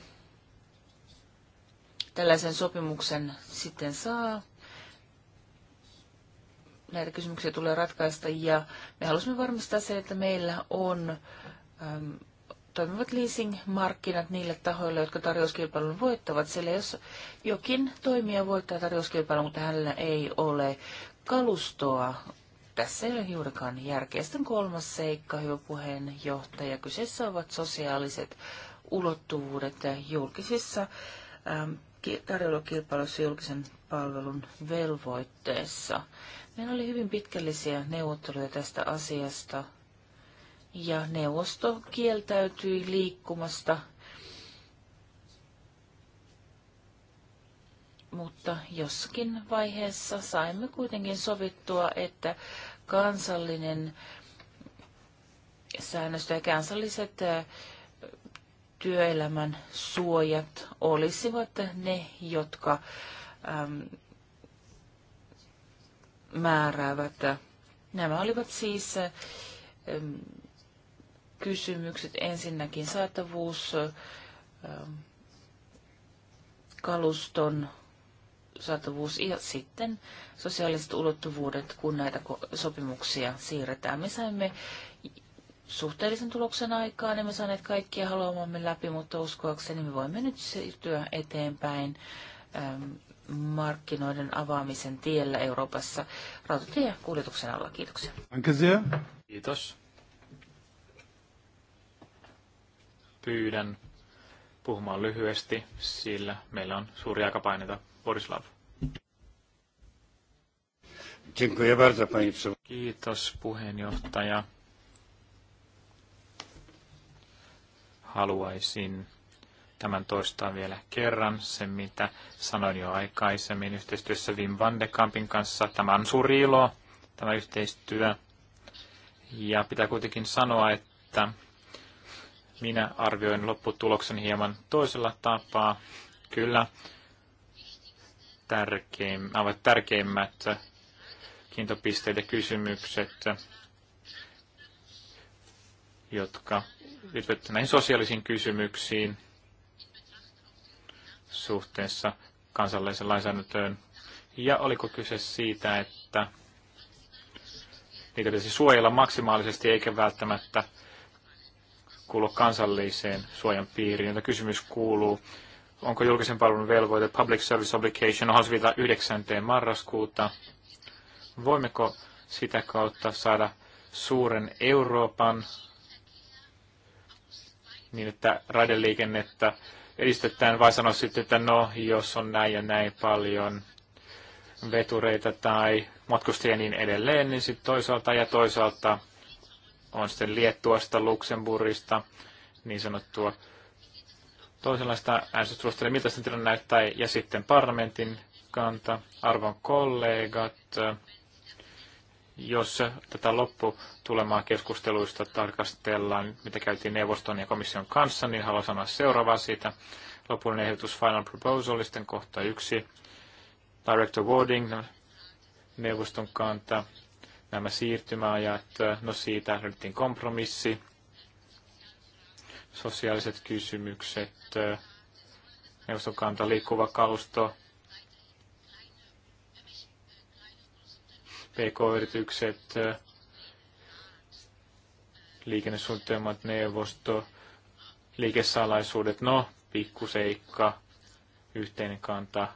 tällaisen sopimuksen sitten saa, näitä kysymyksiä tulee ratkaista ja me halusimme varmistaa se, että meillä on äm, toimivat leasing-markkinat niille tahoille, jotka tarjouskilpailun voittavat. Sillä jos jokin toimija voittaa tarjouskilpailun, mutta hänellä ei ole kalustoa tässä ei ole juurikaan järkeä. Sitten kolmas seikka, hyvä puheenjohtaja. Kyseessä ovat sosiaaliset ulottuvuudet julkisissa ähm, tarjolla kilpailussa julkisen palvelun velvoitteessa. Meillä oli hyvin pitkällisiä neuvotteluja tästä asiasta ja neuvosto kieltäytyi liikkumasta – mutta joskin vaiheessa saimme kuitenkin sovittua, että kansallinen säännöstö ja kansalliset työelämän suojat olisivat ne, jotka äm, määräävät. Nämä olivat siis äm, kysymykset ensinnäkin saatavuus, äm, kaluston saatavuus ja sitten sosiaaliset ulottuvuudet, kun näitä sopimuksia siirretään. Me saimme suhteellisen tuloksen aikaan, emme saaneet kaikkia haluamamme läpi, mutta uskoakseni me voimme nyt siirtyä eteenpäin ähm, markkinoiden avaamisen tiellä Euroopassa rautatiekuljetuksen alla. Kiitoksia. Kiitos. Pyydän puhumaan lyhyesti, sillä meillä on suuria aikapaineita. Borislav. Kiitos puheenjohtaja. Haluaisin tämän toistaa vielä kerran, se mitä sanoin jo aikaisemmin yhteistyössä Wim van de Kampin kanssa. Tämä on suuri ilo, tämä yhteistyö. Ja pitää kuitenkin sanoa, että minä arvioin lopputuloksen hieman toisella tapaa. Kyllä, tärkeimmät, ovat tärkeimmät kiintopisteet ja kysymykset, jotka liittyvät näihin sosiaalisiin kysymyksiin suhteessa kansalliseen lainsäädäntöön. Ja oliko kyse siitä, että niitä pitäisi suojella maksimaalisesti eikä välttämättä kuulu kansalliseen suojan piiriin. Ja kysymys kuuluu, onko julkisen palvelun velvoite, public service obligation, onhan se 9. marraskuuta. Voimmeko sitä kautta saada suuren Euroopan niin, että raideliikennettä edistetään, vai sanoa sitten, että no, jos on näin ja näin paljon vetureita tai matkustajia niin edelleen, niin sitten toisaalta ja toisaalta on sitten Liettuasta, Luxemburgista, niin sanottua toisenlaista äänestystulosta, miltä se tilanne näyttää, ja sitten parlamentin kanta, arvon kollegat, jos tätä lopputulemaa keskusteluista tarkastellaan, mitä käytiin neuvoston ja komission kanssa, niin haluan sanoa seuraavaa siitä. Lopullinen ehdotus Final Proposalisten kohta yksi. Direct Awarding, neuvoston kanta, nämä siirtymäajat, no siitä löydettiin kompromissi sosiaaliset kysymykset, neuvostokanta, liikkuva kalusto, PK-yritykset, liikennesuunnitelmat, neuvosto, liikesalaisuudet, no, pikkuseikka, yhteinen kanta,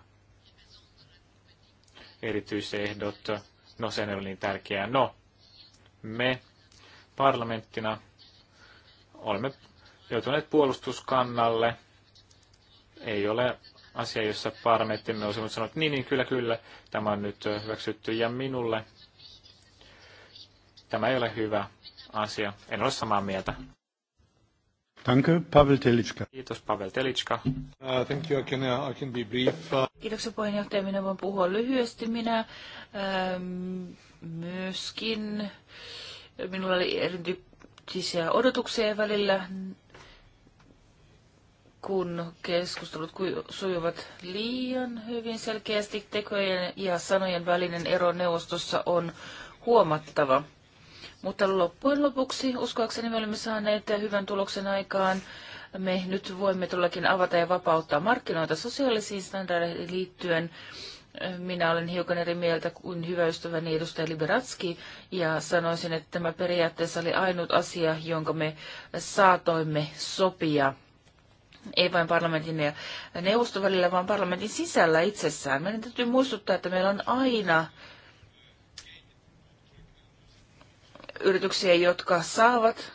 erityisehdot, no se ei ole niin tärkeää. No, me parlamenttina olemme joutuneet puolustuskannalle. Ei ole asia, jossa parmettimme olisi sanonut, että niin, niin, kyllä, kyllä, tämä on nyt hyväksytty ja minulle. Tämä ei ole hyvä asia. En ole samaa mieltä. Danke, Pavel Telitska. Kiitos, Pavel Telitska. Uh, thank you, I can, uh, I can be brief. Uh... Kiitoksia puheenjohtaja, minä voin puhua lyhyesti. Minä ähm, myöskin, minulla oli erityisiä odotuksia välillä kun keskustelut sujuvat liian hyvin selkeästi, tekojen ja sanojen välinen ero neuvostossa on huomattava. Mutta loppujen lopuksi, uskoakseni me olemme saaneet hyvän tuloksen aikaan. Me nyt voimme tullakin avata ja vapauttaa markkinoita sosiaalisiin standardeihin liittyen. Minä olen hiukan eri mieltä kuin hyvä ystäväni edustaja Liberatski, ja sanoisin, että tämä periaatteessa oli ainut asia, jonka me saatoimme sopia ei vain parlamentin ja neuvoston välillä, vaan parlamentin sisällä itsessään. Meidän täytyy muistuttaa, että meillä on aina yrityksiä, jotka saavat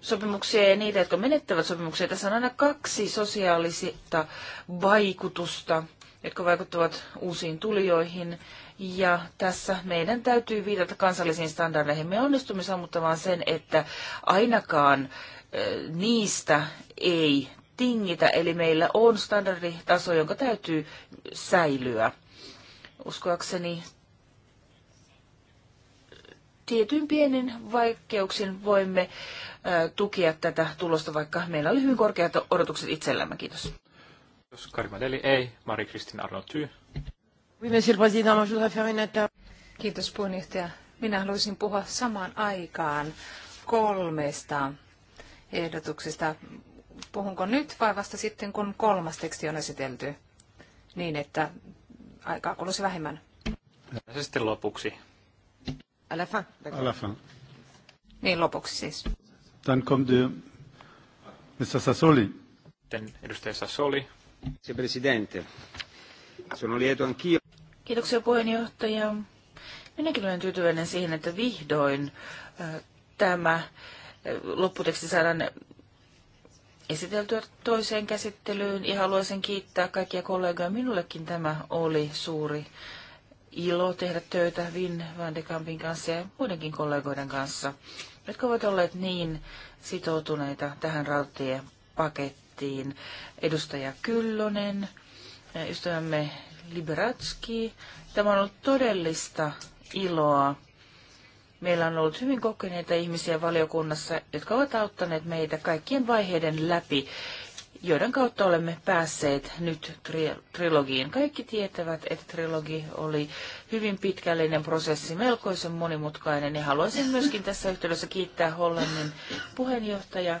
sopimuksia ja niitä, jotka menettävät sopimuksia. Tässä on aina kaksi sosiaalista vaikutusta, jotka vaikuttavat uusiin tulijoihin. Ja tässä meidän täytyy viitata kansallisiin standardeihin. Me onnistumme sammuttamaan sen, että ainakaan eh, niistä ei tingitä, eli meillä on standarditaso, jonka täytyy säilyä. Uskoakseni tietyn pienin vaikeuksin voimme tukea tätä tulosta, vaikka meillä oli hyvin korkeat odotukset itsellämme. Kiitos. Jos ei, Mari-Kristin Arno Oui, Kiitos puheenjohtaja. Minä haluaisin puhua samaan aikaan kolmesta ehdotuksesta puhunko nyt vai vasta sitten, kun kolmas teksti on esitelty, niin että aikaa kuluisi vähemmän? Ja sitten lopuksi. À la fin. À la fin. Niin, lopuksi siis. Tän kom du, Mr. Sassoli. Tän edustaja Sassoli. Se presidente. Sono lieto anch'io. Kiitoksia puheenjohtaja. Minäkin olen tyytyväinen siihen, että vihdoin tämä lopputeksti saadaan esiteltyä toiseen käsittelyyn ja haluaisin kiittää kaikkia kollegoja. Minullekin tämä oli suuri ilo tehdä töitä Vin van de Kampin kanssa ja muidenkin kollegoiden kanssa, jotka ovat olleet niin sitoutuneita tähän rautatiepakettiin. Edustaja Kyllönen, ystävämme Liberatski. Tämä on ollut todellista iloa Meillä on ollut hyvin kokeneita ihmisiä valiokunnassa, jotka ovat auttaneet meitä kaikkien vaiheiden läpi, joiden kautta olemme päässeet nyt tri- trilogiin. Kaikki tietävät, että trilogi oli hyvin pitkällinen prosessi, melkoisen monimutkainen, ja haluaisin myöskin tässä yhteydessä kiittää Hollannin puheenjohtajaa.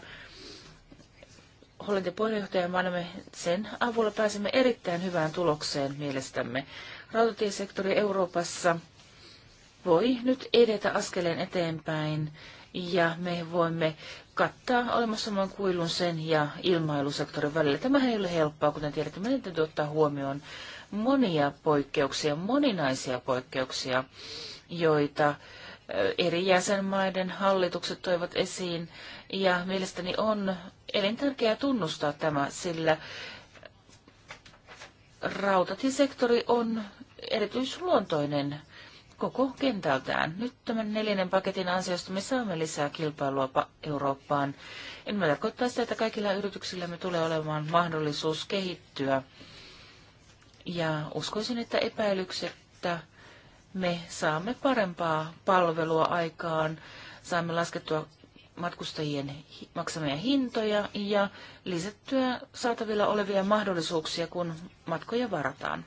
Hollantin puheenjohtaja Maname, sen avulla pääsemme erittäin hyvään tulokseen mielestämme. Rautatiesektori Euroopassa – voi nyt edetä askeleen eteenpäin ja me voimme kattaa olemassa olevan kuilun sen ja ilmailusektorin välillä. Tämä ei ole helppoa, kuten tiedätte. Meidän täytyy ottaa huomioon monia poikkeuksia, moninaisia poikkeuksia, joita eh, eri jäsenmaiden hallitukset toivat esiin. Ja mielestäni on elintärkeää tunnustaa tämä, sillä rautatiesektori on erityisluontoinen koko kentältään. Nyt tämän neljännen paketin ansiosta me saamme lisää kilpailua Eurooppaan. En mä tarkoittaa sitä, että kaikilla yrityksillämme tulee olemaan mahdollisuus kehittyä. Ja uskoisin, että epäilyksettä me saamme parempaa palvelua aikaan, saamme laskettua matkustajien maksamia hintoja ja lisättyä saatavilla olevia mahdollisuuksia, kun matkoja varataan.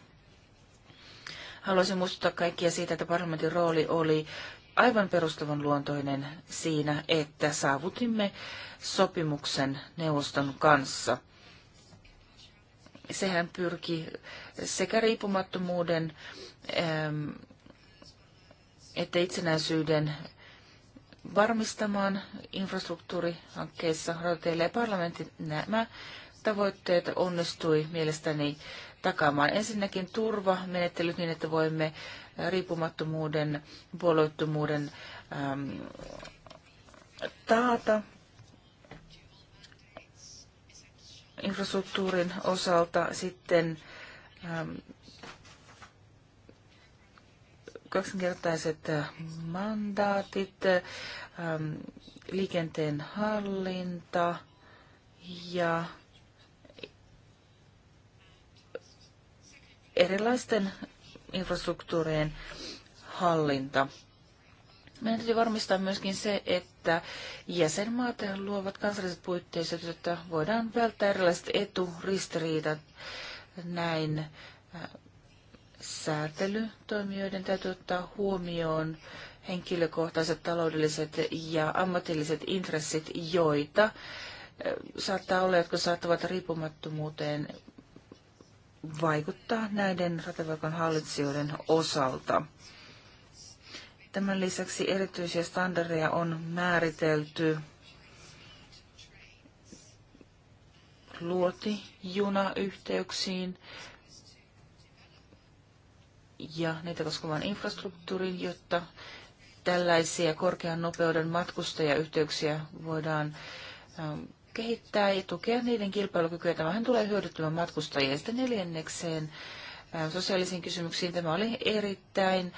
Haluaisin muistuttaa kaikkia siitä, että parlamentin rooli oli aivan perustavan luontoinen siinä, että saavutimme sopimuksen neuvoston kanssa. Sehän pyrki sekä riippumattomuuden ähm, että itsenäisyyden varmistamaan infrastruktuurihankkeissa rautateille ja parlamentin nämä tavoitteet onnistui mielestäni takaamaan. Ensinnäkin turvamenettelyt niin, että voimme riippumattomuuden, puolueettomuuden ähm, taata infrastruktuurin osalta sitten ähm, kaksinkertaiset mandaatit, ähm, liikenteen hallinta ja erilaisten infrastruktuurien hallinta. Meidän täytyy varmistaa myöskin se, että jäsenmaat luovat kansalliset puitteet, että voidaan välttää erilaiset eturistiriidat. Näin äh, säätelytoimijoiden täytyy ottaa huomioon henkilökohtaiset, taloudelliset ja ammatilliset intressit, joita äh, saattaa olla, jotka saattavat riippumattomuuteen vaikuttaa näiden rataverkon hallitsijoiden osalta. Tämän lisäksi erityisiä standardeja on määritelty luotijunayhteyksiin ja niitä koskevan infrastruktuurin, jotta tällaisia korkean nopeuden matkustajayhteyksiä voidaan ähm, kehittää ja tukea niiden kilpailukykyä. Tämähän tulee hyödyttämään matkustajia. Ja sitten neljännekseen äh, sosiaalisiin kysymyksiin tämä oli erittäin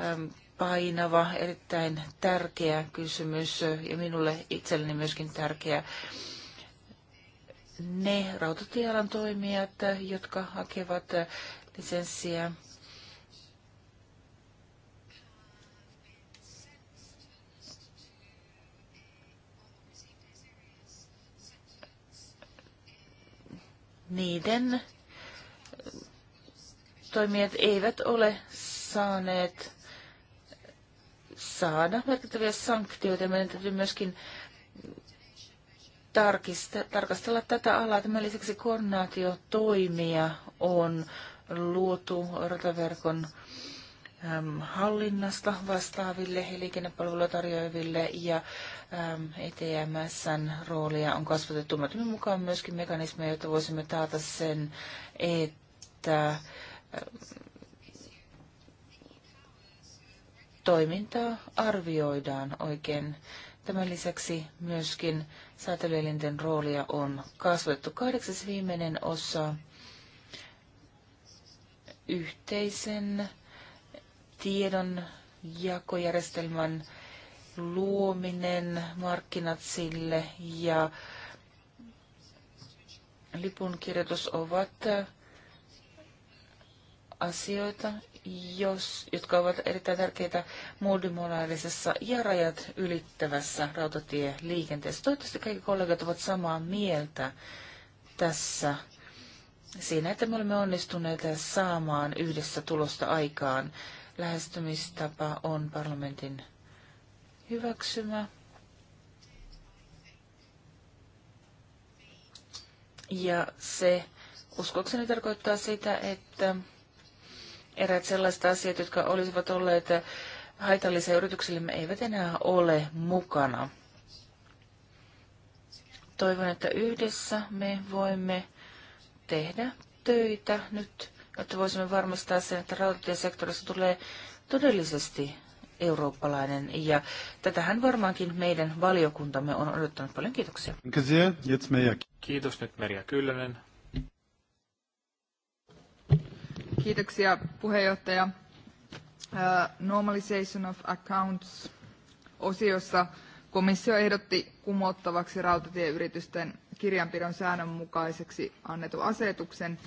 ähm, painava, erittäin tärkeä kysymys ja minulle itselleni myöskin tärkeä. Ne rautatiealan toimijat, jotka hakevat lisenssiä niiden eh, toimijat eivät ole saaneet saada merkittäviä sanktioita. Meidän täytyy myöskin tarkista, tarkastella tätä alaa. Tämän lisäksi koordinaatiotoimia on luotu rataverkon hallinnasta vastaaville liikennepalveluja tarjoaville ja Ähm, ETMSn roolia on kasvatettu. Me mukaan myöskin mekanismeja, jotta voisimme taata sen, että ähm, toimintaa arvioidaan oikein. Tämän lisäksi myöskin säätelyelinten roolia on kasvatettu. Kahdeksas viimeinen osa yhteisen tiedon jakojärjestelmän luominen, markkinat sille ja lipunkirjoitus ovat asioita, jos, jotka ovat erittäin tärkeitä multimodaalisessa ja rajat ylittävässä rautatieliikenteessä. Toivottavasti kaikki kollegat ovat samaa mieltä tässä siinä, että me olemme onnistuneet saamaan yhdessä tulosta aikaan. Lähestymistapa on parlamentin hyväksymä. Ja se uskokseni tarkoittaa sitä, että eräät sellaiset asiat, jotka olisivat olleet haitallisia yrityksillemme, eivät enää ole mukana. Toivon, että yhdessä me voimme tehdä töitä nyt, että voisimme varmistaa sen, että rautatiesektorissa tulee todellisesti eurooppalainen. Ja tätähän varmaankin meidän valiokuntamme on odottanut paljon. Kiitoksia. Kiitos nyt Merja Kyllönen. Kiitoksia puheenjohtaja. Uh, normalization of accounts osiossa komissio ehdotti kumottavaksi rautatieyritysten kirjanpidon säännönmukaiseksi annetun asetuksen –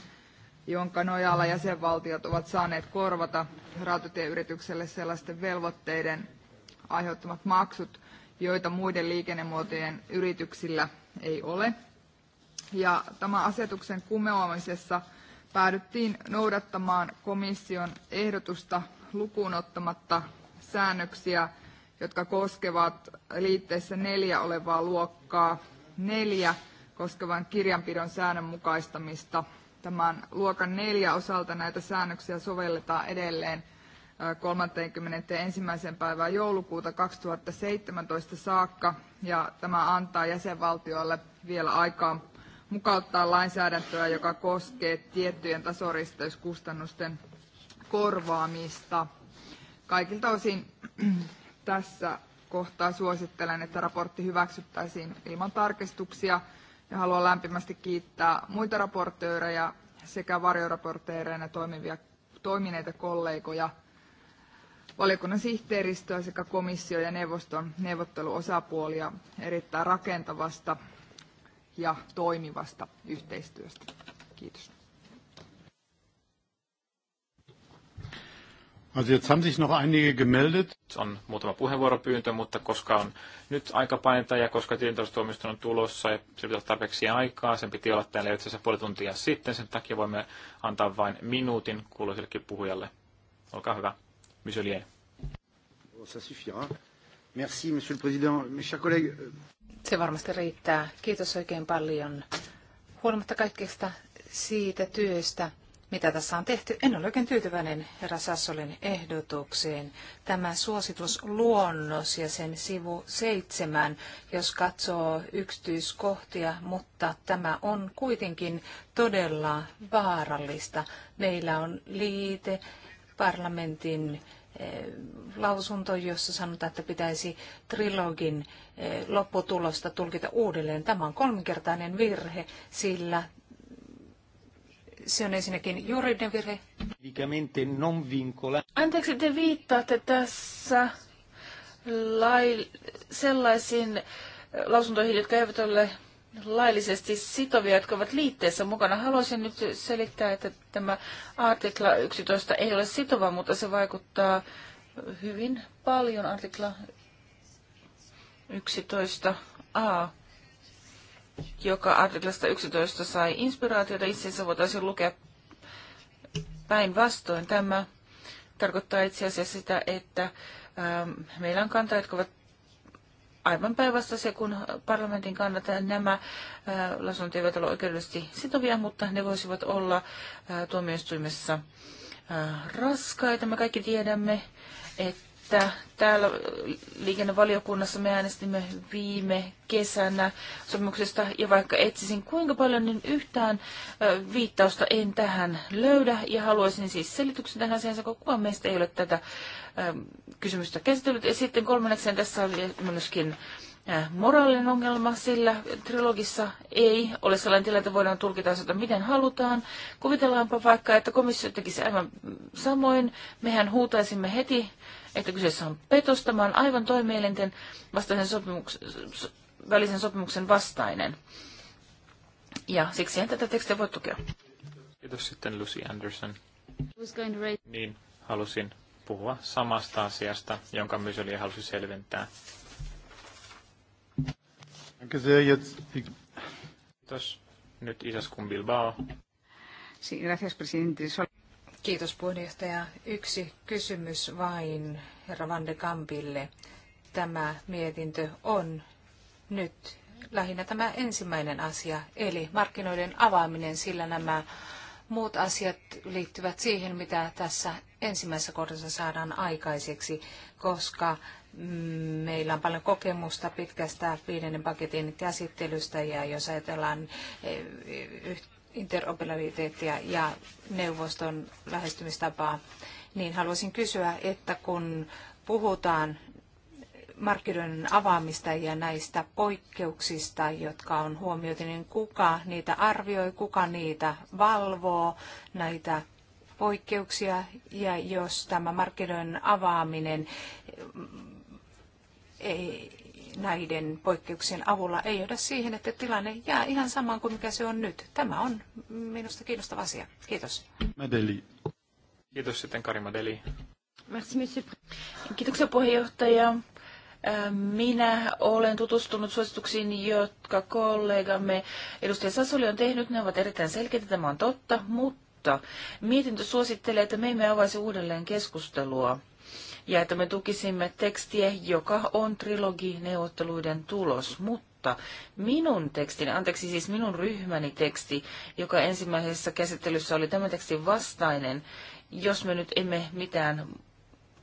jonka nojalla jäsenvaltiot ovat saaneet korvata rautatieyritykselle sellaisten velvoitteiden aiheuttamat maksut, joita muiden liikennemuotojen yrityksillä ei ole. Ja tämän asetuksen kumoamisessa päädyttiin noudattamaan komission ehdotusta lukuun ottamatta säännöksiä, jotka koskevat liitteessä neljä olevaa luokkaa neljä koskevan kirjanpidon säännön mukaistamista tämän luokan neljä osalta näitä säännöksiä sovelletaan edelleen 31. päivää joulukuuta 2017 saakka, ja tämä antaa jäsenvaltioille vielä aikaa mukauttaa lainsäädäntöä, joka koskee tiettyjen tasoristeyskustannusten korvaamista. Kaikilta osin tässä kohtaa suosittelen, että raportti hyväksyttäisiin ilman tarkistuksia – ja haluan lämpimästi kiittää muita raportöörejä sekä varjoraportööreina toimivia, toimineita kollegoja, valiokunnan sihteeristöä sekä komissio ja neuvoston neuvotteluosapuolia erittäin rakentavasta ja toimivasta yhteistyöstä. Kiitos. Also jetzt haben sich noch einige gemeldet. On muutama puheenvuoropyyntö, mutta koska on nyt aikapainetta ja koska tilintarkastustuomioistuin on tulossa ja se pitää olla tarpeeksi aikaa, sen piti olla täällä itse asiassa puoli tuntia sitten, sen takia voimme antaa vain minuutin kuuluisellekin puhujalle. Olkaa hyvä. Monsieur Lien. Ça suffira. Merci, monsieur le président. Mes chers collègues. Euh, se varmasti riittää. Kiitos oikein paljon. Huolimatta kaikkeesta siitä työstä, mitä tässä on tehty. En ole oikein tyytyväinen herra Sassolin ehdotukseen. Tämä luonnos ja sen sivu seitsemän, jos katsoo yksityiskohtia, mutta tämä on kuitenkin todella vaarallista. Meillä on liite parlamentin eh, lausunto, jossa sanotaan, että pitäisi trilogin eh, lopputulosta tulkita uudelleen. Tämä on kolminkertainen virhe, sillä se on ensinnäkin juridinen virhe. Anteeksi, te viittaatte tässä lai, sellaisiin äh, lausuntoihin, jotka eivät ole laillisesti sitovia, jotka ovat liitteessä mukana. Haluaisin nyt selittää, että tämä artikla 11 ei ole sitova, mutta se vaikuttaa hyvin paljon artikla 11a joka artiklasta 11 sai inspiraatiota, itse asiassa voitaisiin lukea päinvastoin. Tämä tarkoittaa itse asiassa sitä, että ähm, meillä on kantaa, jotka ovat aivan päinvastaisia kuin parlamentin kannat. Nämä äh, lausunnot eivät ole oikeudellisesti sitovia, mutta ne voisivat olla äh, tuomioistuimessa äh, raskaita. Me kaikki tiedämme, että että täällä liikennevaliokunnassa me äänestimme viime kesänä sopimuksesta, ja vaikka etsisin kuinka paljon, niin yhtään viittausta en tähän löydä, ja haluaisin siis selityksen tähän asiaan, koska kukaan meistä ei ole tätä kysymystä käsitellyt. Ja sitten kolmannekseen tässä oli myöskin moraalinen ongelma, sillä trilogissa ei ole sellainen tilanne, että voidaan tulkita asioita miten halutaan. Kuvitellaanpa vaikka, että komissio tekisi aivan samoin. Mehän huutaisimme heti että kyseessä on petos. Tämä on aivan toimielinten vastaisen sopimuks, välisen sopimuksen vastainen. Ja siksi en tätä tekstiä voi tukea. Kiitos sitten Lucy Anderson. Niin, halusin puhua samasta asiasta, jonka myös oli halusi selventää. Kiitos. Nyt Isaskun Bilbao. Sí, gracias, presidente. Kiitos puheenjohtaja. Yksi kysymys vain herra Van de Kampille. Tämä mietintö on nyt lähinnä tämä ensimmäinen asia, eli markkinoiden avaaminen, sillä nämä muut asiat liittyvät siihen, mitä tässä ensimmäisessä kohdassa saadaan aikaiseksi, koska mm, meillä on paljon kokemusta pitkästä viidennen paketin käsittelystä ja jos ajatellaan eh, interoperabiliteettia ja neuvoston lähestymistapaa, niin haluaisin kysyä, että kun puhutaan markkinoiden avaamista ja näistä poikkeuksista, jotka on huomioitu, niin kuka niitä arvioi, kuka niitä valvoo, näitä poikkeuksia, ja jos tämä markkinoiden avaaminen ei näiden poikkeuksien avulla ei johda siihen, että tilanne jää ihan samaan kuin mikä se on nyt. Tämä on minusta kiinnostava asia. Kiitos. Madeli. Kiitos sitten Kari Madeli. Kiitoksia puheenjohtaja. Ähm, minä olen tutustunut suosituksiin, jotka kollegamme edustaja Sasoli on tehnyt. Ne ovat erittäin selkeitä, tämä on totta, mutta mietintö suosittelee, että me emme avaisi uudelleen keskustelua ja että me tukisimme tekstiä, joka on trilogineuvotteluiden tulos, mutta minun tekstini, anteeksi siis minun ryhmäni teksti, joka ensimmäisessä käsittelyssä oli tämä teksti vastainen, jos me nyt emme mitään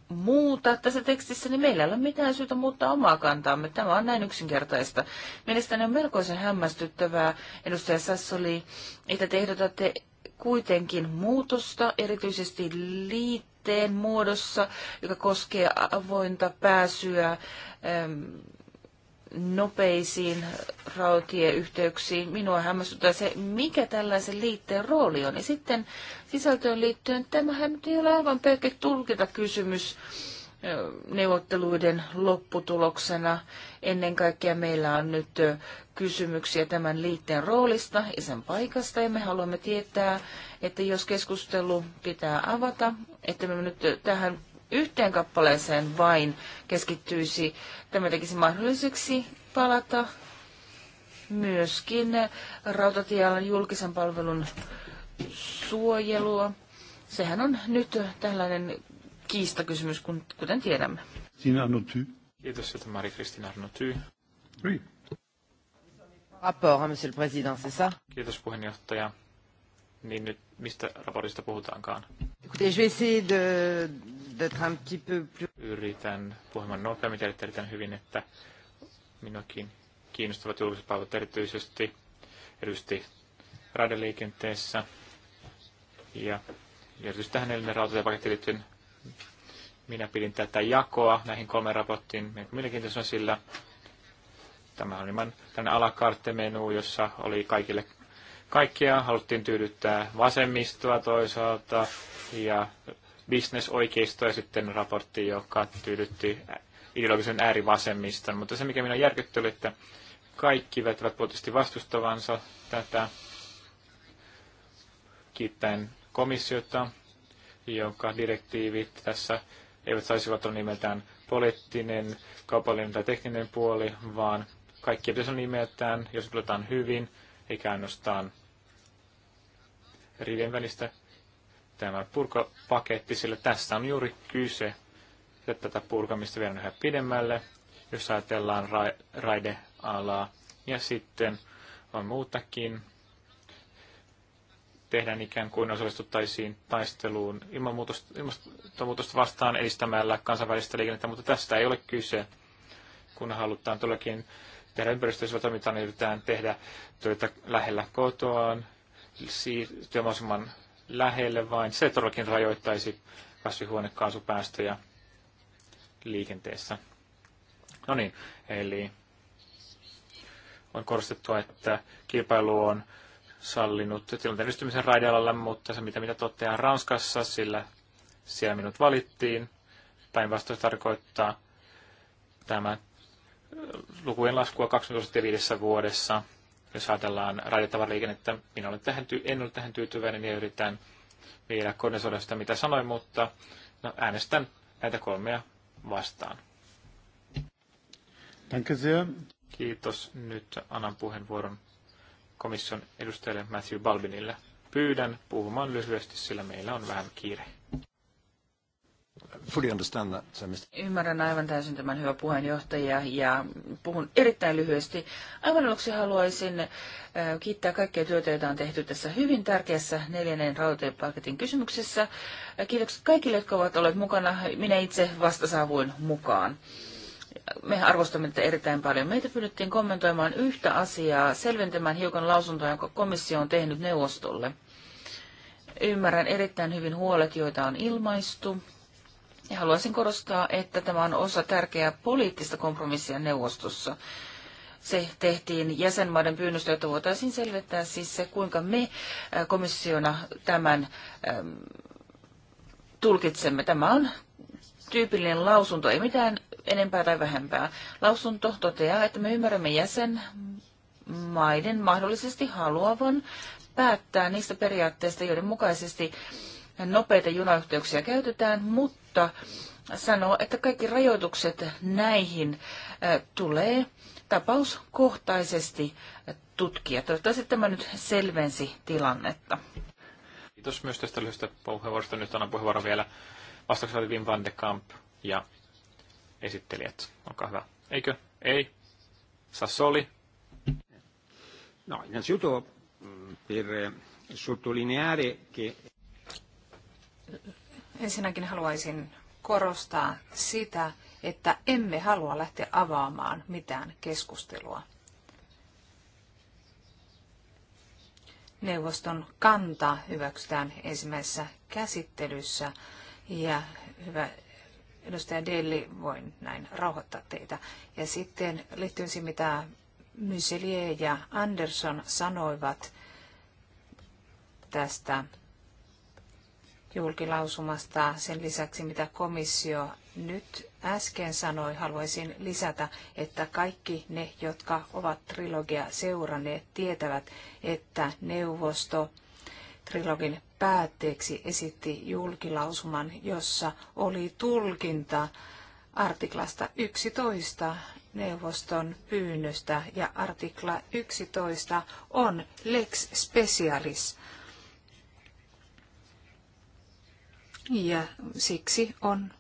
muuta tässä tekstissä, niin meillä ei ole mitään syytä muuttaa omaa kantaamme. Tämä on näin yksinkertaista. Mielestäni on melkoisen hämmästyttävää, edustaja Sassoli, että te ehdotatte kuitenkin muutosta, erityisesti liittyen aloitteen muodossa, joka koskee avointa pääsyä ähm, nopeisiin rautatieyhteyksiin. Minua hämmästyttää se, mikä tällaisen liitteen rooli on. Ja sitten sisältöön liittyen, tämähän nyt ei ole aivan pelkkä tulkintakysymys äh, neuvotteluiden lopputuloksena. Ennen kaikkea meillä on nyt äh, kysymyksiä tämän liitteen roolista ja sen paikasta, ja me haluamme tietää, että jos keskustelu pitää avata, että me nyt tähän yhteen kappaleeseen vain keskittyisi, tämä tekisi mahdolliseksi palata myöskin rautatialan julkisen palvelun suojelua. Sehän on nyt tällainen kiistakysymys, kuten tiedämme. Siinä on Kiitos, että Mari-Kristina Arnotyy. Oui. Rapport, monsieur le président, c'est ça? Kiitos puheenjohtaja. Niin nyt mistä raportista puhutaankaan? Écoutez, je vais essayer de, d'être un petit peu plus... Yritän puhumaan nopeammin, erittäin hyvin, että minuakin kiinnostavat julkiset palvelut erityisesti erityisesti raideliikenteessä ja erityisesti tähän neljännen rautatiepaketti liittyen minä pidin tätä jakoa näihin kolmeen raporttiin melko mielenkiintoisena, sillä Tämä oli tämän alakarttemenu, jossa oli kaikille kaikkia. Haluttiin tyydyttää vasemmistoa toisaalta ja bisnesoikeisto ja sitten raportti, joka tyydytti ideologisen äärivasemmiston. Mutta se, mikä minä järkytti, oli, että kaikki vetävät puolesti vastustavansa tätä kiittäen komissiota, jonka direktiivit tässä eivät saisi olla nimeltään poliittinen, kaupallinen tai tekninen puoli, vaan kaikki pitäisi on nimeltään, jos luetaan hyvin, eikä ainoastaan rivien välistä tämä purkapaketti, sillä tässä on juuri kyse, että tätä purkamista vielä yhä pidemmälle, jos ajatellaan ra- raidealaa. Ja sitten on muutakin. Tehdään ikään kuin osallistuttaisiin taisteluun ilmastonmuutosta vastaan edistämällä kansainvälistä liikennettä, mutta tästä ei ole kyse, kun halutaan todellakin tehdä ympäristöystävä toimintaa, mitä niin yritetään tehdä töitä lähellä kotoaan, siirtyä mahdollisimman lähelle vain. Se todellakin rajoittaisi kasvihuonekaasupäästöjä liikenteessä. No niin, eli on korostettu, että kilpailu on sallinut tilanteen ystymisen raidealalla, mutta se mitä mitä toteaa Ranskassa, sillä siellä minut valittiin. Päinvastoin tarkoittaa tämä lukujen laskua 25 vuodessa. Jos ajatellaan raidetavaraliikennettä, minä olen tähän en ole tähän tyytyväinen ja yritän vielä kondensoida sitä, mitä sanoin, mutta no, äänestän näitä kolmea vastaan. Kiitos. Nyt annan puheenvuoron komission edustajalle Matthew Balbinille. Pyydän puhumaan lyhyesti, sillä meillä on vähän kiire fully understand that, Mr. Ymmärrän aivan täysin tämän hyvä puheenjohtaja ja puhun erittäin lyhyesti. Aivan aluksi haluaisin kiittää kaikkia työtä, jota on tehty tässä hyvin tärkeässä neljännen rautatiepaketin kysymyksessä. Kiitokset kaikille, jotka ovat olleet mukana. Minä itse vasta saavuin mukaan. Me arvostamme tätä erittäin paljon. Meitä pyydettiin kommentoimaan yhtä asiaa, selventämään hiukan lausuntoa, jonka komissio on tehnyt neuvostolle. Ymmärrän erittäin hyvin huolet, joita on ilmaistu ja haluaisin korostaa, että tämä on osa tärkeää poliittista kompromissia neuvostossa. Se tehtiin jäsenmaiden pyynnöstä, jotta voitaisiin selvittää siis se, kuinka me komissiona tämän äm, tulkitsemme. Tämä on tyypillinen lausunto, ei mitään enempää tai vähempää. Lausunto toteaa, että me ymmärrämme jäsenmaiden mahdollisesti haluavan päättää niistä periaatteista, joiden mukaisesti nopeita junayhteyksiä käytetään, mutta sanoo, että kaikki rajoitukset näihin äh, tulee tapauskohtaisesti äh, tutkia. Toivottavasti tämä nyt selvensi tilannetta. Kiitos myös tästä lyhyestä puheenvuorosta. Nyt annan puheenvuoron vielä oli Wim van de Kamp ja esittelijät. Olkaa hyvä. Eikö? Ei. Sassoli. No, innanzitutto mm, per sottolineare che... Ensinnäkin haluaisin korostaa sitä, että emme halua lähteä avaamaan mitään keskustelua. Neuvoston kanta hyväksytään ensimmäisessä käsittelyssä ja hyvä edustaja Delli, voin näin rauhoittaa teitä. Ja sitten liittyen siihen, mitä Myselier ja Anderson sanoivat tästä julkilausumasta sen lisäksi, mitä komissio nyt äsken sanoi, haluaisin lisätä, että kaikki ne, jotka ovat trilogia seuranneet, tietävät, että neuvosto trilogin päätteeksi esitti julkilausuman, jossa oli tulkinta artiklasta 11 neuvoston pyynnöstä ja artikla 11 on lex specialis Ja siksi on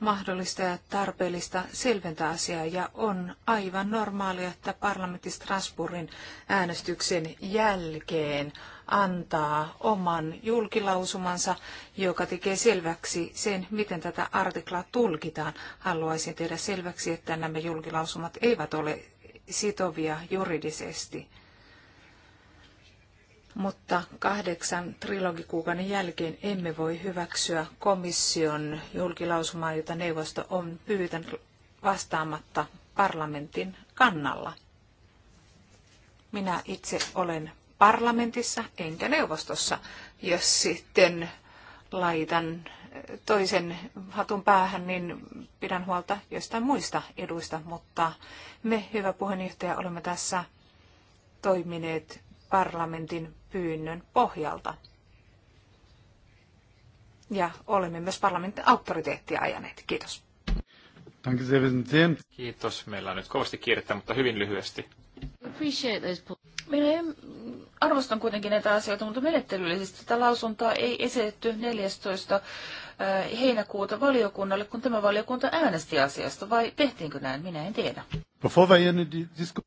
mahdollista ja tarpeellista selventää asiaa ja on aivan normaalia, että parlamentti Strasbourgin äänestyksen jälkeen antaa oman julkilausumansa, joka tekee selväksi sen, miten tätä artiklaa tulkitaan. Haluaisin tehdä selväksi, että nämä julkilausumat eivät ole sitovia juridisesti mutta kahdeksan trilogikuukauden jälkeen emme voi hyväksyä komission julkilausumaa, jota neuvosto on pyytänyt vastaamatta parlamentin kannalla. Minä itse olen parlamentissa enkä neuvostossa, jos sitten laitan toisen hatun päähän, niin pidän huolta jostain muista eduista, mutta me, hyvä puheenjohtaja, olemme tässä toimineet parlamentin pyynnön pohjalta. Ja olemme myös parlamentin auktoriteettia ajaneet. Kiitos. Kiitos. Meillä on nyt kovasti kiirettä, mutta hyvin lyhyesti. Minä arvostan kuitenkin näitä asioita, mutta menettelyllisesti tätä lausuntoa ei esitetty 14. Äh, heinäkuuta valiokunnalle, kun tämä valiokunta äänesti asiasta, vai tehtiinkö näin? Minä en tiedä.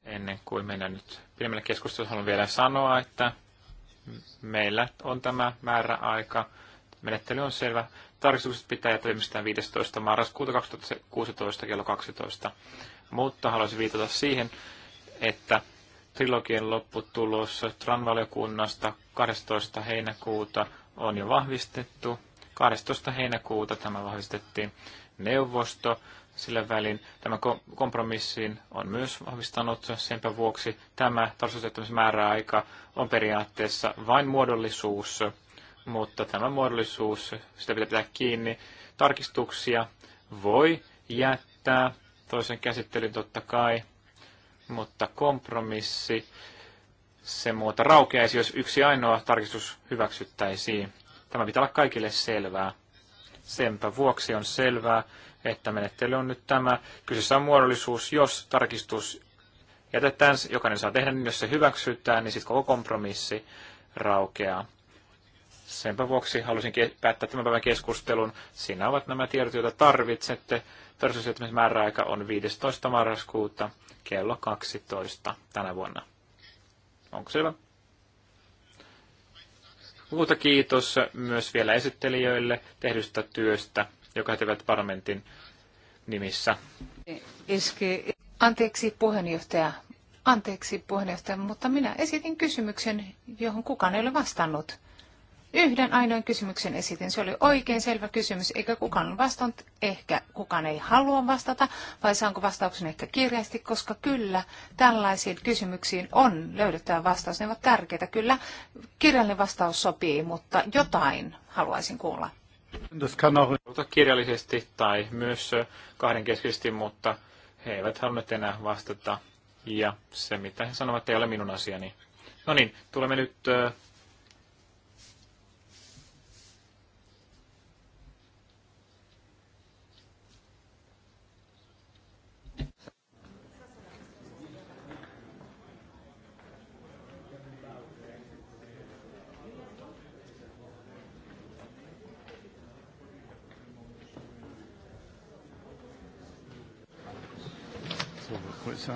Ennen kuin mennään nyt pidemmälle keskusteluun, haluan vielä sanoa, että meillä on tämä määräaika. Menettely on selvä. Tarkistukset pitää jättää 15. marraskuuta 2016 kello 12. Mutta haluaisin viitata siihen, että trilogien lopputulos Tran-valiokunnasta 12. heinäkuuta on jo vahvistettu. 12. heinäkuuta tämä vahvistettiin neuvosto. Sillä välin tämä kompromissiin on myös vahvistanut. Senpä vuoksi tämä määräaika on periaatteessa vain muodollisuus, mutta tämä muodollisuus, sitä pitää pitää kiinni. Tarkistuksia voi jättää toisen käsittelyn totta kai, mutta kompromissi se muuta raukeaisi, jos yksi ainoa tarkistus hyväksyttäisiin. Tämä pitää olla kaikille selvää. Senpä vuoksi on selvää, että menettely on nyt tämä. Kyseessä on muodollisuus, jos tarkistus jätetään, jokainen saa tehdä, niin jos se hyväksytään, niin sitten koko kompromissi raukeaa. Senpä vuoksi halusin päättää tämän päivän keskustelun. Siinä ovat nämä tiedot, joita tarvitsette. Tarkastusjättämisen määräaika on 15. marraskuuta kello 12 tänä vuonna. Onko selvä? Muuta kiitos myös vielä esittelijöille tehdystä työstä, joka tekevät parlamentin nimissä. Anteeksi puheenjohtaja, anteeksi puheenjohtaja, mutta minä esitin kysymyksen, johon kukaan ei ole vastannut. Yhden ainoan kysymyksen esitin. Se oli oikein selvä kysymys, eikä kukaan vastannut, ehkä kukaan ei halua vastata, vai saanko vastauksen ehkä kirjasti, koska kyllä tällaisiin kysymyksiin on löydettävä vastaus. Ne ovat tärkeitä. Kyllä kirjallinen vastaus sopii, mutta jotain haluaisin kuulla. kirjallisesti tai myös kahdenkeskisesti, mutta he eivät halunneet enää vastata. Ja se, mitä he sanovat, ei ole minun asiani. No niin, tulemme nyt ça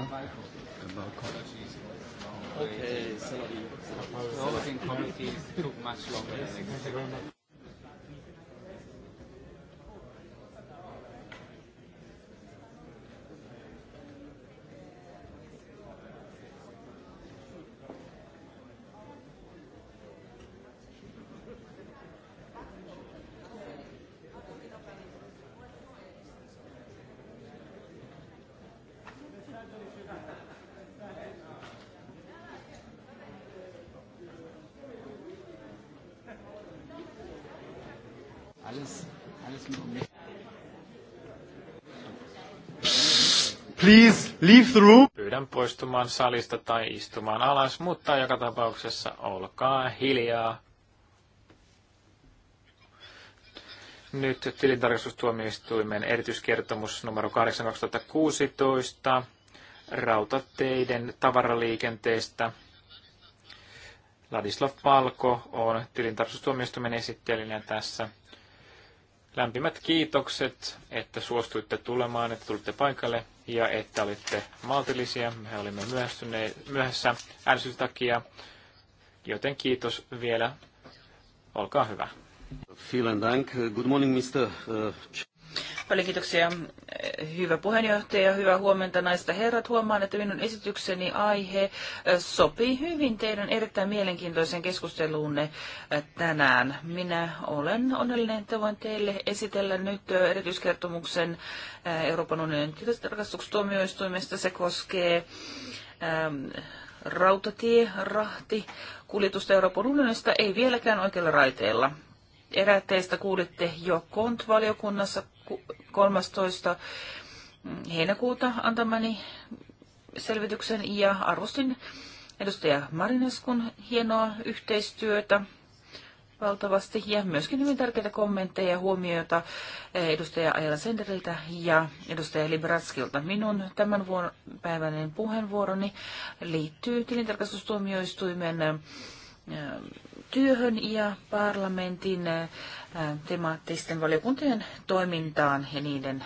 Okay, so the working committees took much longer than expected. Please leave the room. Pyydän poistumaan salista tai istumaan alas, mutta joka tapauksessa olkaa hiljaa. Nyt tilintarkastustuomioistuimen erityiskertomus numero 8 2016 rautateiden tavaraliikenteestä. Ladislav Palko on tilintarkastustuomioistuimen esittelijänä tässä. Lämpimät kiitokset, että suostuitte tulemaan, että tulitte paikalle ja että olitte maltillisia. Me olimme myöhässä äänestyksen takia, joten kiitos vielä. Olkaa hyvä. Vielen Dank. Good morning, Mr. Paljon kiitoksia, eh, hyvä puheenjohtaja, hyvää huomenta naista herrat. Huomaan, että minun esitykseni aihe eh, sopii hyvin teidän erittäin mielenkiintoisen keskusteluunne eh, tänään. Minä olen onnellinen, että voin teille esitellä nyt erityiskertomuksen Euroopan unionin tilastarkastustuomioistuimesta. Se koskee ähm, rautatie, rahti, kuljetusta Euroopan unionista ei vieläkään oikealla raiteella. Eräät teistä kuulitte jo KONT-valiokunnassa 13. heinäkuuta antamani selvityksen ja arvostin edustaja Marineskun hienoa yhteistyötä valtavasti ja myöskin hyvin tärkeitä kommentteja ja huomioita eh, edustaja Ajala Senderiltä ja edustaja Libratskilta. Minun tämän päiväinen puheenvuoroni liittyy tilintarkastustuomioistuimen eh, työhön ja parlamentin temaattisten valiokuntien toimintaan ja niiden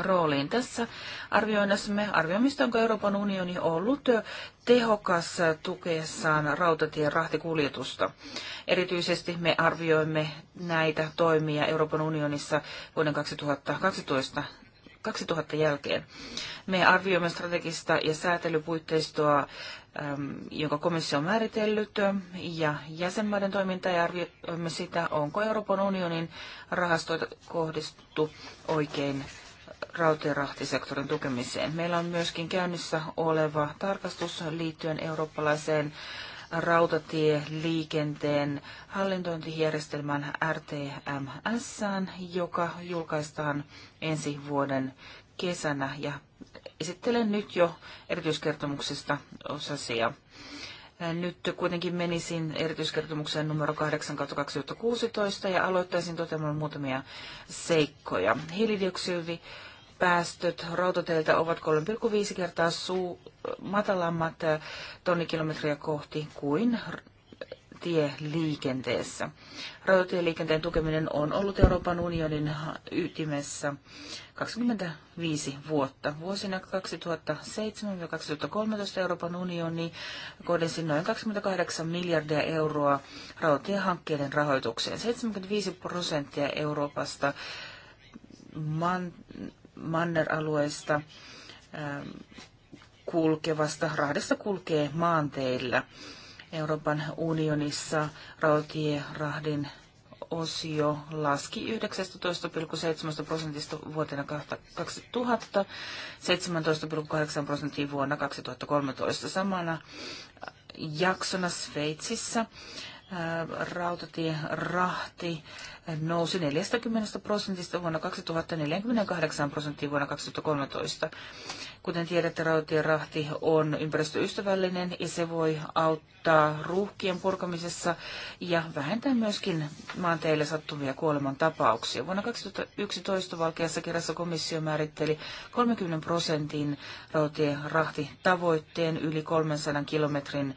rooliin. Tässä arvioinnassa me arvioimme, onko Euroopan unioni ollut tehokas tukeessaan rautatien rahtikuljetusta. Erityisesti me arvioimme näitä toimia Euroopan unionissa vuoden 2012 2000 jälkeen. Me arvioimme strategista ja säätelypuitteistoa jonka komissio on määritellyt, ja jäsenmaiden toiminta ja arvioimme sitä, onko Euroopan unionin rahastoita kohdistettu oikein rautarahtisektorin tukemiseen. Meillä on myöskin käynnissä oleva tarkastus liittyen eurooppalaiseen rautatieliikenteen hallintointijärjestelmään RTMS, joka julkaistaan ensi vuoden kesänä ja esittelen nyt jo erityiskertomuksesta osasia. Nyt kuitenkin menisin erityiskertomukseen numero 8 2016 ja aloittaisin toteamaan muutamia seikkoja. Hiilidioksidi päästöt rautateiltä ovat 3,5 kertaa suu, matalammat tonnikilometriä kohti kuin rautatieliikenteessä. Rautatieliikenteen tukeminen on ollut Euroopan unionin ytimessä 25 vuotta. Vuosina 2007-2013 Euroopan unioni kohdensi noin 28 miljardia euroa rautatiehankkeiden rahoitukseen. 75 prosenttia Euroopasta man, manneralueesta ähm, kulkevasta rahdesta kulkee maanteillä. Euroopan unionissa rautierahdin osio laski 19,7 prosentista vuotena 2000 17,8 prosenttia vuonna 2013 samana jaksona Sveitsissä rautatierahti nousi 40 prosentista vuonna 2048 prosenttia vuonna 2013. Kuten tiedätte, rautatierahti on ympäristöystävällinen ja se voi auttaa ruuhkien purkamisessa ja vähentää myöskin maanteille sattuvia kuolemantapauksia. Vuonna 2011 valkeassa kirjassa komissio määritteli 30 prosentin rautatierahti tavoitteen yli 300 kilometrin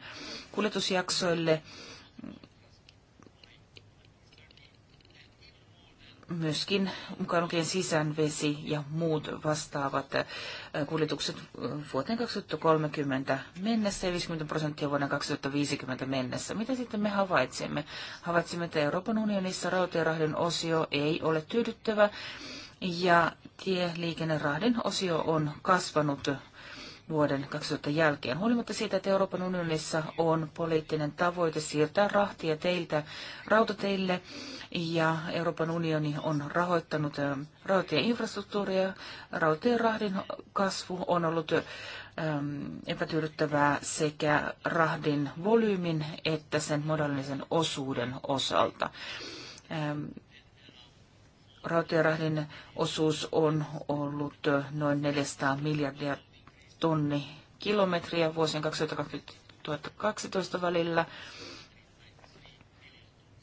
kuljetusjaksoille – myöskin mukaan lukien sisäänvesi ja muut vastaavat äh, kuljetukset äh, vuoteen 2030 mennessä ja 50 prosenttia vuoden 2050 mennessä. Mitä sitten me havaitsemme? Havaitsemme, että Euroopan unionissa rautatierahdin osio ei ole tyydyttävä ja tieliikennerahdin osio on kasvanut vuoden 2000 jälkeen. Huolimatta siitä, että Euroopan unionissa on poliittinen tavoite siirtää rahtia teiltä rautateille ja Euroopan unioni on rahoittanut ähm, infrastruktuuria. rautatien rahdin kasvu on ollut ähm, epätyydyttävää sekä rahdin volyymin että sen modallisen osuuden osalta. Ähm, rautatierahdin osuus on ollut äh, noin 400 miljardia tonni kilometriä vuosien 2012 välillä.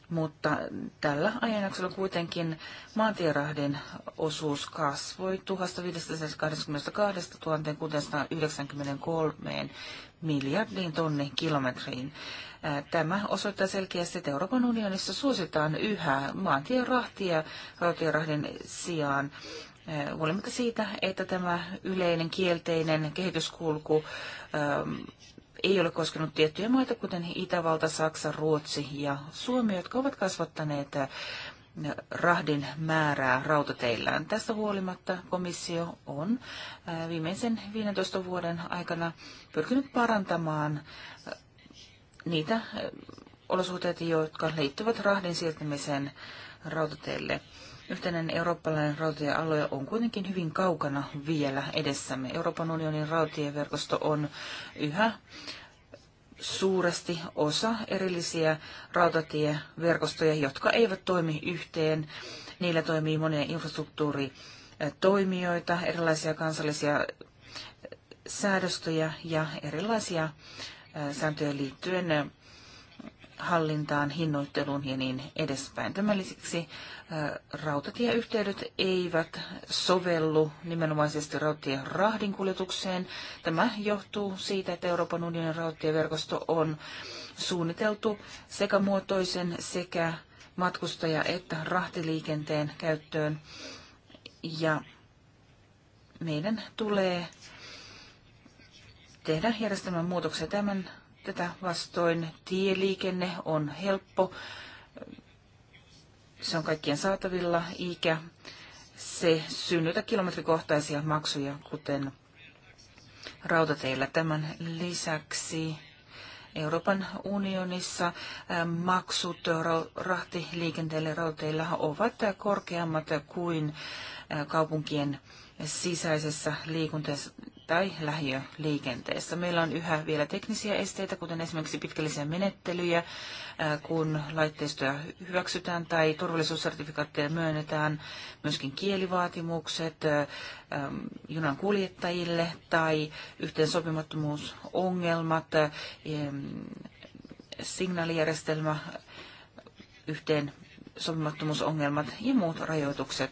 Mutta tällä ajanjaksolla kuitenkin maantierahdin osuus kasvoi 1582 693 miljardiin tonnin kilometriin. Tämä osoittaa selkeästi, että Euroopan unionissa suositaan yhä maantierahtia rautatierahdin sijaan huolimatta siitä, että tämä yleinen kielteinen kehityskulku ähm, ei ole koskenut tiettyjä maita, kuten Itävalta, Saksa, Ruotsi ja Suomi, jotka ovat kasvattaneet äh, rahdin määrää rautateillään. Tästä huolimatta komissio on äh, viimeisen 15 vuoden aikana pyrkinyt parantamaan äh, niitä olosuhteita, jotka liittyvät rahdin siirtämiseen rautateille. Yhtenäinen eurooppalainen rautatiealue on kuitenkin hyvin kaukana vielä edessämme. Euroopan unionin rautatieverkosto on yhä suuresti osa erillisiä rautatieverkostoja, jotka eivät toimi yhteen. Niillä toimii monia infrastruktuuritoimijoita, erilaisia kansallisia säädöstöjä ja erilaisia sääntöjä liittyen hallintaan, hinnoitteluun ja niin edespäin. Tämän lisäksi rautatieyhteydet eivät sovellu nimenomaisesti rautatien rahdin kuljetukseen. Tämä johtuu siitä, että Euroopan unionin rautatieverkosto on suunniteltu sekä muotoisen sekä matkustaja- että rahtiliikenteen käyttöön. Ja meidän tulee tehdä järjestelmän muutoksia tämän Tätä vastoin tieliikenne on helppo. Se on kaikkien saatavilla, eikä se synnytä kilometrikohtaisia maksuja, kuten rautateillä. Tämän lisäksi Euroopan unionissa maksut rahtiliikenteelle rauteilla ovat korkeammat kuin kaupunkien sisäisessä tai lähiöliikenteessä. Meillä on yhä vielä teknisiä esteitä, kuten esimerkiksi pitkällisiä menettelyjä, kun laitteistoja hyväksytään tai turvallisuussertifikaatteja myönnetään, myöskin kielivaatimukset junan kuljettajille tai yhteensopimattomuusongelmat, signaalijärjestelmä, yhteensopimattomuusongelmat ja muut rajoitukset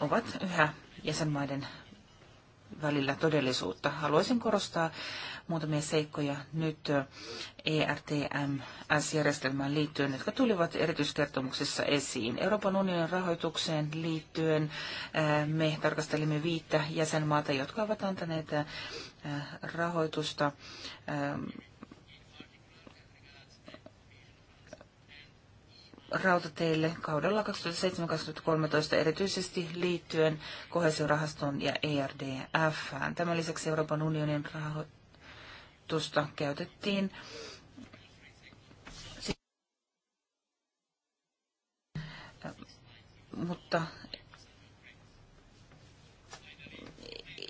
ovat yhä jäsenmaiden välillä todellisuutta. Haluaisin korostaa muutamia seikkoja nyt ERTMS-järjestelmään liittyen, jotka tulivat erityiskertomuksessa esiin. Euroopan unionin rahoitukseen liittyen äh, me tarkastelimme viittä jäsenmaata, jotka ovat antaneet äh, rahoitusta ähm, rautateille kaudella 2007-2013 erityisesti liittyen kohesiorahastoon ja ERDF. -ään. Tämän lisäksi Euroopan unionin rahoitusta käytettiin mutta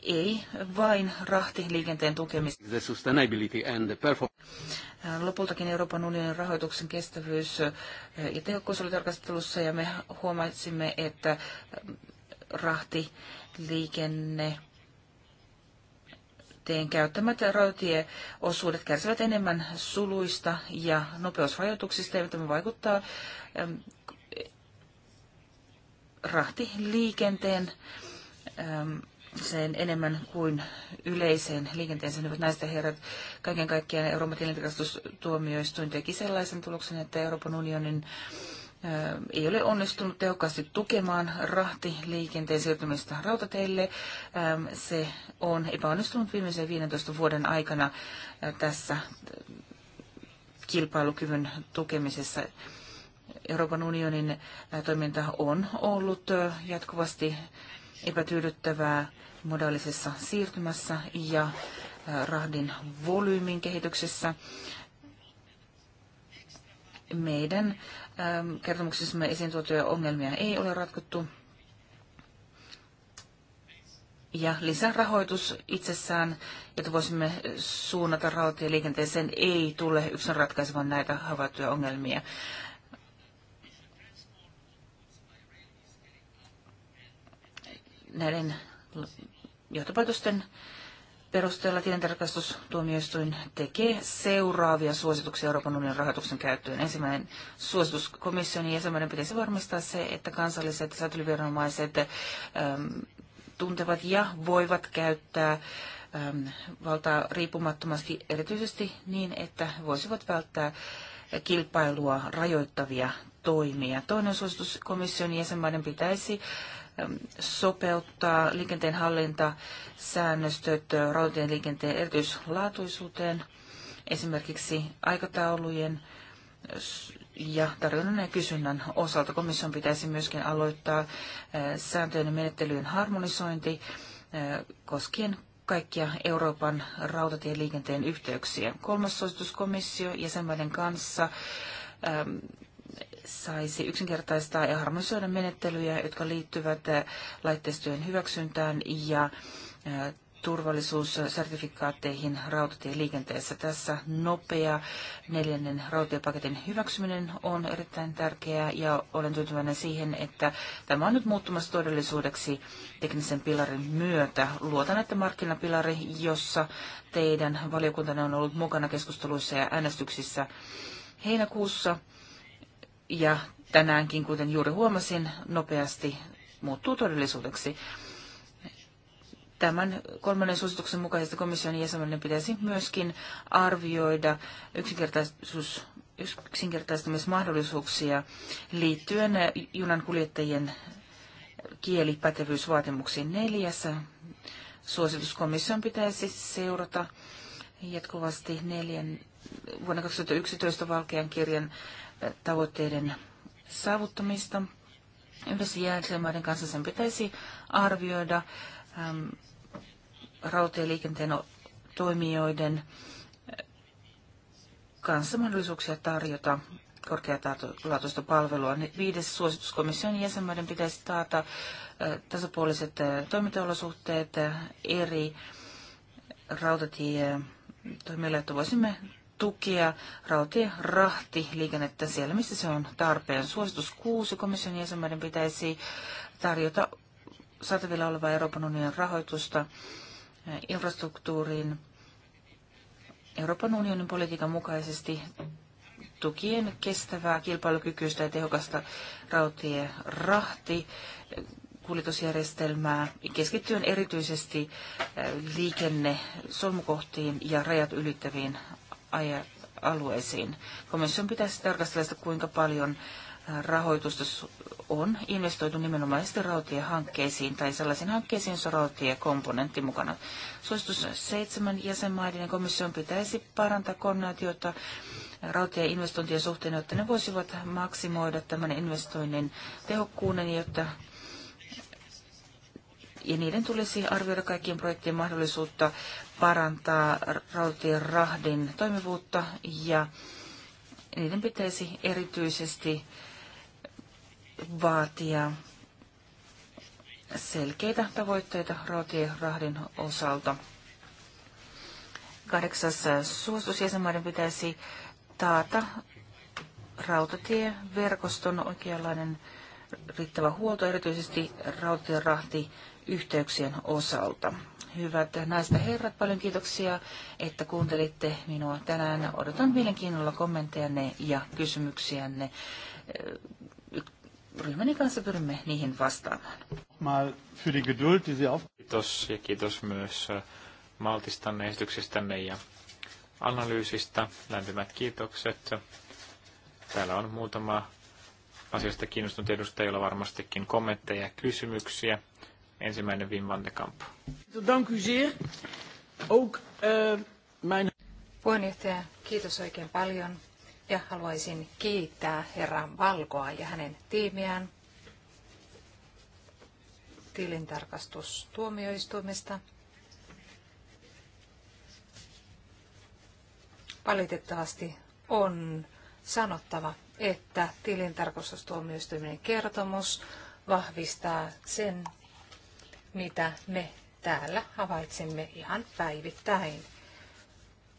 ei vain rahtiliikenteen tukemista. Lopultakin Euroopan unionin rahoituksen kestävyys ja tehokkuus oli tarkastelussa ja me huomaisimme, että rahtiliikenne teen käyttämät rautieosuudet kärsivät enemmän suluista ja nopeusrajoituksista, ja tämä vaikuttaa rahtiliikenteen sen enemmän kuin yleiseen liikenteeseen ovat naiset herrat. Kaiken kaikkiaan Euroopan tilintarkastustuomioistuin teki sellaisen tuloksen, että Euroopan unionin ei ole onnistunut tehokkaasti tukemaan rahtiliikenteen siirtymistä rautateille. Se on epäonnistunut viimeisen 15 vuoden aikana tässä kilpailukyvyn tukemisessa. Euroopan unionin toiminta on ollut jatkuvasti epätyydyttävää modaalisessa siirtymässä ja äh, rahdin volyymin kehityksessä. Meidän ähm, kertomuksessamme esiin tuotuja ongelmia ei ole ratkottu. Ja lisärahoitus itsessään, jota voisimme suunnata rautatieliikenteeseen, ei tule yksin ratkaisemaan näitä havaittuja ongelmia. näiden johtopäätösten perusteella tilintarkastustuomioistuin tekee seuraavia suosituksia Euroopan unionin rahoituksen käyttöön. Ensimmäinen suositus komission jäsenmaiden pitäisi varmistaa se, että kansalliset säätelyviranomaiset ähm, tuntevat ja voivat käyttää ähm, valtaa riippumattomasti erityisesti niin, että voisivat välttää kilpailua rajoittavia toimia. Toinen suositus komission jäsenmaiden pitäisi Ähm, sopeuttaa liikenteen hallintasäännöstöt äh, rautatien liikenteen erityislaatuisuuteen, esimerkiksi aikataulujen äh, ja tarjonnan ja kysynnän osalta. Komission pitäisi myöskin aloittaa äh, sääntöjen ja menettelyjen harmonisointi koskien kaikkia Euroopan rautatieliikenteen yhteyksiä. Kolmas suositus komissio jäsenmaiden kanssa ähm, saisi yksinkertaistaa ja harmonisoida menettelyjä, jotka liittyvät eh, laitteistojen hyväksyntään ja eh, turvallisuussertifikaatteihin rautatieliikenteessä. Tässä nopea neljännen rautatiepaketin hyväksyminen on erittäin tärkeää ja olen tyytyväinen siihen, että tämä on nyt muuttumassa todellisuudeksi teknisen pilarin myötä. Luotan, että markkinapilari, jossa teidän valiokuntanne on ollut mukana keskusteluissa ja äänestyksissä heinäkuussa – ja tänäänkin, kuten juuri huomasin, nopeasti muuttuu todellisuudeksi. Tämän kolmannen suosituksen mukaisesti komission jäsenen pitäisi myöskin arvioida yksinkertaisuus yksinkertaistamismahdollisuuksia liittyen junan kuljettajien kielipätevyysvaatimuksiin neljässä. Suosituskomission pitäisi seurata jatkuvasti neljän, vuonna 2011 valkean kirjan tavoitteiden saavuttamista. Yhdessä jäsenmaiden kanssa sen pitäisi arvioida äm, rautatieliikenteen toimijoiden äh, kanssa mahdollisuuksia tarjota korkeatasoista palvelua. Niin viides suosituskomission jäsenmaiden pitäisi taata äh, tasapuoliset äh, toimintaolosuhteet eri rautatie toimijoille, että voisimme tukea rautie-rahti liikennettä siellä, missä se on tarpeen. Suositus 6 komission jäsenmaiden pitäisi tarjota saatavilla olevaa Euroopan unionin rahoitusta eh, infrastruktuuriin Euroopan unionin politiikan mukaisesti tukien kestävää, kilpailukykyistä ja tehokasta rautie-rahti eh, kuljetusjärjestelmää keskittyen erityisesti eh, liikenne solmukohtiin ja rajat ylittäviin alueisiin. Komission pitäisi tarkastella sitä, kuinka paljon rahoitusta on investoitu nimenomaisesti rautiehankkeisiin tai sellaisiin hankkeisiin, joissa rautiekomponentti mukana. Suositus seitsemän jäsenmaiden ja komission pitäisi parantaa koordinaatiota investointien suhteen, jotta ne voisivat maksimoida tämän investoinnin tehokkuuden, jotta ja niiden tulisi arvioida kaikkien projektien mahdollisuutta parantaa rautatien rahdin toimivuutta ja niiden pitäisi erityisesti vaatia selkeitä tavoitteita rautatie-rahdin osalta. Kahdeksas suositus pitäisi taata rautatieverkoston oikeanlainen riittävä huolto, erityisesti rautatierahti yhteyksien osalta. Hyvät naiset ja herrat, paljon kiitoksia, että kuuntelitte minua tänään. Odotan mielenkiinnolla kommenttejanne ja kysymyksiänne. Äh, ryhmäni kanssa pyrimme niihin vastaamaan. Kiitos ja kiitos myös äh, maltistanne, esityksistänne ja analyysistä. Lämpimät kiitokset. Täällä on muutama asiasta kiinnostunut edustajilla varmastikin kommentteja ja kysymyksiä. Ensimmäinen Wim van de Kamp. Dank u zeer. Ook, uh, mijn... Puheenjohtaja, kiitos oikein paljon ja haluaisin kiittää herra Valkoa ja hänen tiimiään tilintarkastustuomioistuimesta. Valitettavasti on sanottava, että tilintarkastustuomioistuimen kertomus vahvistaa sen mitä me täällä havaitsemme ihan päivittäin.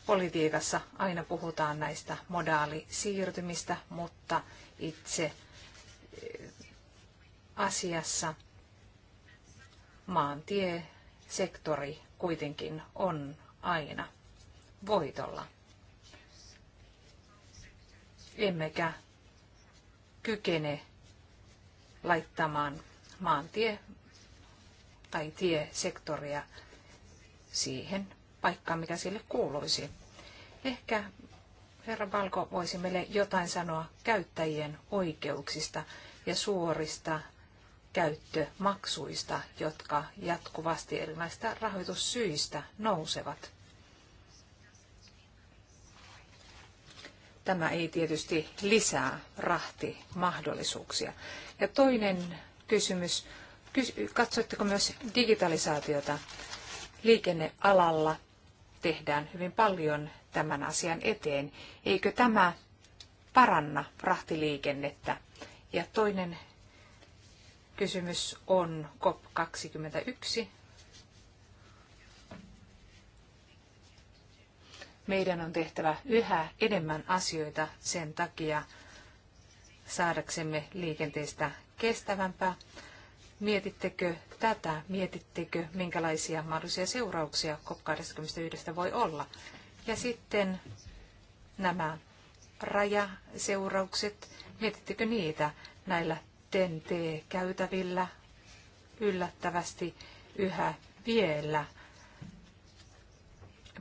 Politiikassa aina puhutaan näistä modaalisiirtymistä, mutta itse eh, asiassa maantiesektori kuitenkin on aina voitolla. Emmekä kykene laittamaan maantie tai tiesektoria siihen paikkaan, mikä sille kuuluisi. Ehkä herra Valko voisi meille jotain sanoa käyttäjien oikeuksista ja suorista käyttömaksuista, jotka jatkuvasti erilaisista rahoitussyistä nousevat. Tämä ei tietysti lisää rahtimahdollisuuksia. Ja toinen kysymys katsoitteko myös digitalisaatiota? Liikennealalla tehdään hyvin paljon tämän asian eteen. Eikö tämä paranna rahtiliikennettä? Ja toinen kysymys on COP21. Meidän on tehtävä yhä enemmän asioita sen takia saadaksemme liikenteestä kestävämpää. Mietittekö tätä? Mietittekö, minkälaisia mahdollisia seurauksia COP21 voi olla? Ja sitten nämä rajaseuraukset, mietittekö niitä näillä TNT-käytävillä yllättävästi yhä vielä?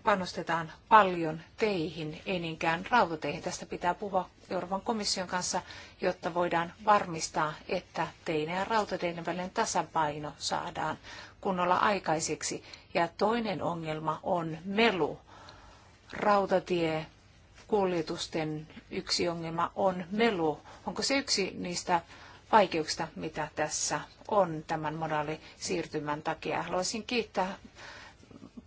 panostetaan paljon teihin, ei niinkään rautateihin. Tästä pitää puhua Euroopan komission kanssa, jotta voidaan varmistaa, että teiden ja rautateiden välinen tasapaino saadaan kunnolla aikaiseksi. Ja toinen ongelma on melu. Rautatie kuljetusten yksi ongelma on melu. Onko se yksi niistä vaikeuksista, mitä tässä on tämän modaalisiirtymän takia? Haluaisin kiittää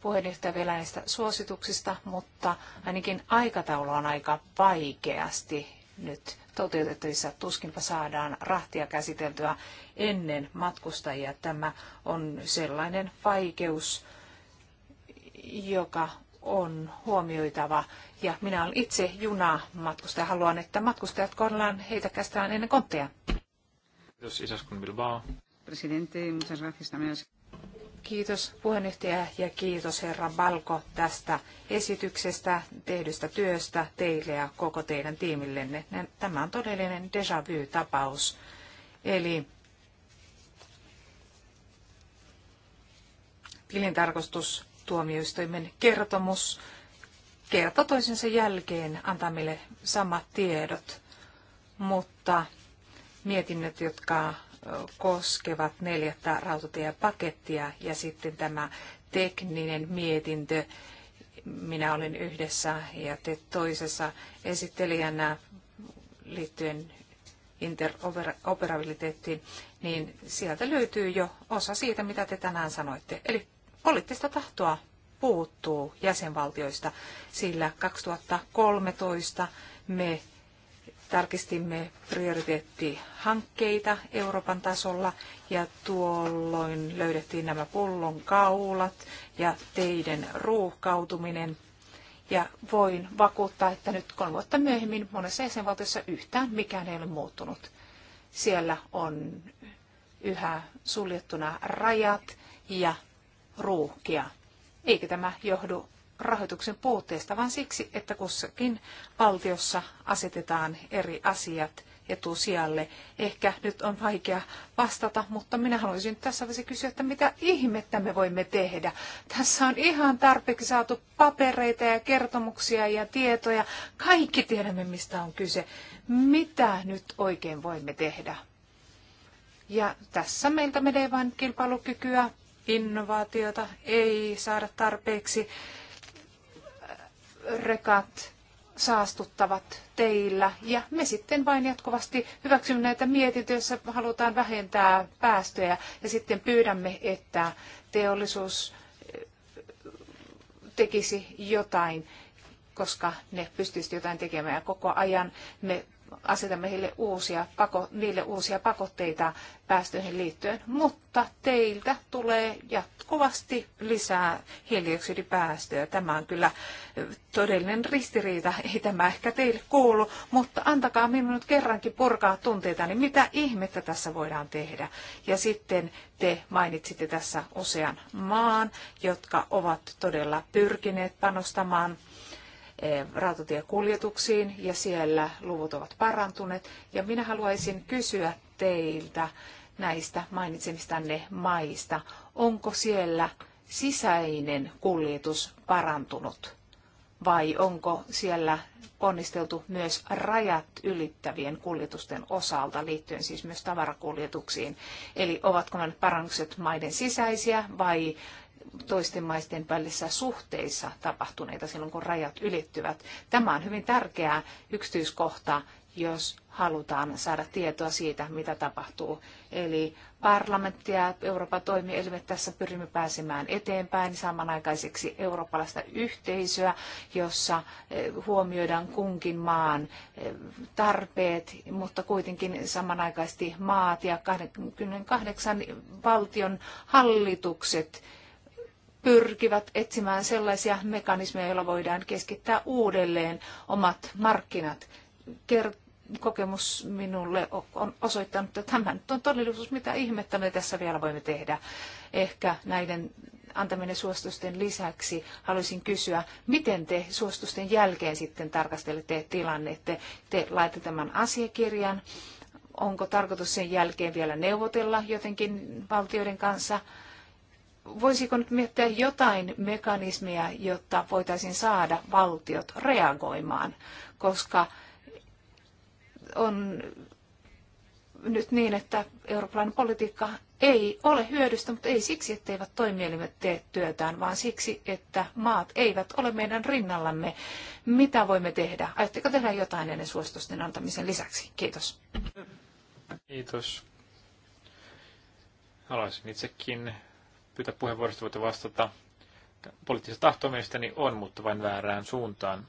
puheenjohtaja vielä näistä suosituksista, mutta ainakin aikataulu on aika vaikeasti nyt toteutettavissa. Tuskinpa saadaan rahtia käsiteltyä ennen matkustajia. Tämä on sellainen vaikeus, joka on huomioitava. Ja minä olen itse junamatkustaja. Haluan, että matkustajat kohdellaan heitä käsitellään ennen kontteja. Kiitos Isaskun Bilbao. Presidente, muchas gracias también. Kiitos puheenjohtaja ja kiitos herra Balko tästä esityksestä, tehdystä työstä teille ja koko teidän tiimillenne. Tämä on todellinen déjà vu-tapaus. Eli tilintarkastustuomioistuimen kertomus kerta toisensa jälkeen antaa meille samat tiedot, mutta mietinnöt, jotka koskevat neljättä rautatiepakettia ja sitten tämä tekninen mietintö. Minä olin yhdessä ja te toisessa esittelijänä liittyen interoperabiliteettiin, niin sieltä löytyy jo osa siitä, mitä te tänään sanoitte. Eli poliittista tahtoa puuttuu jäsenvaltioista, sillä 2013 me tarkistimme prioriteettihankkeita Euroopan tasolla ja tuolloin löydettiin nämä pullonkaulat ja teiden ruuhkautuminen. Ja voin vakuuttaa, että nyt kolme vuotta myöhemmin monessa jäsenvaltiossa yhtään mikään ei ole muuttunut. Siellä on yhä suljettuna rajat ja ruuhkia. Eikä tämä johdu rahoituksen puutteesta, vaan siksi, että kussakin valtiossa asetetaan eri asiat etusijalle. Ehkä nyt on vaikea vastata, mutta minä haluaisin tässä vaiheessa kysyä, että mitä ihmettä me voimme tehdä. Tässä on ihan tarpeeksi saatu papereita ja kertomuksia ja tietoja. Kaikki tiedämme, mistä on kyse. Mitä nyt oikein voimme tehdä? Ja tässä meiltä menee vain kilpailukykyä, innovaatiota ei saada tarpeeksi rekat saastuttavat teillä. Ja me sitten vain jatkuvasti hyväksymme näitä mietintöjä, joissa halutaan vähentää päästöjä. Ja sitten pyydämme, että teollisuus eh, tekisi jotain, koska ne pystyisivät jotain tekemään. Ja koko ajan me asetamme heille uusia, pako, niille uusia pakotteita päästöihin liittyen, mutta teiltä tulee jatkuvasti lisää hiilidioksidipäästöjä. Tämä on kyllä todellinen ristiriita, ei tämä ehkä teille kuulu, mutta antakaa minun nyt kerrankin purkaa tunteita, niin mitä ihmettä tässä voidaan tehdä. Ja sitten te mainitsitte tässä usean maan, jotka ovat todella pyrkineet panostamaan Eh, rautatiekuljetuksiin ja siellä luvut ovat parantuneet. Ja minä haluaisin kysyä teiltä näistä mainitsemistanne maista, onko siellä sisäinen kuljetus parantunut vai onko siellä ponnisteltu myös rajat ylittävien kuljetusten osalta liittyen siis myös tavarakuljetuksiin? Eli ovatko nämä parannukset maiden sisäisiä vai toisten maisten välissä suhteissa tapahtuneita silloin, kun rajat ylittyvät. Tämä on hyvin tärkeä yksityiskohta, jos halutaan saada tietoa siitä, mitä tapahtuu. Eli parlamentti ja Euroopan toimielimet tässä pyrimme pääsemään eteenpäin samanaikaiseksi eurooppalaista yhteisöä, jossa eh, huomioidaan kunkin maan eh, tarpeet, mutta kuitenkin samanaikaisesti maat ja 28 valtion hallitukset pyrkivät etsimään sellaisia mekanismeja, joilla voidaan keskittää uudelleen omat markkinat. Ker- kokemus minulle on osoittanut, että tämä nyt on todellisuus, mitä ihmettä me tässä vielä voimme tehdä. Ehkä näiden antaminen suostusten lisäksi haluaisin kysyä, miten te suostusten jälkeen sitten tarkastelette tilannetta? Te laitte tämän asiakirjan, onko tarkoitus sen jälkeen vielä neuvotella jotenkin valtioiden kanssa? voisiko nyt miettiä jotain mekanismia, jotta voitaisiin saada valtiot reagoimaan, koska on nyt niin, että eurooppalainen politiikka ei ole hyödystä, mutta ei siksi, etteivät toimielimet tee työtään, vaan siksi, että maat eivät ole meidän rinnallamme. Mitä voimme tehdä? Ajatteko tehdä jotain ennen suositusten antamisen lisäksi? Kiitos. Kiitos. Haluaisin itsekin pyytää puheenvuorosta, voitte vastata. Poliittista tahtoa mielestäni on, mutta vain väärään suuntaan.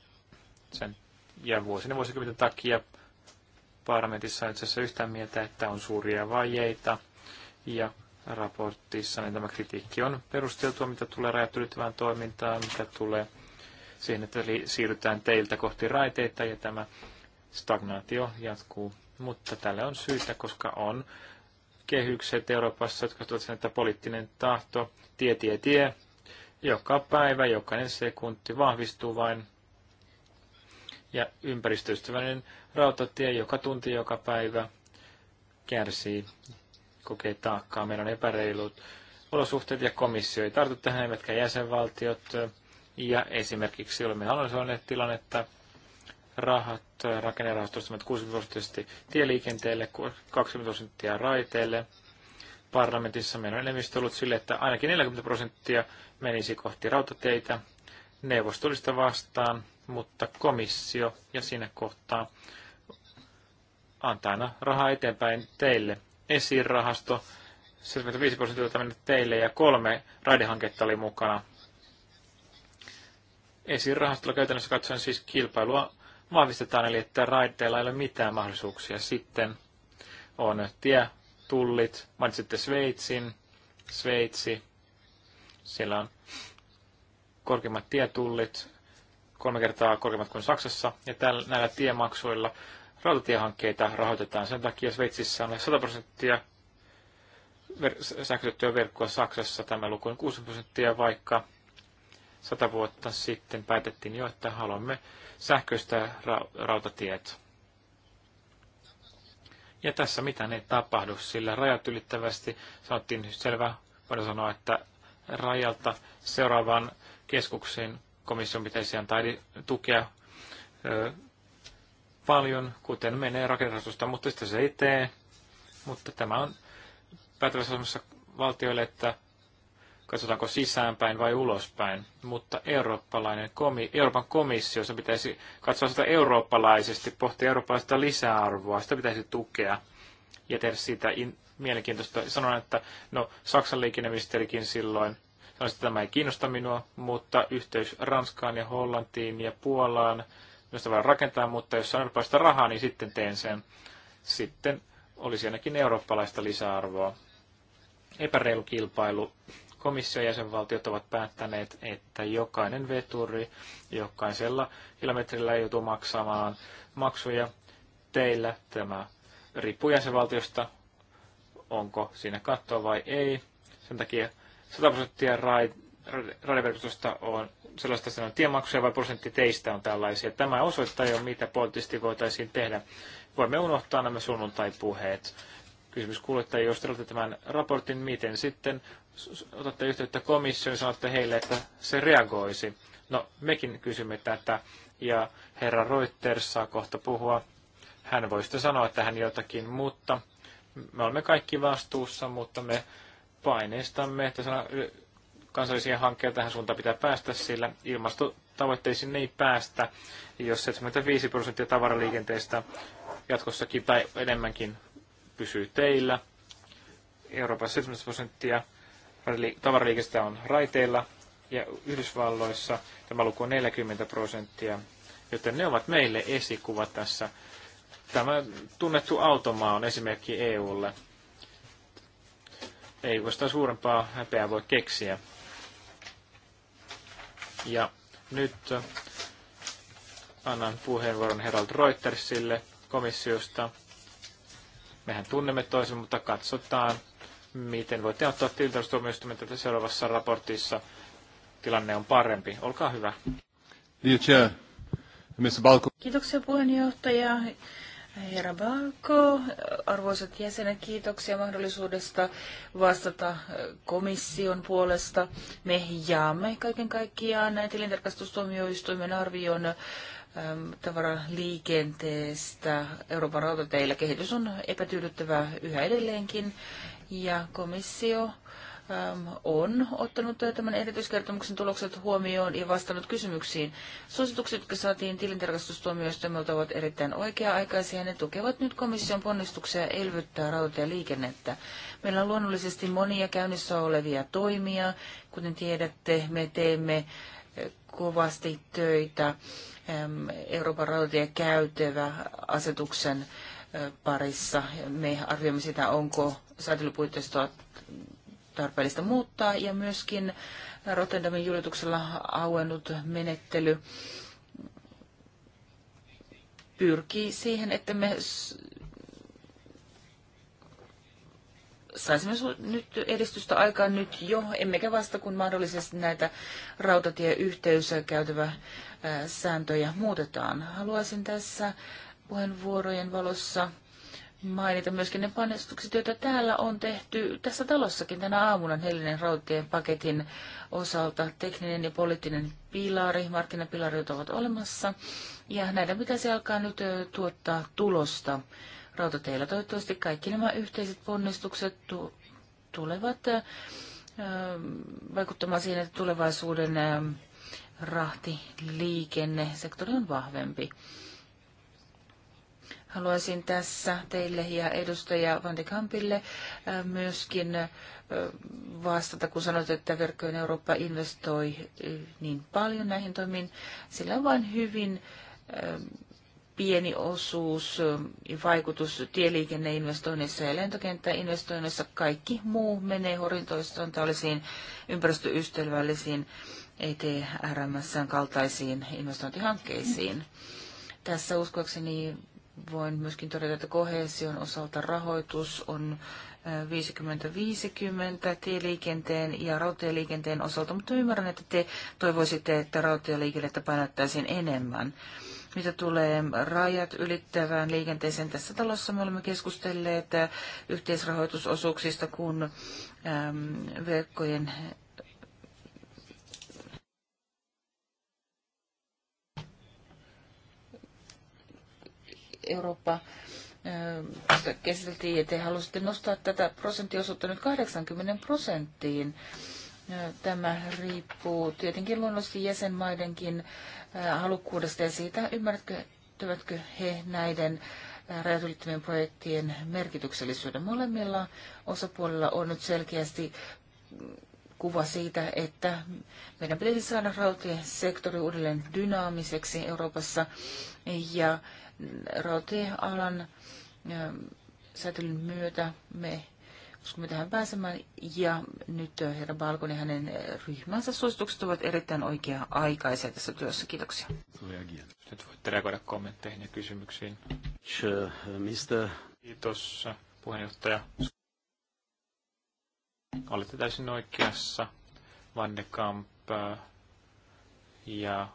Sen ja vuosina vuosikymmenten takia parlamentissa on itse asiassa yhtä mieltä, että on suuria vajeita. Ja raportissa niin tämä kritiikki on perusteltua, mitä tulee rajat ylittävään toimintaan, mitä tulee siihen, että siirrytään teiltä kohti raiteita ja tämä stagnaatio jatkuu. Mutta tälle on syytä, koska on kehykset Euroopassa, jotka tuovat sen, että poliittinen tahto, tie, tie, tie, joka päivä, jokainen sekunti vahvistuu vain. Ja ympäristöystävällinen rautatie joka tunti, joka päivä kärsii, kokee taakkaa. Meillä on epäreilut olosuhteet ja komissio ei tartu tähän, eivätkä jäsenvaltiot. Ja esimerkiksi olemme analysoineet tilannetta rahat äh, rakennerahastosta 60 prosenttisesti tieliikenteelle, 20 prosenttia raiteille. Parlamentissa meillä on enemmistö ollut sille, että ainakin 40 prosenttia menisi kohti rautateitä. Neuvosto vastaan, mutta komissio ja siinä kohtaa antaa aina rahaa eteenpäin teille. Esirahasto, 75 prosenttia tämmöinen tuota teille ja kolme raidehanketta oli mukana. Esirahastolla käytännössä katsoen siis kilpailua vahvistetaan, eli että raiteilla ei ole mitään mahdollisuuksia. Sitten on tie, tullit, mainitsitte Sveitsin, Sveitsi, siellä on korkeimmat tietullit, kolme kertaa korkeimmat kuin Saksassa, ja tällä, näillä tiemaksuilla rautatiehankkeita rahoitetaan. Sen takia Sveitsissä on 100 prosenttia ver- sähkötettyä verkkoa Saksassa, tämä luku on 6 prosenttia, vaikka 100 vuotta sitten päätettiin jo, että haluamme sähköistä rautatiet. Ja tässä mitään ei tapahdu, sillä rajat ylittävästi sanottiin selvä, voidaan sanoa, että rajalta seuraavaan keskuksiin komission pitäisi antaa tukea ö, paljon, kuten menee rakennusta, mutta sitä se ei tee. Mutta tämä on päätävässä valtioille, että katsotaanko sisäänpäin vai ulospäin, mutta eurooppalainen komi, Euroopan komissio, se pitäisi katsoa sitä eurooppalaisesti, pohtia eurooppalaista lisäarvoa, sitä pitäisi tukea ja tehdä siitä in, mielenkiintoista. Sanon, että no, Saksan liikenneministerikin silloin sanoi, että tämä ei kiinnosta minua, mutta yhteys Ranskaan ja Hollantiin ja Puolaan, josta voidaan rakentaa, mutta jos on eurooppalaista rahaa, niin sitten teen sen. Sitten olisi ainakin eurooppalaista lisäarvoa. Epäreilu kilpailu komission jäsenvaltiot ovat päättäneet, että jokainen veturi jokaisella kilometrillä joutuu maksamaan maksuja teillä. Tämä riippuu jäsenvaltiosta, onko siinä kattoa vai ei. Sen takia 100 prosenttia raideverkostosta on sellaista sanon tiemaksuja vai prosentti teistä on tällaisia. Tämä osoittaa jo, mitä poliittisesti voitaisiin tehdä. Voimme unohtaa nämä sunnuntai-puheet. Kysymys kuuluu, että jos tämän raportin, miten sitten otatte yhteyttä komissioon ja sanotte heille, että se reagoisi. No, mekin kysymme tätä, ja herra Reuters saa kohta puhua. Hän voi sitten sanoa tähän jotakin, mutta me olemme kaikki vastuussa, mutta me paineistamme, että kansallisia hankkeita tähän suuntaan pitää päästä, sillä ilmastotavoitteisiin ei päästä, jos 75 prosenttia tavaraliikenteestä jatkossakin tai enemmänkin pysyy teillä. Euroopassa 70 prosenttia tavaraliikestä on raiteilla ja Yhdysvalloissa tämä luku on 40 prosenttia, joten ne ovat meille esikuva tässä. Tämä tunnettu automaa on esimerkki EUlle. Ei sitä suurempaa häpeää voi keksiä. Ja nyt annan puheenvuoron Herald Reutersille komissiosta. Mehän tunnemme toisen, mutta katsotaan, miten voitte ottaa tilintarkastustuomioistuimen tätä seuraavassa raportissa. Tilanne on parempi. Olkaa hyvä. Kiitoksia puheenjohtaja. Herra Balko, arvoisat jäsenet, kiitoksia mahdollisuudesta vastata komission puolesta. Me jaamme kaiken kaikkiaan tilintarkastustuomioistuimen arvion ähm, tavaraliikenteestä Euroopan rautateillä. Kehitys on epätyydyttävää yhä edelleenkin ja komissio ähm, on ottanut tämän erityiskertomuksen tulokset huomioon ja vastannut kysymyksiin. Suositukset, jotka saatiin tilintarkastustuomioistuimelta, ovat erittäin oikea-aikaisia ja ne tukevat nyt komission ponnistuksia elvyttää rautatieliikennettä. Meillä on luonnollisesti monia käynnissä olevia toimia. Kuten tiedätte, me teemme eh, kovasti töitä Euroopan rautatiekäytävä asetuksen parissa. Me arvioimme sitä, onko säätelypuitteistoa tarpeellista muuttaa ja myöskin Rotterdamin julituksella auennut menettely pyrkii siihen, että me saisimme nyt edistystä aikaan nyt jo, emmekä vasta kun mahdollisesti näitä rautatieyhteys käytävä sääntöjä muutetaan. Haluaisin tässä puheenvuorojen valossa mainita myöskin ne panostukset, joita täällä on tehty tässä talossakin tänä aamuna neljännen rautien paketin osalta. Tekninen ja poliittinen pilari, markkinapilarit ovat olemassa ja näiden pitäisi alkaa nyt tuottaa tulosta rautateillä. Toivottavasti kaikki nämä yhteiset ponnistukset tu- tulevat vaikuttamaan siihen, että tulevaisuuden rahti liikennesektori on vahvempi. Haluaisin tässä teille ja edustaja Van de Kampille äh, myöskin äh, vastata, kun sanoit, että Verkkojen Eurooppa investoi äh, niin paljon näihin toimiin. Sillä on vain hyvin ähm, pieni osuus ja vaikutus tieliikenneinvestoinneissa ja lentokenttäinvestoinneissa. Kaikki muu menee horintoistontallisiin ympäristöystävällisiin ETRMSn kaltaisiin investointihankkeisiin. Tässä uskoakseni voin myöskin todeta, että kohesion osalta rahoitus on 50-50 tieliikenteen ja rautatieliikenteen osalta, mutta ymmärrän, että te toivoisitte, että rautatieliikennettä painottaisiin enemmän. Mitä tulee rajat ylittävään liikenteeseen tässä talossa, me olemme keskustelleet yhteisrahoitusosuuksista, kun äm, verkkojen Eurooppa käsiteltiin, että te halusitte nostaa tätä prosenttiosuutta nyt 80 prosenttiin. Tämä riippuu tietenkin luonnollisesti jäsenmaidenkin halukkuudesta ja siitä, ymmärtävätkö he näiden rajatulittavien projektien merkityksellisyyden. Molemmilla osapuolilla on nyt selkeästi kuva siitä, että meidän pitäisi saada rautatiesektori uudelleen dynaamiseksi Euroopassa ja rautealan säätelyn myötä me uskomme tähän pääsemään. Ja nyt herra Balkoni hänen ryhmänsä suositukset ovat erittäin oikea-aikaisia tässä työssä. Kiitoksia. Nyt voitte reagoida kommentteihin ja kysymyksiin. Kiitos puheenjohtaja. Olette täysin oikeassa. Van ja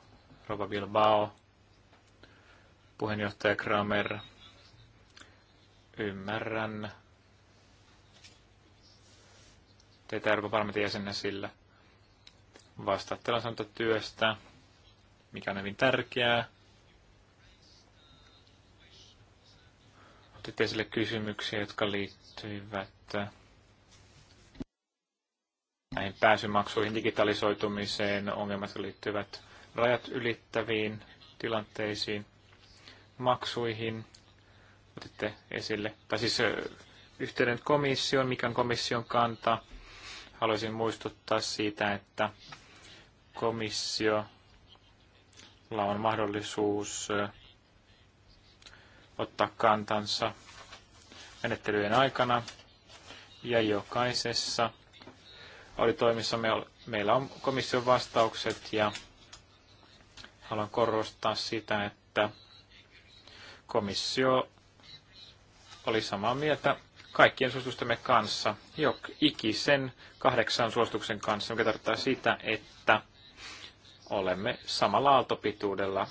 Rova Bilbao puheenjohtaja Kramer. Ymmärrän teitä Euroopan parlamentin jäsenä sillä vastaatte työstä, mikä on hyvin tärkeää. Otitte esille kysymyksiä, jotka liittyivät näihin pääsymaksuihin, digitalisoitumiseen, ongelmat liittyvät rajat ylittäviin tilanteisiin maksuihin. Otitte esille, tai siis yhteyden komission, mikä on komission kanta. Haluaisin muistuttaa siitä, että komissio on mahdollisuus ottaa kantansa menettelyjen aikana ja jokaisessa auditoimissa toimissa meillä on komission vastaukset ja haluan korostaa sitä, että komissio oli samaa mieltä kaikkien suositustemme kanssa, jok ikisen kahdeksan suosituksen kanssa, mikä tarkoittaa sitä, että olemme samalla aaltopituudella.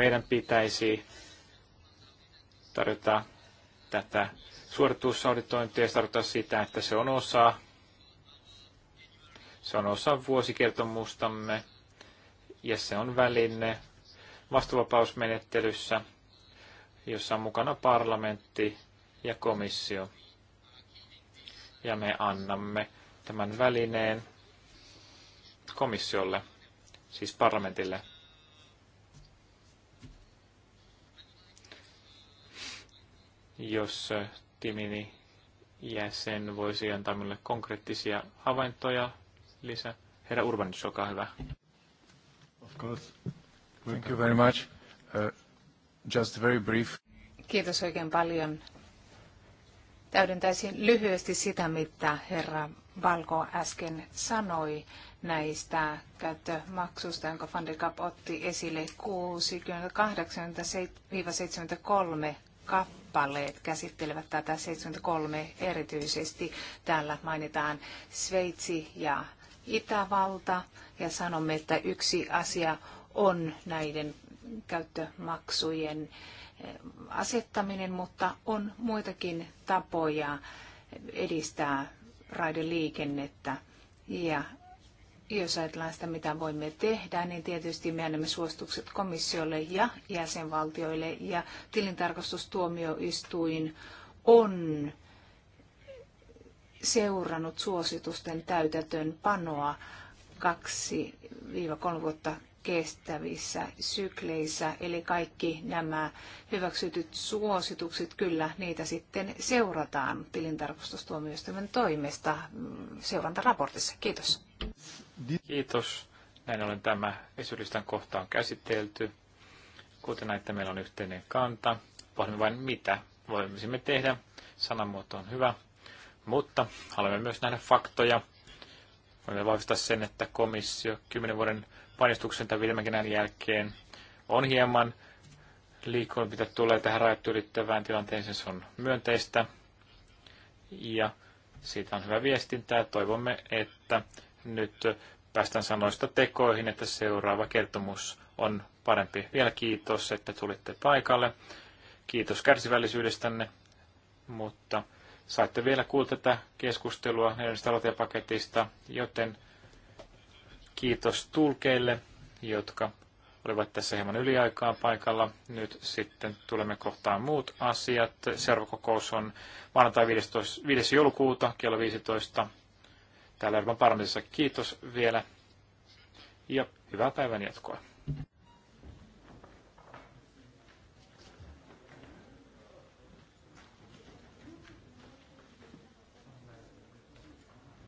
Meidän pitäisi tarjota tätä suoritusauditointia ja tarkoittaa sitä, että se on osa, se on osa vuosikertomustamme ja se on väline vastuvapausmenettelyssä, jossa on mukana parlamentti ja komissio. Ja me annamme tämän välineen komissiolle, siis parlamentille. Jos timini jäsen voisi antaa minulle konkreettisia havaintoja lisää. Herra Urbanis, olkaa hyvä. Of course. Thank you very much. Uh, just very brief. Kiitos oikein paljon. Täydentäisin lyhyesti sitä, mitä herra Valko äsken sanoi näistä käyttömaksusta, jonka Van Kapp otti esille 68-73 kappaleet käsittelevät tätä 73 erityisesti. Täällä mainitaan Sveitsi ja Itävalta ja sanomme, että yksi asia on näiden käyttömaksujen eh, asettaminen, mutta on muitakin tapoja edistää raideliikennettä. Ja jos ajatellaan sitä, mitä voimme tehdä, niin tietysti me annamme suostukset komissiolle ja jäsenvaltioille ja tilintarkastustuomioistuin on seurannut suositusten täytätön panoa kaksi viiva kolme vuotta kestävissä sykleissä, eli kaikki nämä hyväksytyt suositukset, kyllä niitä sitten seurataan tilintarkastustuomioistuimen toimesta mm, seurantaraportissa. Kiitos. Kiitos. Näin ollen tämä esilistan kohta on käsitelty. Kuten näitä meillä on yhteinen kanta. Pohdimme vain mitä voisimme tehdä. Sanamuoto on hyvä. Mutta haluamme myös nähdä faktoja. Voimme vahvistaa sen, että komissio 10 vuoden painostuksen tai viidemäkin jälkeen on hieman liikkunut, mitä tulee tähän rajat ylittävään tilanteeseen. Se on myönteistä ja siitä on hyvä viestintää. Toivomme, että nyt päästään sanoista tekoihin, että seuraava kertomus on parempi. Vielä kiitos, että tulitte paikalle. Kiitos kärsivällisyydestänne, mutta Saitte vielä kuulla tätä keskustelua neljännestä aloitepaketista, joten kiitos tulkeille, jotka olivat tässä hieman yliaikaa paikalla. Nyt sitten tulemme kohtaan muut asiat. Seuraava kokous on maanantai 15, 5. joulukuuta kello 15 täällä Euroopan parlamentissa. Kiitos vielä ja hyvää päivän jatkoa.